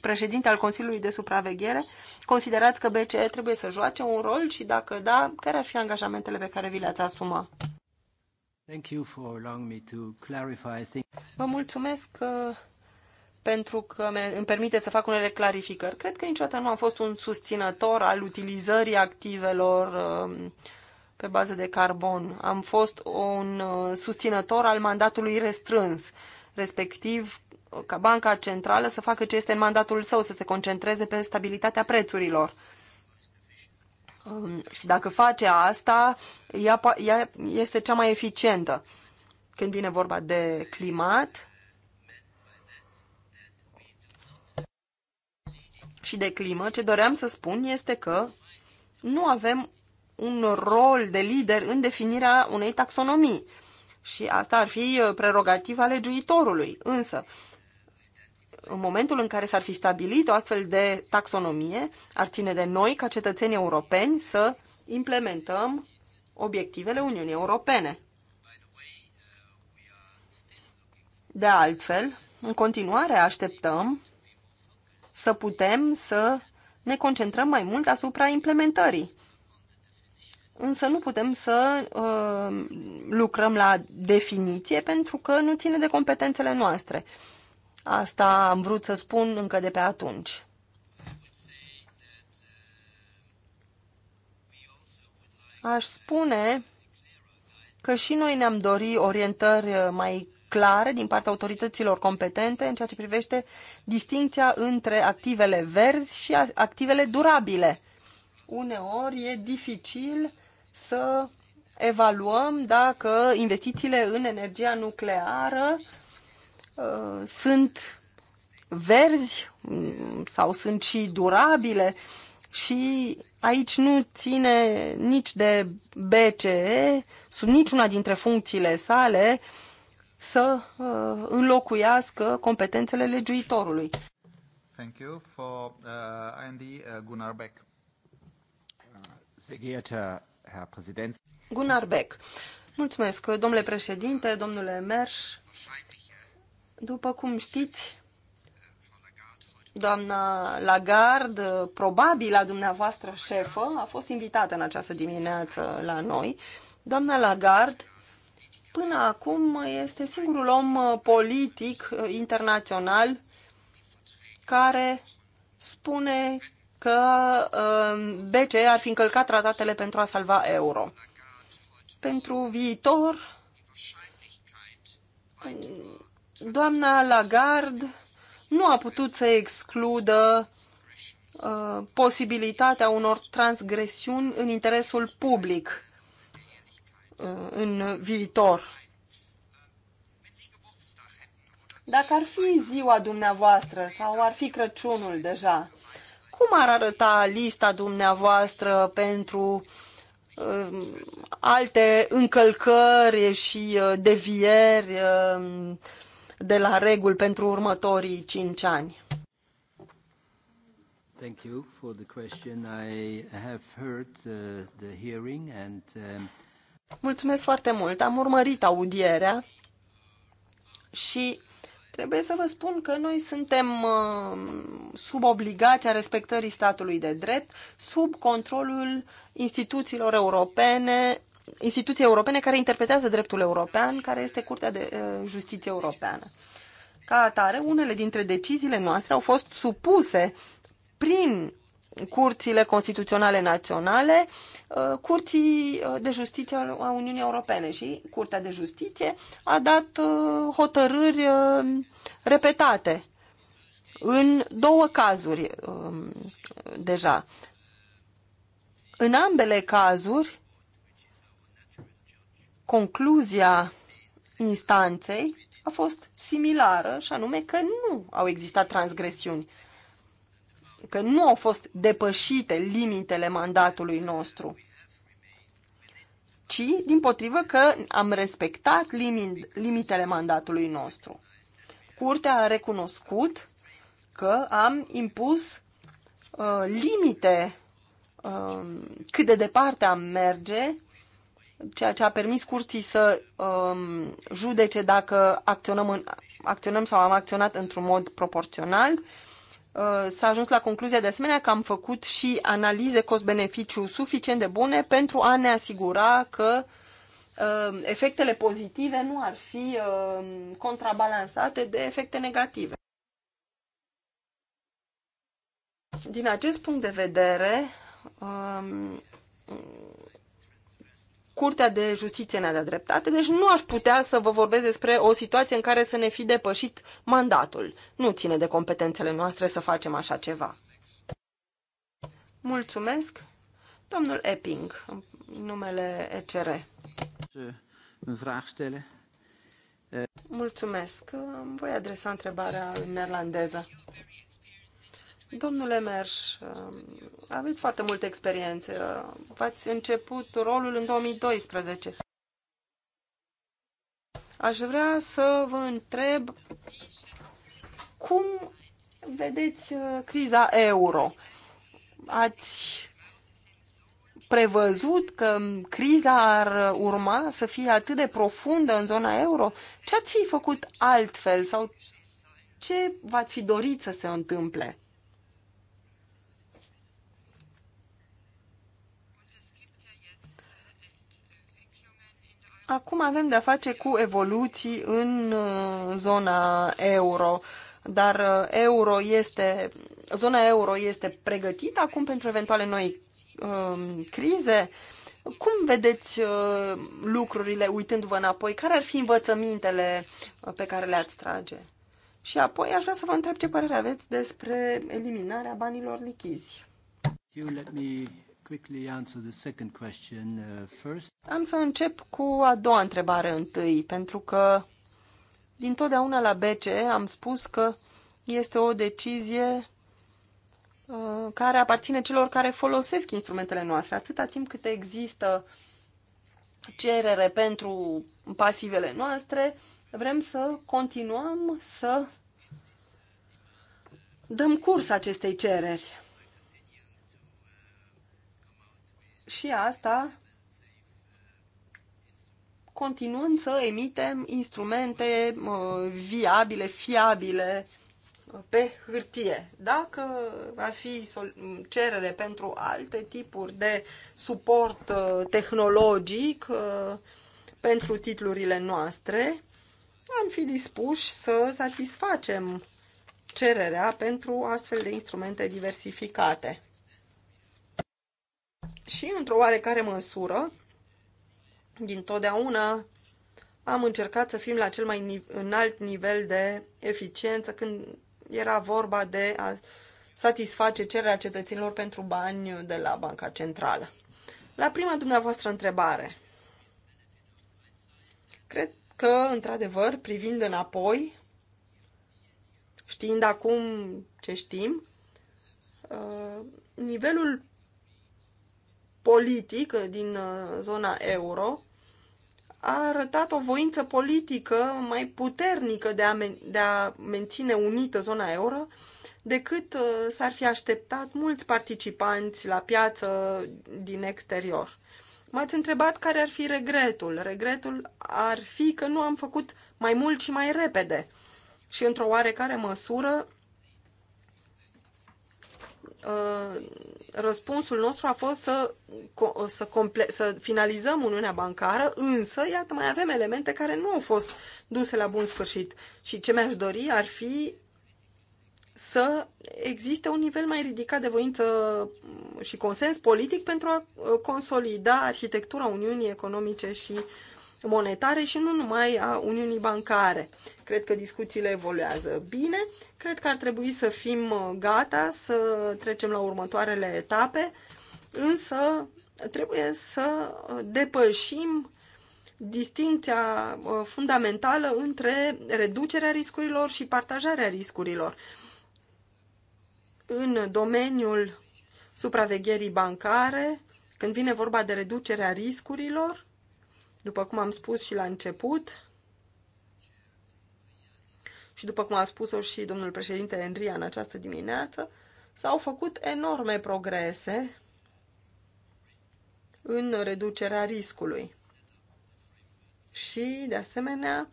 Speaker 4: președinte al Consiliului de Supraveghere, considerați că BCE trebuie să joace un rol și dacă da, care ar fi angajamentele pe care vi le-ați asuma?
Speaker 1: Thank you for allowing me to clarify
Speaker 4: Vă mulțumesc că uh, pentru că îmi permite să fac unele clarificări. Cred că niciodată nu am fost un susținător al utilizării activelor um, pe bază de carbon. Am fost un uh, susținător al mandatului restrâns, respectiv ca banca centrală să facă ce este în mandatul său, să se concentreze pe stabilitatea prețurilor. Um, și dacă face asta, ea, ea este cea mai eficientă. Când vine vorba de climat și de climă, ce doream să spun este că nu avem un rol de lider în definirea unei taxonomii. Și asta ar fi uh, prerogativa legiuitorului. Însă, în momentul în care s-ar fi stabilit o astfel de taxonomie, ar ține de noi, ca cetățeni europeni, să implementăm obiectivele Uniunii Europene. De altfel, în continuare așteptăm să putem să ne concentrăm mai mult asupra implementării. Însă nu putem să uh, lucrăm la definiție pentru că nu ține de competențele noastre. Uh, Asta am vrut să spun încă de pe atunci. Aș spune că și noi ne-am dori orientări mai clare din partea autorităților competente în ceea ce privește distinția între activele verzi și activele durabile. Uneori e dificil să evaluăm dacă investițiile în energia nucleară Uh, sunt verzi mm, sau sunt și durabile și aici nu ține nici de BCE, sub niciuna dintre funcțiile sale, să uh, înlocuiască competențele legiuitorului.
Speaker 1: Thank you for uh, Andy uh, Gunnar Beck. Sehr geehrter Herr Präsident.
Speaker 4: Gunnar Beck. Mulțumesc, domnule președinte, domnule Merș. După cum știți, doamna Lagarde, probabil la dumneavoastră șefă, a fost invitată în această dimineață la noi. Doamna Lagarde, până acum, este singurul om uh, politic uh, internațional care spune că uh, BCE ar fi încălcat tratatele pentru a salva euro. Pentru viitor, Doamna Lagarde nu a putut să excludă uh, posibilitatea unor transgresiuni în interesul public uh, în viitor. Dacă ar fi ziua dumneavoastră sau ar fi Crăciunul deja, cum ar arăta lista dumneavoastră pentru uh, alte încălcări și uh, devieri uh, de la reguli pentru următorii cinci ani?
Speaker 1: Thank you for the question. I have heard uh, the hearing and um...
Speaker 4: Mulțumesc foarte mult. Am urmărit audierea și trebuie să vă spun că noi suntem uh, sub obligația respectării statului de drept, sub controlul instituțiilor europene instituții europene care interpretează dreptul european, care este Curtea de uh, Justiție Europeană. Ca atare, unele dintre deciziile noastre au fost supuse prin curțile constituționale naționale, uh, curții uh, de justiție a Uniunii Europene și Curtea de Justiție a dat hotărâri repetate în două cazuri um, deja. În ambele cazuri, concluzia instanței a fost similară, și anume că nu au existat transgresiuni, că nu au fost depășite limitele mandatului nostru, ci, din potrivă, că am respectat limitele mandatului nostru. Curtea a recunoscut că am impus uh, limite uh, cât de departe am merge ceea ce a permis curții să um, judece dacă acționăm, în, acționăm sau am acționat într-un mod proporțional. Uh, S-a ajuns la concluzia de asemenea că am făcut și analize cost-beneficiu suficient de bune pentru a ne asigura că uh, efectele pozitive nu ar fi uh, contrabalansate de efecte negative. Din acest punct de vedere, um, Curtea de Justiție ne-a dat dreptate, deci nu aș putea să vă vorbesc despre o situație în care să ne fi depășit mandatul. Nu ține de competențele noastre să facem așa ceva. Mulțumesc. Domnul Epping, numele ECR. Mulțumesc. Voi adresa întrebarea în neerlandeză. Domnule Merș, um, aveți foarte multe experiențe. V-ați început rolul în 2012. Aș vrea să vă întreb cum vedeți uh, criza euro. Ați prevăzut că criza ar urma să fie atât de profundă în zona euro? Ce ați fi făcut altfel sau ce v-ați fi dorit să se întâmple? Acum avem de-a face cu evoluții în uh, zona euro, dar uh, euro este, zona euro este pregătită acum pentru eventuale noi um, crize. Cum vedeți uh, lucrurile uitându-vă înapoi? Care ar fi învățămintele pe care le-ați trage? Și apoi aș vrea să vă întreb ce părere aveți despre eliminarea banilor lichizi.
Speaker 1: You let me Uh,
Speaker 4: am să încep cu a doua întrebare întâi, pentru că din totdeauna la BCE am spus că este o decizie uh, care aparține celor care folosesc instrumentele noastre. Atâta timp cât există cerere pentru pasivele noastre, vrem să continuăm să dăm curs acestei cereri. și asta continuând să emitem instrumente viabile, fiabile pe hârtie. Dacă va fi cerere pentru alte tipuri de suport ă, tehnologic ă, pentru titlurile noastre, am fi dispuși să satisfacem cererea pentru astfel de instrumente diversificate. Și, într-o oarecare măsură, din totdeauna am încercat să fim la cel mai înalt nivel de eficiență când era vorba de a satisface cererea cetățenilor pentru bani de la Banca Centrală. La prima dumneavoastră întrebare, cred că, într-adevăr, privind înapoi, știind acum ce știm, uh, nivelul politic uh, din uh, zona euro a arătat o voință politică mai puternică de a, men- de a menține unită zona euro decât uh, s-ar fi așteptat mulți participanți la piață din exterior. M-ați întrebat care ar fi regretul. Regretul ar fi că nu am făcut mai mult și mai repede. Și într-o oarecare măsură Uh, răspunsul nostru a fost să, să, comple- să finalizăm Uniunea Bancară, însă, iată, mai avem elemente care nu au fost duse la bun sfârșit. Și ce mi-aș dori ar fi să existe un nivel mai ridicat de voință și consens politic pentru a uh, consolida arhitectura Uniunii Economice și monetare și nu numai a Uniunii Bancare. Cred că discuțiile evoluează bine, cred că ar trebui să fim uh, gata să trecem la următoarele etape, însă trebuie să uh, depășim distinția uh, fundamentală între reducerea riscurilor și partajarea riscurilor. În domeniul supravegherii bancare, când vine vorba de reducerea riscurilor, după cum am spus și la început, și după cum a spus-o și domnul președinte Enria în această dimineață, s-au făcut enorme progrese în reducerea riscului. Și, de asemenea,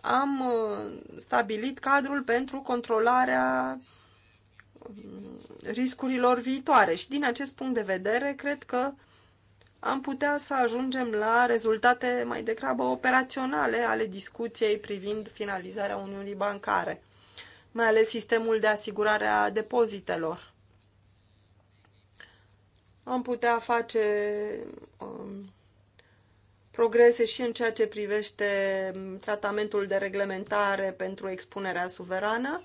Speaker 4: am uh, stabilit cadrul pentru controlarea um, riscurilor viitoare și din acest punct de vedere cred că am putea să ajungem la rezultate mai degrabă operaționale ale discuției privind finalizarea Uniunii Bancare, mai ales sistemul de asigurare a depozitelor. Am putea face um, progrese și în ceea ce privește tratamentul de reglementare pentru expunerea suverană.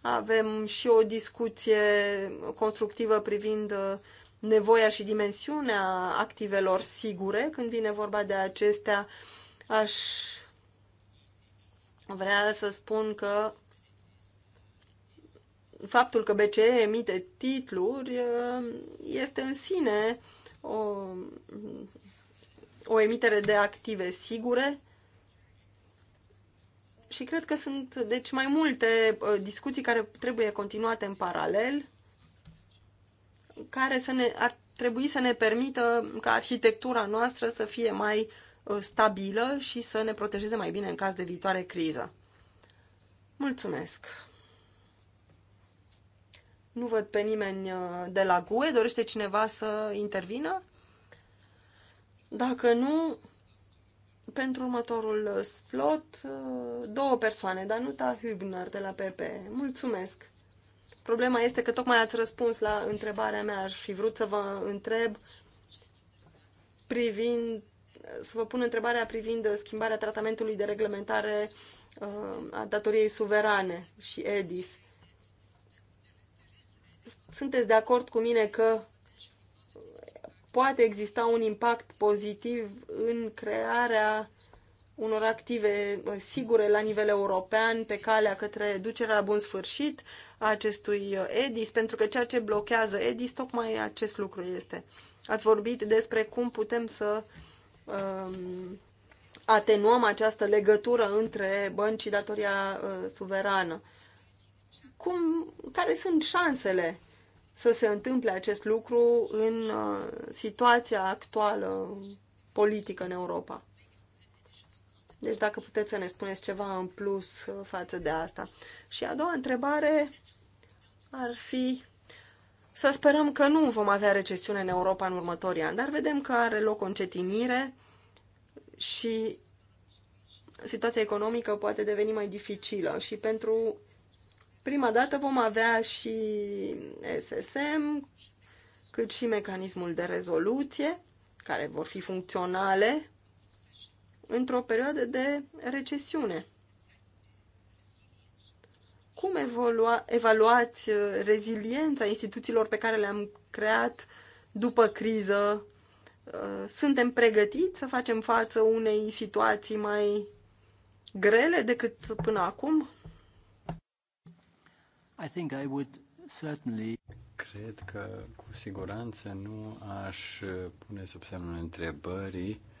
Speaker 4: Avem și o discuție constructivă privind uh, nevoia și dimensiunea activelor sigure. Când vine vorba de acestea, aș vrea să spun că faptul că BCE emite titluri uh, este în sine o, o emitere de active sigure și cred că sunt deci mai multe uh, discuții care trebuie continuate în paralel care să ne, ar trebui să ne permită ca arhitectura noastră să fie mai uh, stabilă și să ne protejeze mai bine în caz de viitoare criză. Mulțumesc! Nu văd pe nimeni uh, de la GUE. Dorește cineva să intervină? Dacă nu, pentru următorul uh, slot, două persoane, Danuta Hübner de la PP. Mulțumesc! Problema este că tocmai ați răspuns la întrebarea mea. Aș fi vrut să vă întreb privind, să vă pun întrebarea privind schimbarea tratamentului de reglementare uh, a datoriei suverane și EDIS. Sunteți de acord cu mine că poate exista un impact pozitiv în crearea unor active uh, sigure la nivel european pe calea către ducerea la bun sfârșit, acestui uh, EDIS, pentru că ceea ce blochează EDIS tocmai acest lucru este. Ați vorbit despre cum putem să um, atenuăm această legătură între bănci și datoria uh, suverană. Cum, care sunt șansele să se întâmple acest lucru în uh, situația actuală politică în Europa? Deci dacă puteți să ne spuneți ceva în plus uh, față de asta. Și a doua întrebare ar fi să sperăm că nu vom avea recesiune în Europa în următorii ani, dar vedem că are loc o încetinire și situația economică poate deveni mai dificilă și pentru prima dată vom avea și SSM, cât și mecanismul de rezoluție, care vor fi funcționale într-o perioadă de recesiune. Cum evolua, evaluați uh, reziliența instituțiilor pe care le-am creat după criză? Uh, suntem pregătiți să facem față unei situații mai grele decât până acum?
Speaker 1: I think I would certainly... Cred
Speaker 5: că cu siguranță nu aș pune sub semnul întrebării uh,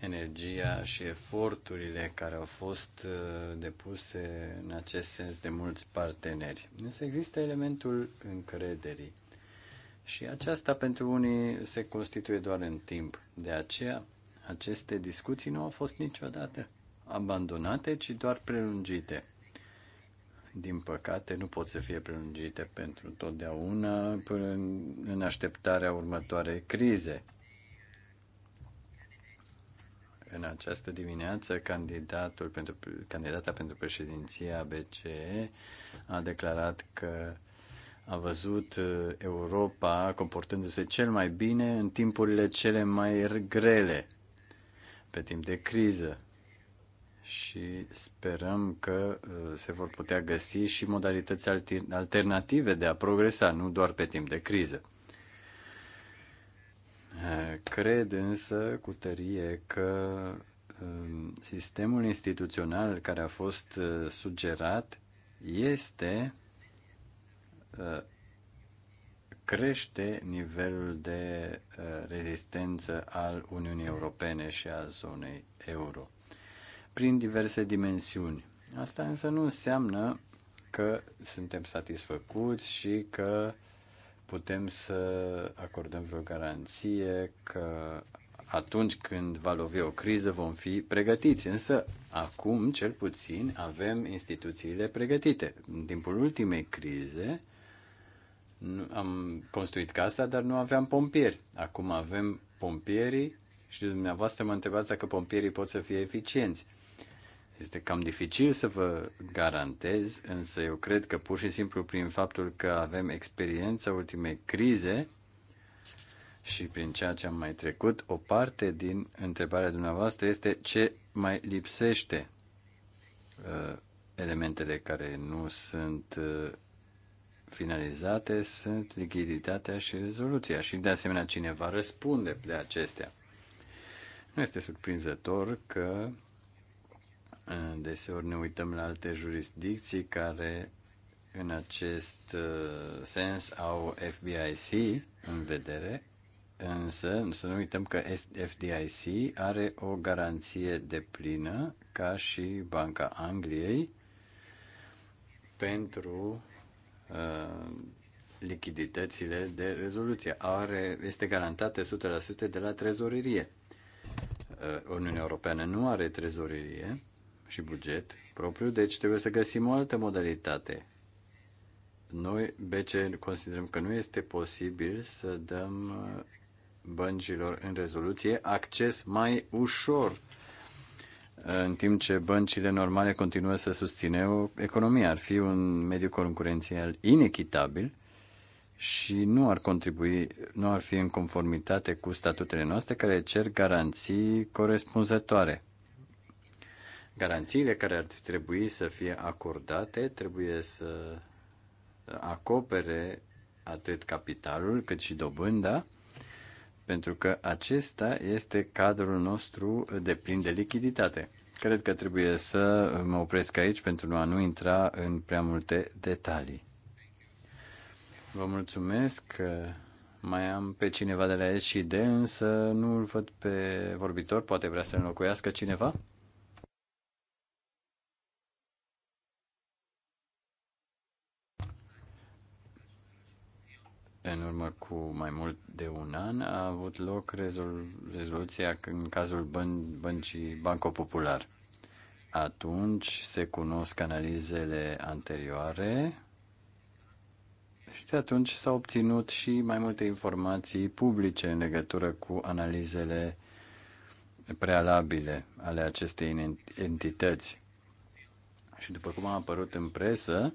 Speaker 5: energia și eforturile care au fost uh, depuse în acest sens de mulți parteneri. Însă există elementul încrederii. Și aceasta pentru unii se constituie doar în timp. De aceea, aceste discuții nu au fost niciodată abandonate, ci doar prelungite. Din păcate, nu pot să fie prelungite pentru totdeauna până în așteptarea următoarei crize. În această dimineață, candidatul pentru, candidata pentru președinția BCE a declarat că a văzut uh, Europa comportându-se cel mai bine în timpurile cele mai grele, pe timp de criză. Și sperăm că uh, se vor putea găsi și modalități alternative de a progresa, nu doar pe timp de criză. Cred însă cu tărie că um, sistemul instituțional care a fost uh, sugerat este uh, crește nivelul de uh, rezistență al Uniunii Europene și al zonei euro prin diverse dimensiuni. Asta însă nu înseamnă că suntem satisfăcuți și că uh, putem să acordăm vreo garanție că atunci când va lovi o criză vom fi pregătiți, însă acum cel puțin avem instituțiile pregătite. În timpul ultimei crize am construit casa, dar nu aveam pompieri. Acum avem pompierii și dumneavoastră mă întrebați dacă pompierii pot să fie eficienți. Este cam dificil să vă garantez, însă eu cred că pur și simplu prin faptul că avem experiența ultimei crize și prin ceea ce am mai trecut, o parte din întrebarea dumneavoastră este ce mai lipsește uh, elementele care nu sunt uh, finalizate sunt lichiditatea și rezoluția și de asemenea cineva răspunde de acestea. Nu este surprinzător că Eh, deseori ne uităm la alte jurisdicții care în acest eh, sens au FBIC în vedere, însă să nu uităm că FDIC are o garanție de plină ca și Banca Angliei pentru uh, lichiditățile de rezoluție. Are, este garantată 100% de la trezorerie. Uh, Uniunea Europeană nu are trezorerie, și buget propriu, deci trebuie să găsim o altă modalitate. Noi, BC, considerăm că nu este posibil să dăm uh, băncilor în rezoluție acces mai ușor, uh, în timp ce băncile normale continuă să susțină economie Ar fi un mediu concurențial inechitabil și nu ar contribui, nu ar fi în conformitate cu statutele noastre care cer garanții corespunzătoare. Garanțiile care ar trebui să fie acordate trebuie să acopere atât capitalul cât și dobânda, pentru că acesta este cadrul nostru de plin de lichiditate. Cred că trebuie să mă opresc aici pentru a nu intra în prea multe detalii. Vă mulțumesc. Mai am pe cineva de la S și D, însă nu îl văd pe vorbitor. Poate vrea să înlocuiască cineva? în urmă cu mai mult de un an, a avut loc rezol- rezoluția în cazul băn- băncii Banco Popular. Atunci se cunosc analizele anterioare și de atunci s-au obținut și mai multe informații publice în legătură cu analizele prealabile ale acestei entități. Și după cum a apărut în presă,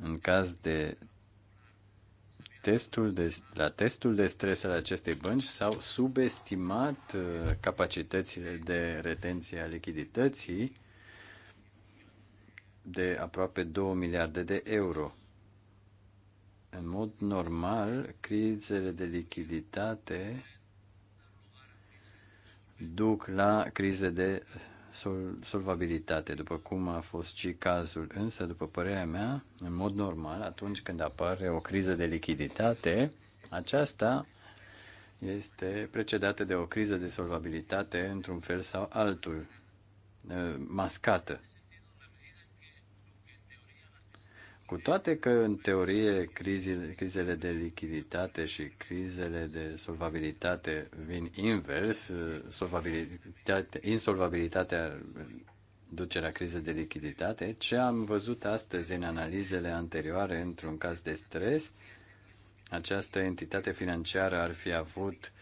Speaker 5: în caz de testul de, la testul de stres al acestei bănci s-au subestimat uh, capacitățile de retenție a lichidității de aproape 2 miliarde de euro. În mod normal, crizele de lichiditate duc la crize de sol- solvabilitate, după cum a fost și cazul. Însă, după părerea mea, în mod normal, atunci când apare o criză de lichiditate, aceasta este precedată de o criză de solvabilitate într-un fel sau altul, eh, mascată. Cu toate că, în teorie, crizele, crizele de lichiditate și crizele de solvabilitate vin invers, uh, insolvabilitatea duce la crize de lichiditate, ce am văzut astăzi în analizele anterioare într-un caz de stres, această entitate financiară ar fi avut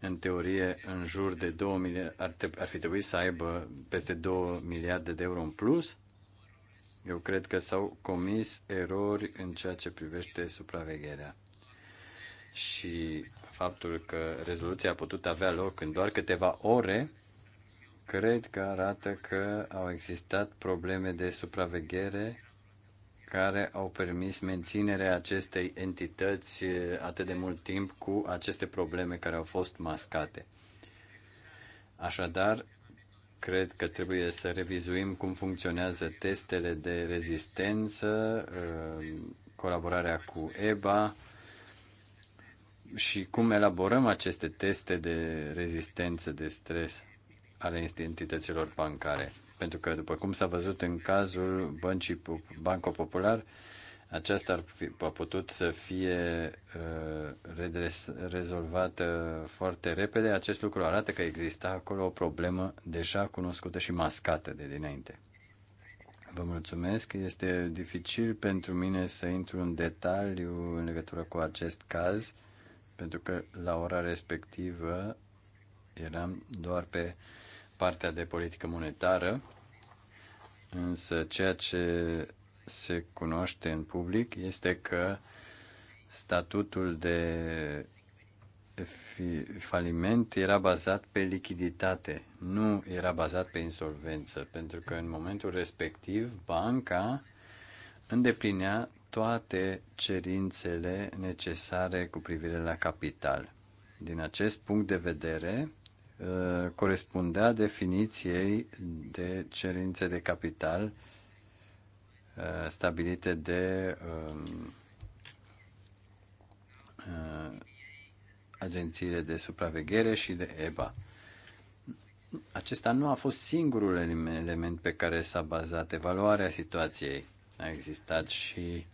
Speaker 5: în teorie în jur de 2 miliarde, ar, ar fi trebuit să aibă peste 2 miliarde de euro în plus, eu cred că s-au comis erori în ceea ce privește supravegherea. Și faptul că rezoluția a putut avea loc în doar câteva ore, cred că arată că au existat probleme de supraveghere care au permis menținerea acestei entități eh, atât de mult timp cu aceste probleme care au fost mascate. Așadar, cred că trebuie să revizuim cum funcționează testele de rezistență, uh, colaborarea cu EBA și cum elaborăm aceste teste de rezistență de stres ale entităților bancare. Pentru că, după cum s-a văzut în cazul Banco Popular, aceasta ar fi, a putut să fie uh, redres, rezolvată foarte repede. Acest lucru arată că exista acolo o problemă deja cunoscută și mascată de dinainte. Vă mulțumesc. Este dificil pentru mine să intru în detaliu în legătură cu acest caz, pentru că la ora respectivă eram doar pe partea de politică monetară, însă ceea ce se cunoaște în public este că statutul de faliment era bazat pe lichiditate, nu era bazat pe insolvență, pentru că în momentul respectiv banca îndeplinea toate cerințele necesare cu privire la capital. Din acest punct de vedere, ă, corespundea definiției de cerințe de capital Uh, stabilite de um, uh, agențiile de supraveghere și de EBA. Acesta nu a fost singurul element pe care s-a bazat evaluarea situației. A existat și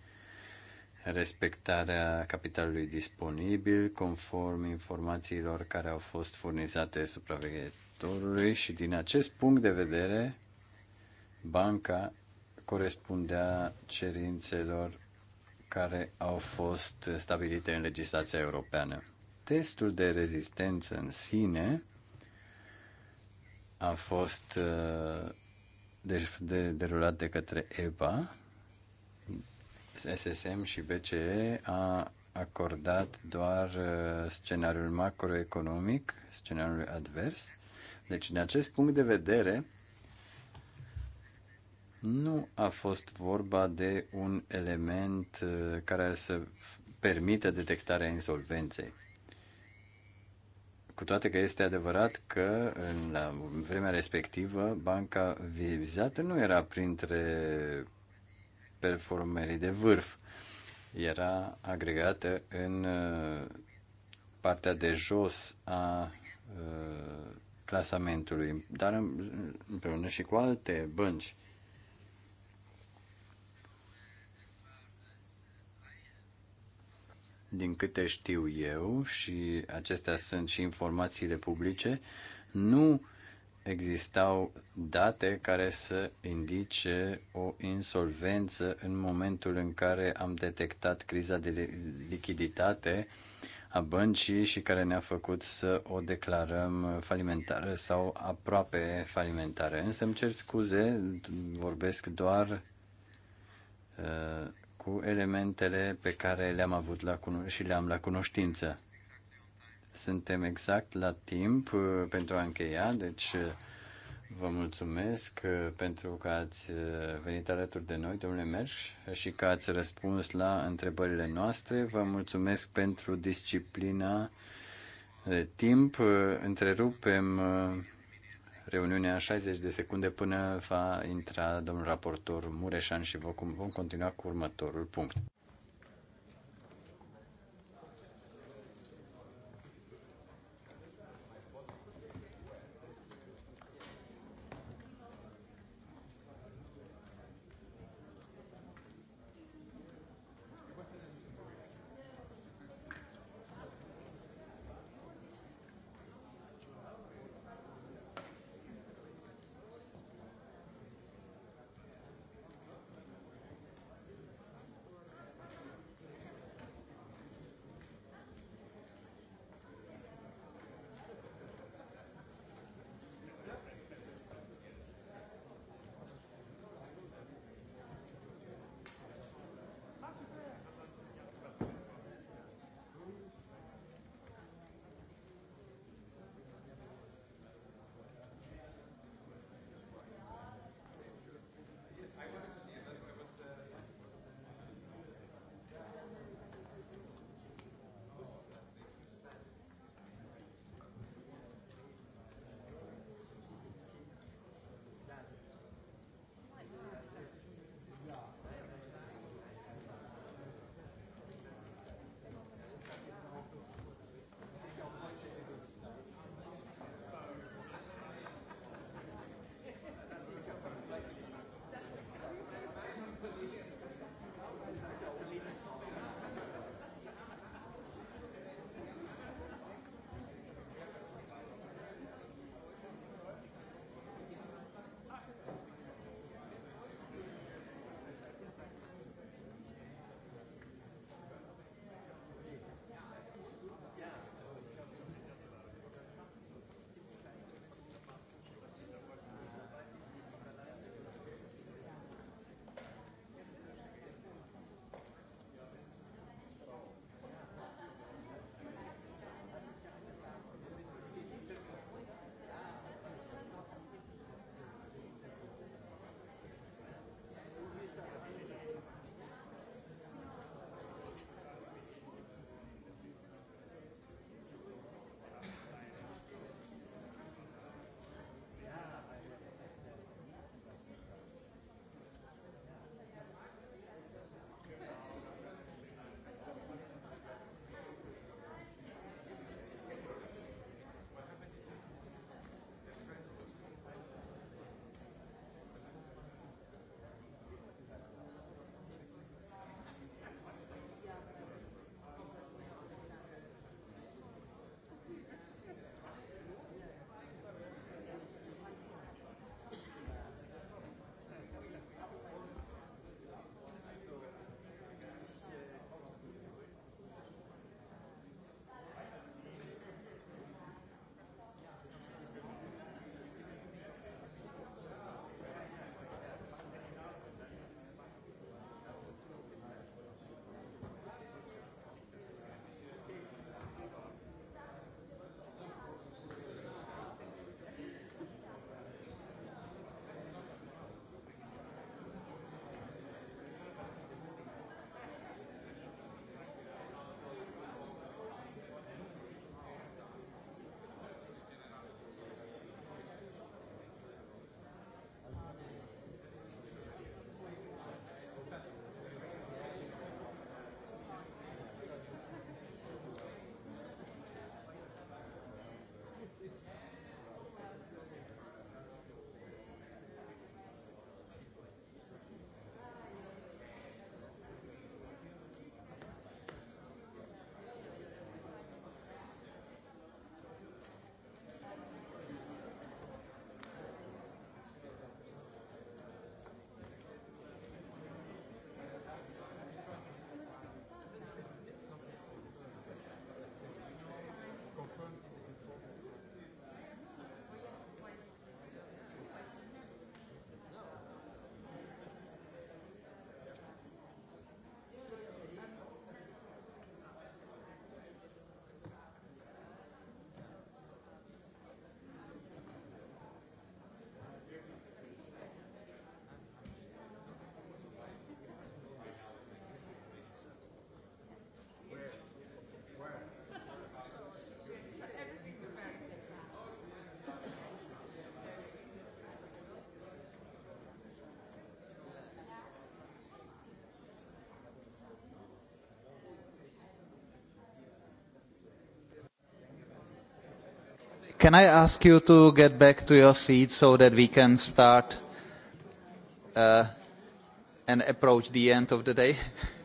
Speaker 5: respectarea capitalului disponibil conform informațiilor care au fost furnizate supraveghetorului și din acest punct de vedere, banca corespundea cerințelor care au fost stabilite în legislația europeană. Testul de rezistență în sine a fost uh, de, deci, de, derulat de către EBA, SSM și BCE a acordat doar uh, scenariul macroeconomic, scenariul advers. Deci, din acest punct de vedere, nu a fost vorba de un element uh, care să permită detectarea insolvenței. Cu toate că este adevărat că în, vremea respectivă banca vizată nu era printre performerii de vârf. Era agregată în uh, partea de jos a uh, clasamentului, dar împreună și cu alte bănci. din câte știu eu, și acestea sunt și informațiile publice, nu existau date care să indice o insolvență în momentul în care am detectat criza de lichiditate a băncii și care ne-a făcut să o declarăm falimentară sau aproape falimentară. Însă îmi cer scuze, vorbesc doar uh, cu elementele pe care le-am avut la cuno- și le-am la cunoștință. Suntem exact la timp uh, pentru a încheia, deci uh, vă mulțumesc uh, pentru că ați venit alături de noi, domnule Merș, și că ați răspuns la întrebările noastre. Vă mulțumesc pentru disciplina de timp. Întrerupem reuniunea 60 de secunde până va intra domnul raportor Mureșan și vom, vom continua cu următorul punct.
Speaker 1: Can I ask you to get back to your seat so that we can start uh, and approach the end of the day?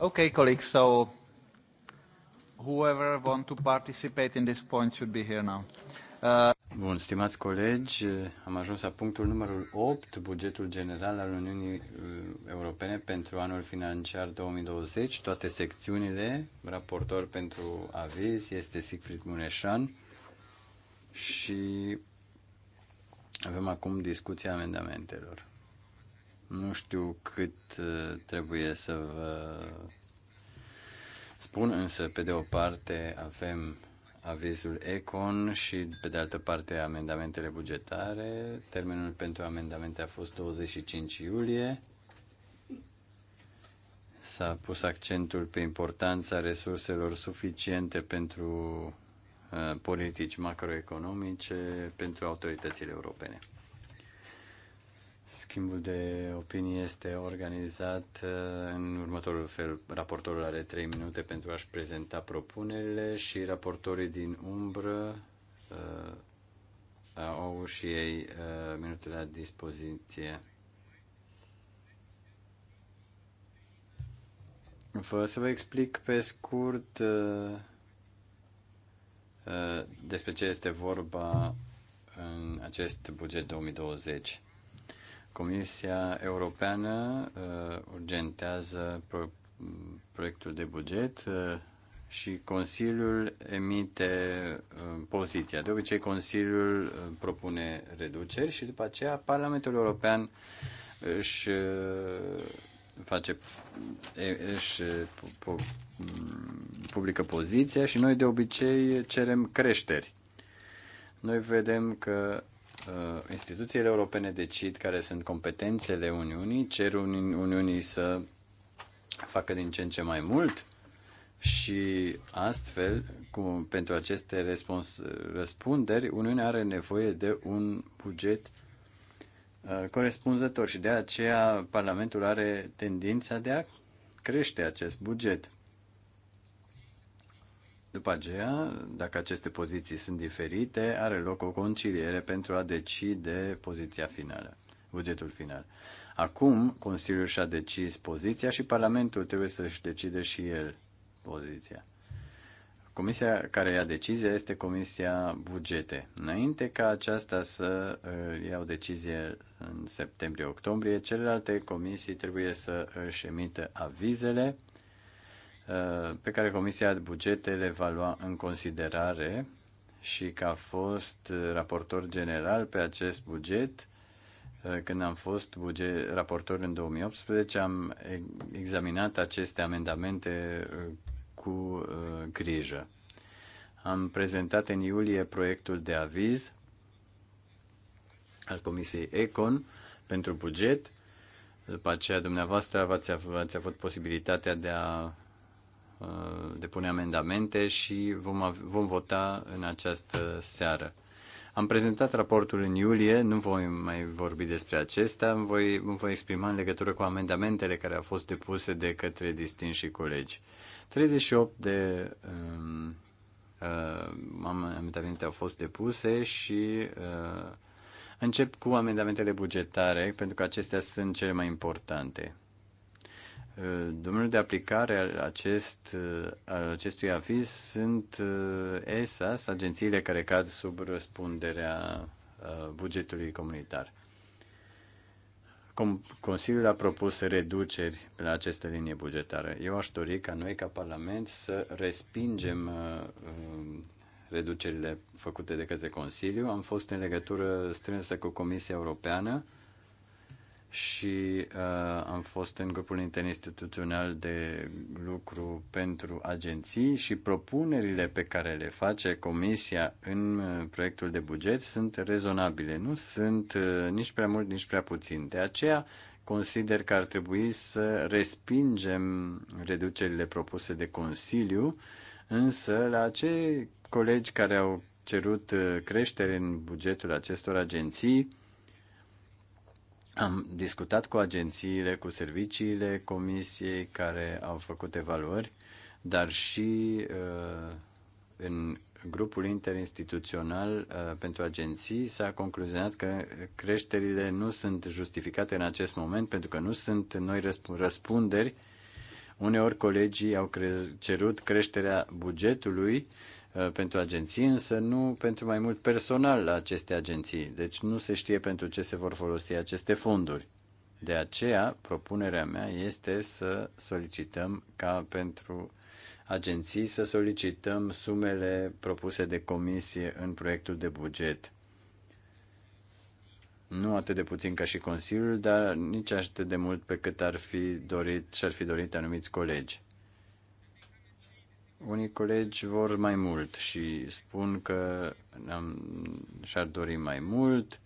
Speaker 1: Okay, colleagues, so whoever want to participate in this point should be here now.
Speaker 5: Uh... Bun, stimați colegi, am ajuns la punctul numărul 8, bugetul general al Uniunii uh, Europene pentru anul financiar 2020, toate secțiunile, raportor pentru aviz este Siegfried Mureșan și avem acum discuția amendamentelor. Nu știu cât uh, trebuie să vă spun, însă, pe de o parte avem avizul Econ și, pe de altă parte, amendamentele bugetare. Termenul pentru amendamente a fost 25 iulie. S-a pus accentul pe importanța resurselor suficiente pentru uh, politici macroeconomice pentru autoritățile europene. Schimbul de opinii este organizat uh, în următorul fel. Raportorul are 3 minute pentru a-și prezenta propunerile și raportorii din umbră uh, au și ei uh, minute la dispoziție. Vă să vă explic pe scurt uh, uh, despre ce este vorba în acest buget 2020. Comisia Europeană uh, urgentează pro- proiectul de buget uh, și Consiliul emite uh, poziția. De obicei, Consiliul uh, propune reduceri și după aceea Parlamentul European își uh, face, își uh, mm, publică poziția și noi de obicei cerem creșteri. Noi vedem că Uh, instituțiile europene decid care sunt competențele Uniunii, cer Uniunii să facă din ce în ce mai mult și astfel, cum, pentru aceste respons, răspunderi, Uniunea are nevoie de un buget uh, corespunzător și de aceea Parlamentul are tendința de a crește acest buget. După aceea, dacă aceste poziții sunt diferite, are loc o conciliere pentru a decide poziția finală, bugetul final. Acum, Consiliul și-a decis poziția și Parlamentul trebuie să-și decide și el poziția. Comisia care ia decizia este Comisia Bugete. Înainte ca aceasta să uh, ia o decizie în septembrie-octombrie, celelalte comisii trebuie să își emită avizele Uh, pe care Comisia de Bugete le va lua în considerare și că a fost raportor general pe acest buget. Uh, când am fost buget, raportor în 2018, am examinat aceste amendamente uh, cu grijă. Am prezentat în iulie proiectul de aviz al Comisiei Econ pentru buget. După aceea, dumneavoastră ați avut posibilitatea de a Uh, depune amendamente și vom, vom vota în această seară. Am prezentat raportul în iulie, nu voi mai vorbi despre acesta, voi, îmi voi exprima în legătură cu amendamentele care au fost depuse de către distinși colegi. 38 de um, uh, amendamente au fost depuse și uh, încep cu amendamentele bugetare, pentru că acestea sunt cele mai importante. Domnul de aplicare al acest, al acestui aviz sunt uh, ESAS, agențiile care cad sub răspunderea uh, bugetului comunitar. Consiliul a propus reduceri la aceste linie bugetare. Eu aș dori ca noi, ca Parlament, să respingem uh, um, reducerile făcute de către Consiliu. Am fost în legătură strânsă cu Comisia Europeană și uh, am fost în grupul interinstituțional de lucru pentru agenții și propunerile pe care le face Comisia în uh, proiectul de buget sunt rezonabile, nu sunt uh, nici prea mult, nici prea puțin. De aceea consider că ar trebui să respingem reducerile propuse de Consiliu, însă la acei colegi care au cerut uh, creștere în bugetul acestor agenții, am discutat cu agențiile, cu serviciile comisiei care au făcut evaluări, dar și uh, în grupul interinstituțional uh, pentru agenții s-a concluzionat că creșterile nu sunt justificate în acest moment pentru că nu sunt noi răsp- răspunderi. Uneori colegii au cre- cerut creșterea bugetului Uh, pentru agenții, însă nu pentru mai mult personal la aceste agenții. Deci nu se știe pentru ce se vor folosi aceste fonduri. De aceea, propunerea mea este să solicităm ca pentru agenții să solicităm sumele propuse de comisie în proiectul de buget. Nu atât de puțin ca și Consiliul, dar nici atât de mult pe cât ar fi dorit și ar fi dorit anumiți colegi. Unii colegi vor mai mult și spun că am, și-ar dori mai mult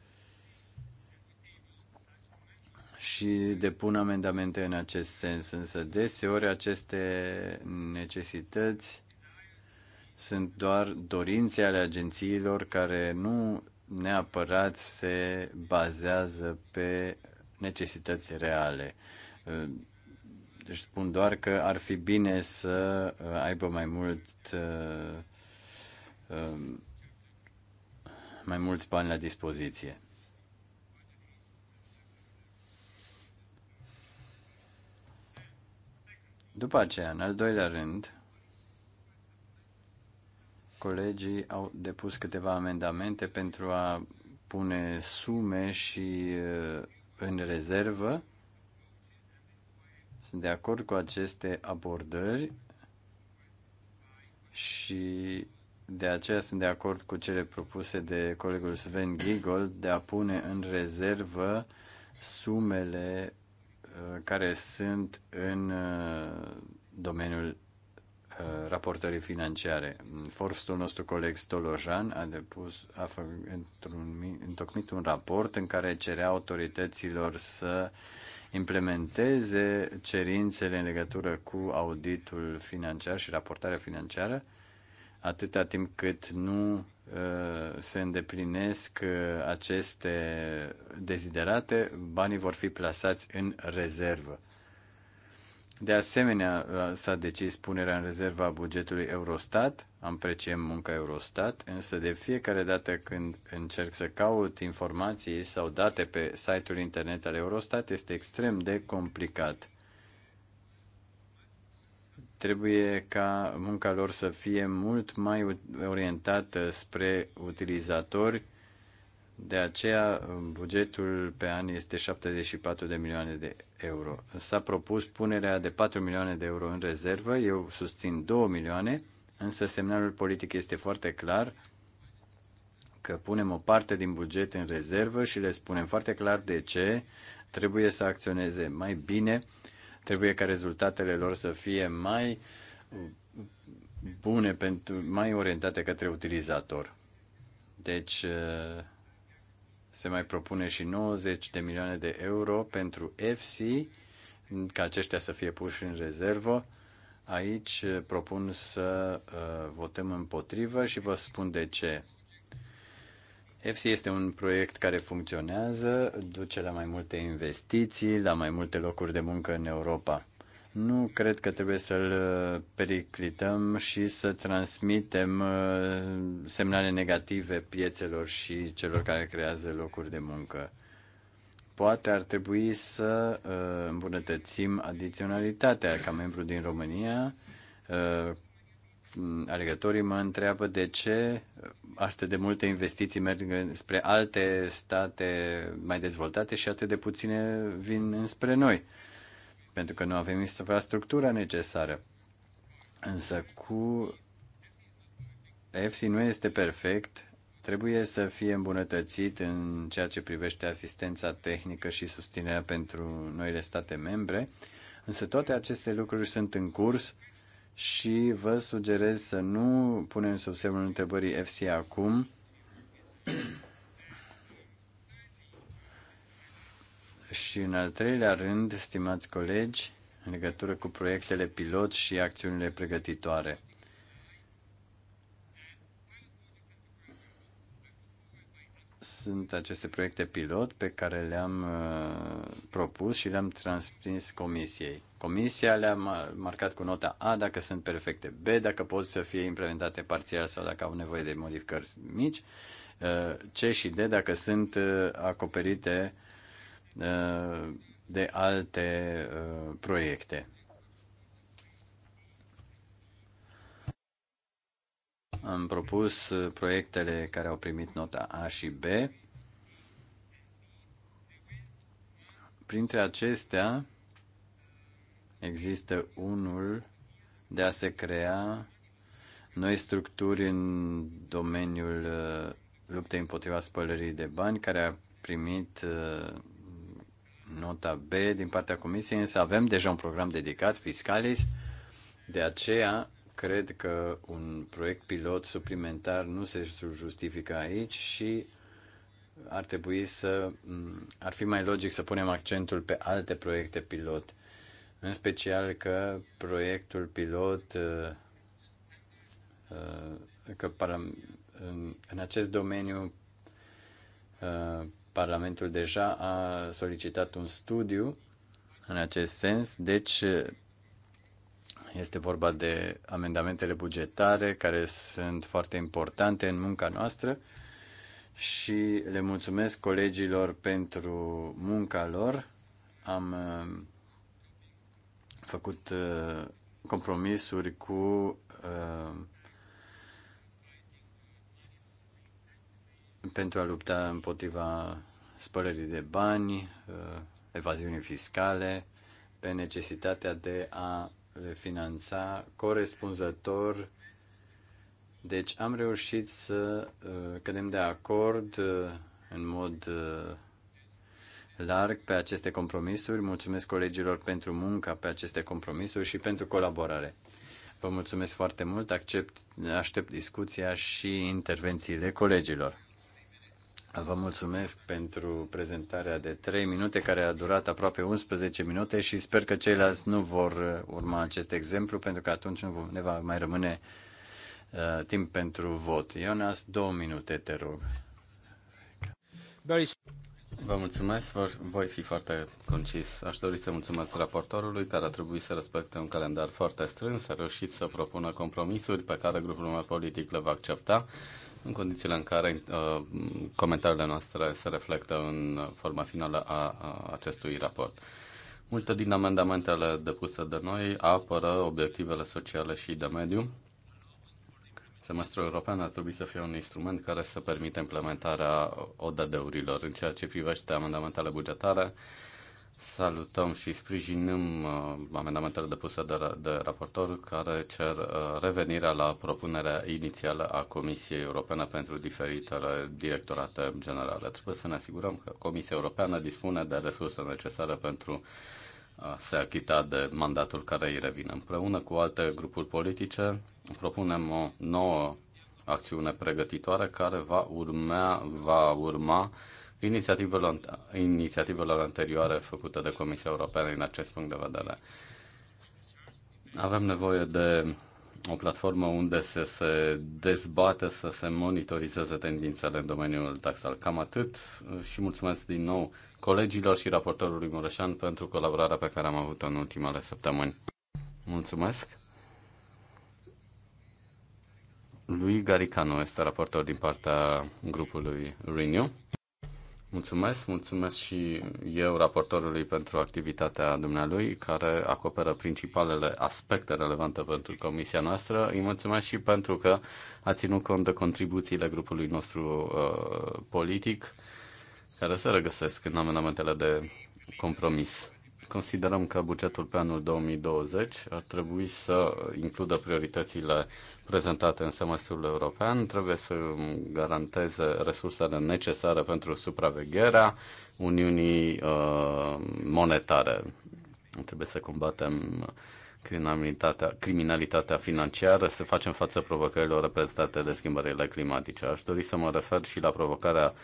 Speaker 5: și depun amendamente în acest sens, însă deseori aceste necesități sunt doar dorințe ale agențiilor care nu neapărat se bazează pe necesități reale. Deci spun doar că ar fi bine să uh, aibă mai mult uh, um, mai mulți bani la dispoziție. După aceea, în al doilea rând, colegii au depus câteva amendamente pentru a pune sume și uh, în rezervă sunt de acord cu aceste abordări și de aceea sunt de acord cu cele propuse de colegul Sven Giegel de a pune în rezervă sumele uh, care sunt în uh, domeniul uh, raportării financiare. Forstul nostru coleg Stolojan a depus, a făcut, întocmit un raport în care cerea autorităților să uh, implementeze cerințele în legătură cu auditul financiar și raportarea financiară, atâta timp cât nu uh, se îndeplinesc uh, aceste deziderate, banii vor fi plasați în rezervă. De asemenea, uh, s-a decis punerea în rezervă a bugetului Eurostat. preciem munca Eurostat, însă de fiecare dată când încerc să caut informații sau date pe site-ul internet al Eurostat, este extrem de complicat. Trebuie ca munca lor să fie mult mai orientată spre utilizatori de aceea, bugetul pe an este 74 de milioane de euro. S-a propus punerea de 4 milioane de euro în rezervă, eu susțin 2 milioane, însă semnalul politic este foarte clar că punem o parte din buget în rezervă și le spunem foarte clar de ce trebuie să acționeze mai bine, trebuie ca rezultatele lor să fie mai bune, pentru, mai orientate către utilizator. Deci, se mai propune și 90 de milioane de euro pentru FC, ca aceștia să fie puși în rezervă. Aici eh, propun să uh, votăm împotrivă și vă spun de ce. FC este un proiect care funcționează, duce la mai multe investiții, la mai multe locuri de muncă în Europa. Nu cred că trebuie să-l uh, periclităm și să transmitem uh, semnale negative piețelor și celor care creează locuri de muncă. Poate ar trebui să uh, îmbunătățim adiționalitatea. Ca membru din România, alegătorii mă întreabă de ce atât de multe investiții merg spre alte state mai dezvoltate și atât de puține vin spre noi pentru că nu avem infrastructura necesară. Însă cu EFSI nu este perfect, trebuie să fie îmbunătățit în ceea ce privește asistența tehnică și susținerea pentru noile state membre, însă toate aceste lucruri sunt în curs și vă sugerez să nu punem sub semnul întrebării EFSI acum Și în al treilea rând, stimați colegi, în legătură cu proiectele pilot și acțiunile pregătitoare. Sunt aceste proiecte pilot pe care le-am uh, propus și le-am transmis comisiei. Comisia le-a marcat cu nota A dacă sunt perfecte, B dacă pot să fie implementate parțial sau dacă au nevoie de modificări mici, uh, C și D dacă sunt uh, acoperite uh, Uh, de alte uh, proiecte. Am propus uh, proiectele care au primit nota A și B. Printre acestea există unul de a se crea noi structuri în domeniul luptei împotriva spălării de bani, care a primit nota B din partea Comisiei, însă avem deja un program dedicat, Fiscalis, de aceea cred că un proiect pilot suplimentar nu se justifică aici și ar trebui să, ar fi mai logic să punem accentul pe alte proiecte pilot, în special că proiectul pilot uh, uh, că în acest domeniu uh, Parlamentul deja a solicitat un studiu în acest sens, deci este vorba de amendamentele bugetare care sunt foarte importante în munca noastră și le mulțumesc colegilor pentru munca lor. Am uh, făcut uh, compromisuri cu uh, pentru a lupta împotriva spălării de bani, uh, evaziune fiscale, pe necesitatea de a le finanța corespunzător. Deci am reușit să uh, cădem de acord uh, în mod larg pe aceste compromisuri. Mulțumesc colegilor pentru munca pe aceste compromisuri și pentru colaborare. Vă mulțumesc foarte mult, accept, aștept discuția și intervențiile colegilor. Vă mulțumesc pentru prezentarea de 3 minute, care a durat aproape 11 minute și sper că ceilalți nu vor uh, urma acest exemplu, pentru că atunci nu ne va mai rămâne uh, timp pentru vot. Ionas, două minute, te rog.
Speaker 2: Vă mulțumesc, vor, voi fi foarte concis. Aș dori să mulțumesc raportorului care a trebuit să respecte un calendar foarte strâns, a reușit să propună compromisuri pe care grupul meu politic le va accepta în condițiile în care uh, comentariile noastre se reflectă în forma finală a, a acestui raport. Multe din amendamentele depuse de noi apără obiectivele sociale și de mediu. Semestrul european ar trebui să fie un instrument care să permită implementarea ODD-urilor. În ceea ce privește amendamentele bugetare, uh, Salutăm și sprijinim uh, amendamentele depuse de, de raportor care cer uh, revenirea la propunerea inițială a Comisiei Europene pentru diferitele directorate generale. Trebuie să ne asigurăm că Comisia Europeană dispune de resurse necesare pentru a se achita de mandatul care îi revine. Împreună cu alte grupuri politice propunem o nouă acțiune pregătitoare care va urma, va urma inițiativelor, anterioare făcute de Comisia Europeană în acest punct de vedere. Avem nevoie de o platformă unde să se dezbată, să se monitorizeze tendințele în domeniul taxal. Cam atât și mulțumesc din nou colegilor și raportorului Mureșan pentru colaborarea pe care am avut-o în ultimele săptămâni. Mulțumesc! Lui Garicano este raportor din partea grupului Renew. Mulțumesc, mulțumesc și eu raportorului pentru activitatea dumnealui, care acoperă principalele aspecte relevante pentru comisia noastră. Îi mulțumesc și pentru că a ținut cont de contribuțiile grupului nostru uh, politic, care se regăsesc în amendamentele de compromis. Considerăm că bugetul pe anul 2020 ar trebui să includă prioritățile prezentate în semestrul european, trebuie să garanteze resursele necesare pentru supravegherea Uniunii uh, Monetare. Trebuie să combatem criminalitatea, criminalitatea financiară, să facem față provocărilor reprezentate de schimbările climatice. Aș dori să mă refer și la provocarea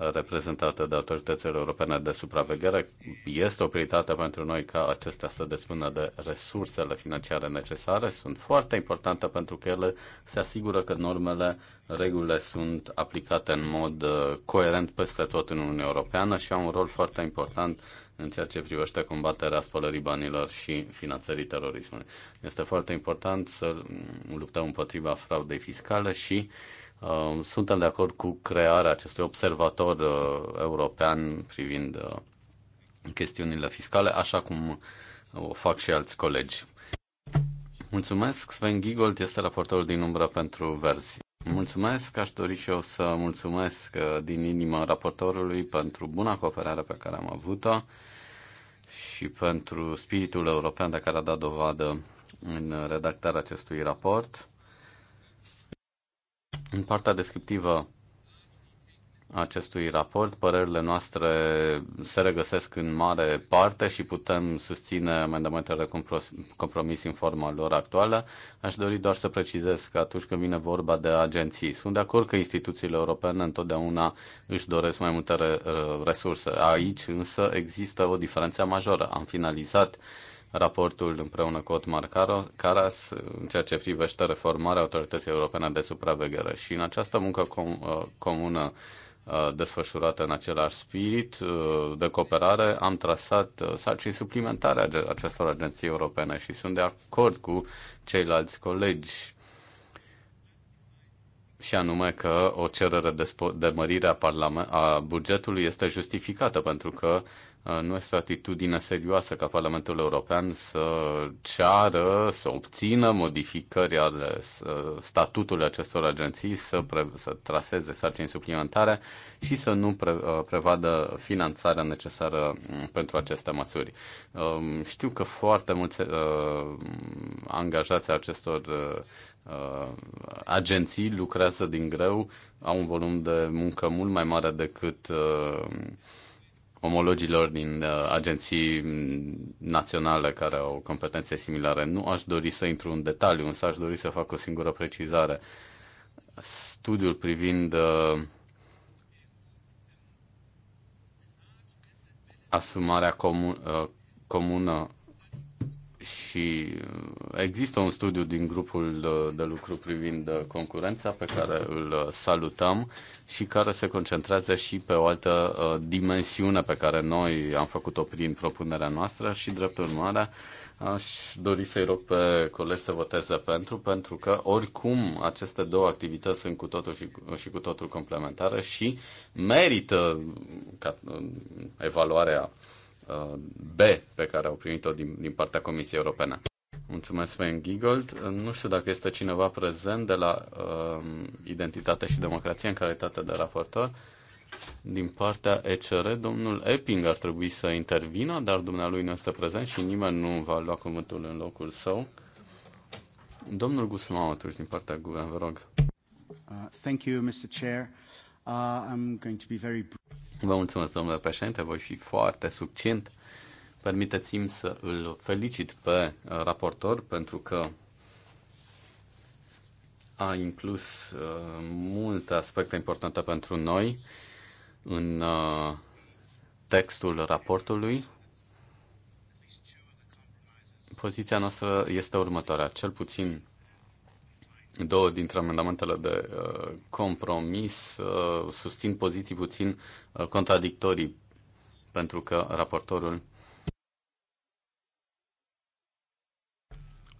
Speaker 2: reprezentată de autoritățile europene de supraveghere. Este o prioritate pentru noi ca acestea să dispună de resursele financiare necesare. Sunt foarte importante pentru că ele se asigură că normele, regulile sunt aplicate în mod uh, coerent peste tot în Uniunea Europeană și au un rol foarte important în ceea ce privește combaterea spălării banilor și finanțării terorismului. Este foarte important să luptăm împotriva fraudei fiscale și uh, Um, suntem de acord cu crearea acestui observator uh, european privind uh, chestiunile fiscale, așa cum o fac și alți colegi. Mulțumesc, Sven Gigold este raportorul din umbră pentru verzi. Mulțumesc, aș dori și eu să mulțumesc uh, din inimă raportorului pentru buna cooperare pe care am avut-o și pentru spiritul european de care a dat dovadă în redactarea acestui raport. În partea descriptivă a acestui raport, părerile noastre se regăsesc în mare parte și putem susține amendamentele compromis în forma lor actuală. Aș dori doar să precizez că atunci când vine vorba de agenții, sunt de acord că instituțiile europene întotdeauna își doresc mai multe resurse. Aici însă există o diferență majoră. Am finalizat uh, raportul împreună cu Otmar Caras în ceea ce privește reformarea Autorității Europene de Supraveghere. Și în această muncă com- uh, comună uh, desfășurată în același spirit uh, de cooperare, am trasat sarcini suplimentare acestor agenții europene și sunt de acord cu ceilalți colegi și anume că o cerere de, mărire a, parlament, a bugetului este justificată pentru că uh, Uh, nu atitudine serioasă ca Parlamentul European să ceară, să obțină modificări ale uh, statutului acestor agenții, să, pre- să traseze sarcini suplimentare și să nu pre- uh, prevadă finanțarea necesară mm, pentru aceste măsuri. Um, știu că foarte mulți angajați acestor agenții lucrează din greu, au un volum de muncă mult mai mare decât omologilor din uh, agenții naționale care au competențe similare. Nu aș dori să intru în detaliu, însă aș dori să fac o singură precizare. Studiul privind uh, asumarea comun, uh, comună și uh, există un studiu din grupul de lucru privind uh, concurența pe care îl uh, salutăm și care se concentrează și pe o altă dimensiune pe care noi am făcut-o prin propunerea noastră și drept urmare aș dori să-i rog pe colegi să voteze pentru, pentru că oricum aceste două activități sunt cu totul și, și cu totul complementare și merită ca, evaluarea Uh, B pe care au primit-o din, din partea Comisiei Europene. Mulțumesc, Sven Giegold. Uh, nu știu dacă este cineva prezent de la uh, Identitate și Democrație în calitate de raportor. Din partea ECR, domnul Epping ar trebui să intervină, dar dumnealui nu este prezent și nimeni nu va lua cuvântul în locul său. Domnul Gusmao, atunci, din partea Guvern, vă rog.
Speaker 6: Uh, thank you, Mr. Chair. Uh,
Speaker 2: Vă mulțumesc, domnule președinte, voi fi foarte succint. Permiteți-mi să îl felicit pe uh, raportor pentru că a inclus uh, multe aspecte importante pentru noi în textul raportului. Poziția noastră este următoarea. Cel puțin Două dintre amendamentele de uh, compromis uh, susțin poziții puțin uh, contradictorii, pentru că raportorul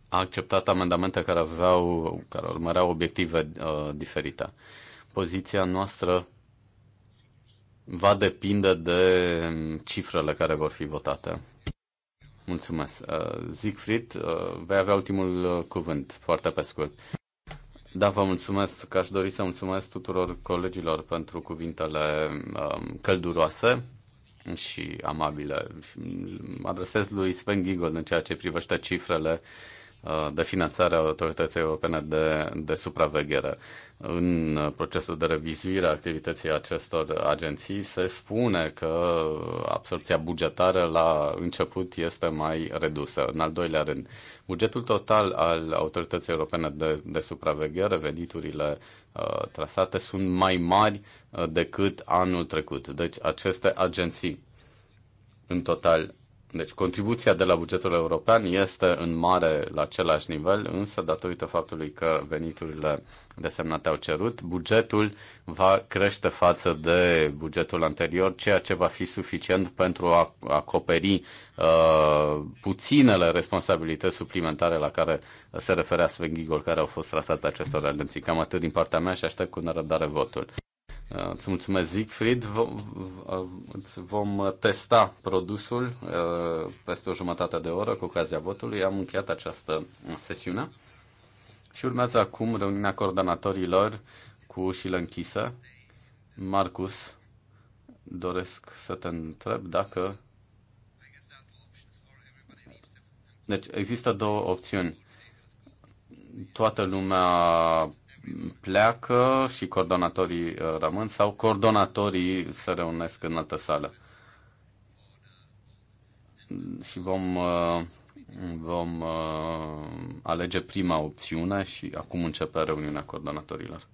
Speaker 2: a acceptat amendamente care aveau, care urmăreau obiective uh, diferite. Poziția noastră va depinde de um, cifrele care vor fi votate. Mulțumesc. Uh, Siegfried, uh, vei avea ultimul uh, cuvânt, foarte pe scurt. Da, vă mulțumesc că aș dori să mulțumesc tuturor colegilor pentru cuvintele um, călduroase și amabile. adresez lui Sven Gigol în ceea ce privește cifrele Uh, de finanțare a Autorității Europene de, de Supraveghere. În procesul de revizuire a activității acestor agenții se spune că absorpția bugetară la început este mai redusă. În al doilea rând, bugetul total al Autorității Europene de, de Supraveghere, veniturile uh, trasate sunt mai mari uh, decât anul trecut. Deci aceste agenții în total deci contribuția de la bugetul european este în mare la același nivel, însă datorită faptului că veniturile desemnate au cerut, bugetul va crește față de bugetul anterior, ceea ce va fi suficient pentru a acoperi uh, puținele responsabilități suplimentare la care se referea Sven Gigol, care au fost trasate acestor agenții. Cam atât din partea mea și aștept cu nerăbdare votul. Uh, îți mulțumesc, Siegfried. Vom testa produsul uh, peste o jumătate de oră cu ocazia votului. Am încheiat această sesiune și urmează acum reuniunea coordonatorilor cu ușile închise. Marcus, doresc să te întreb dacă... Deci există două opțiuni. Toată lumea pleacă și coordonatorii uh, rămân sau coordonatorii se reunesc în altă sală. Și vom, uh, vom uh, alege prima opțiune și acum începe reuniunea coordonatorilor.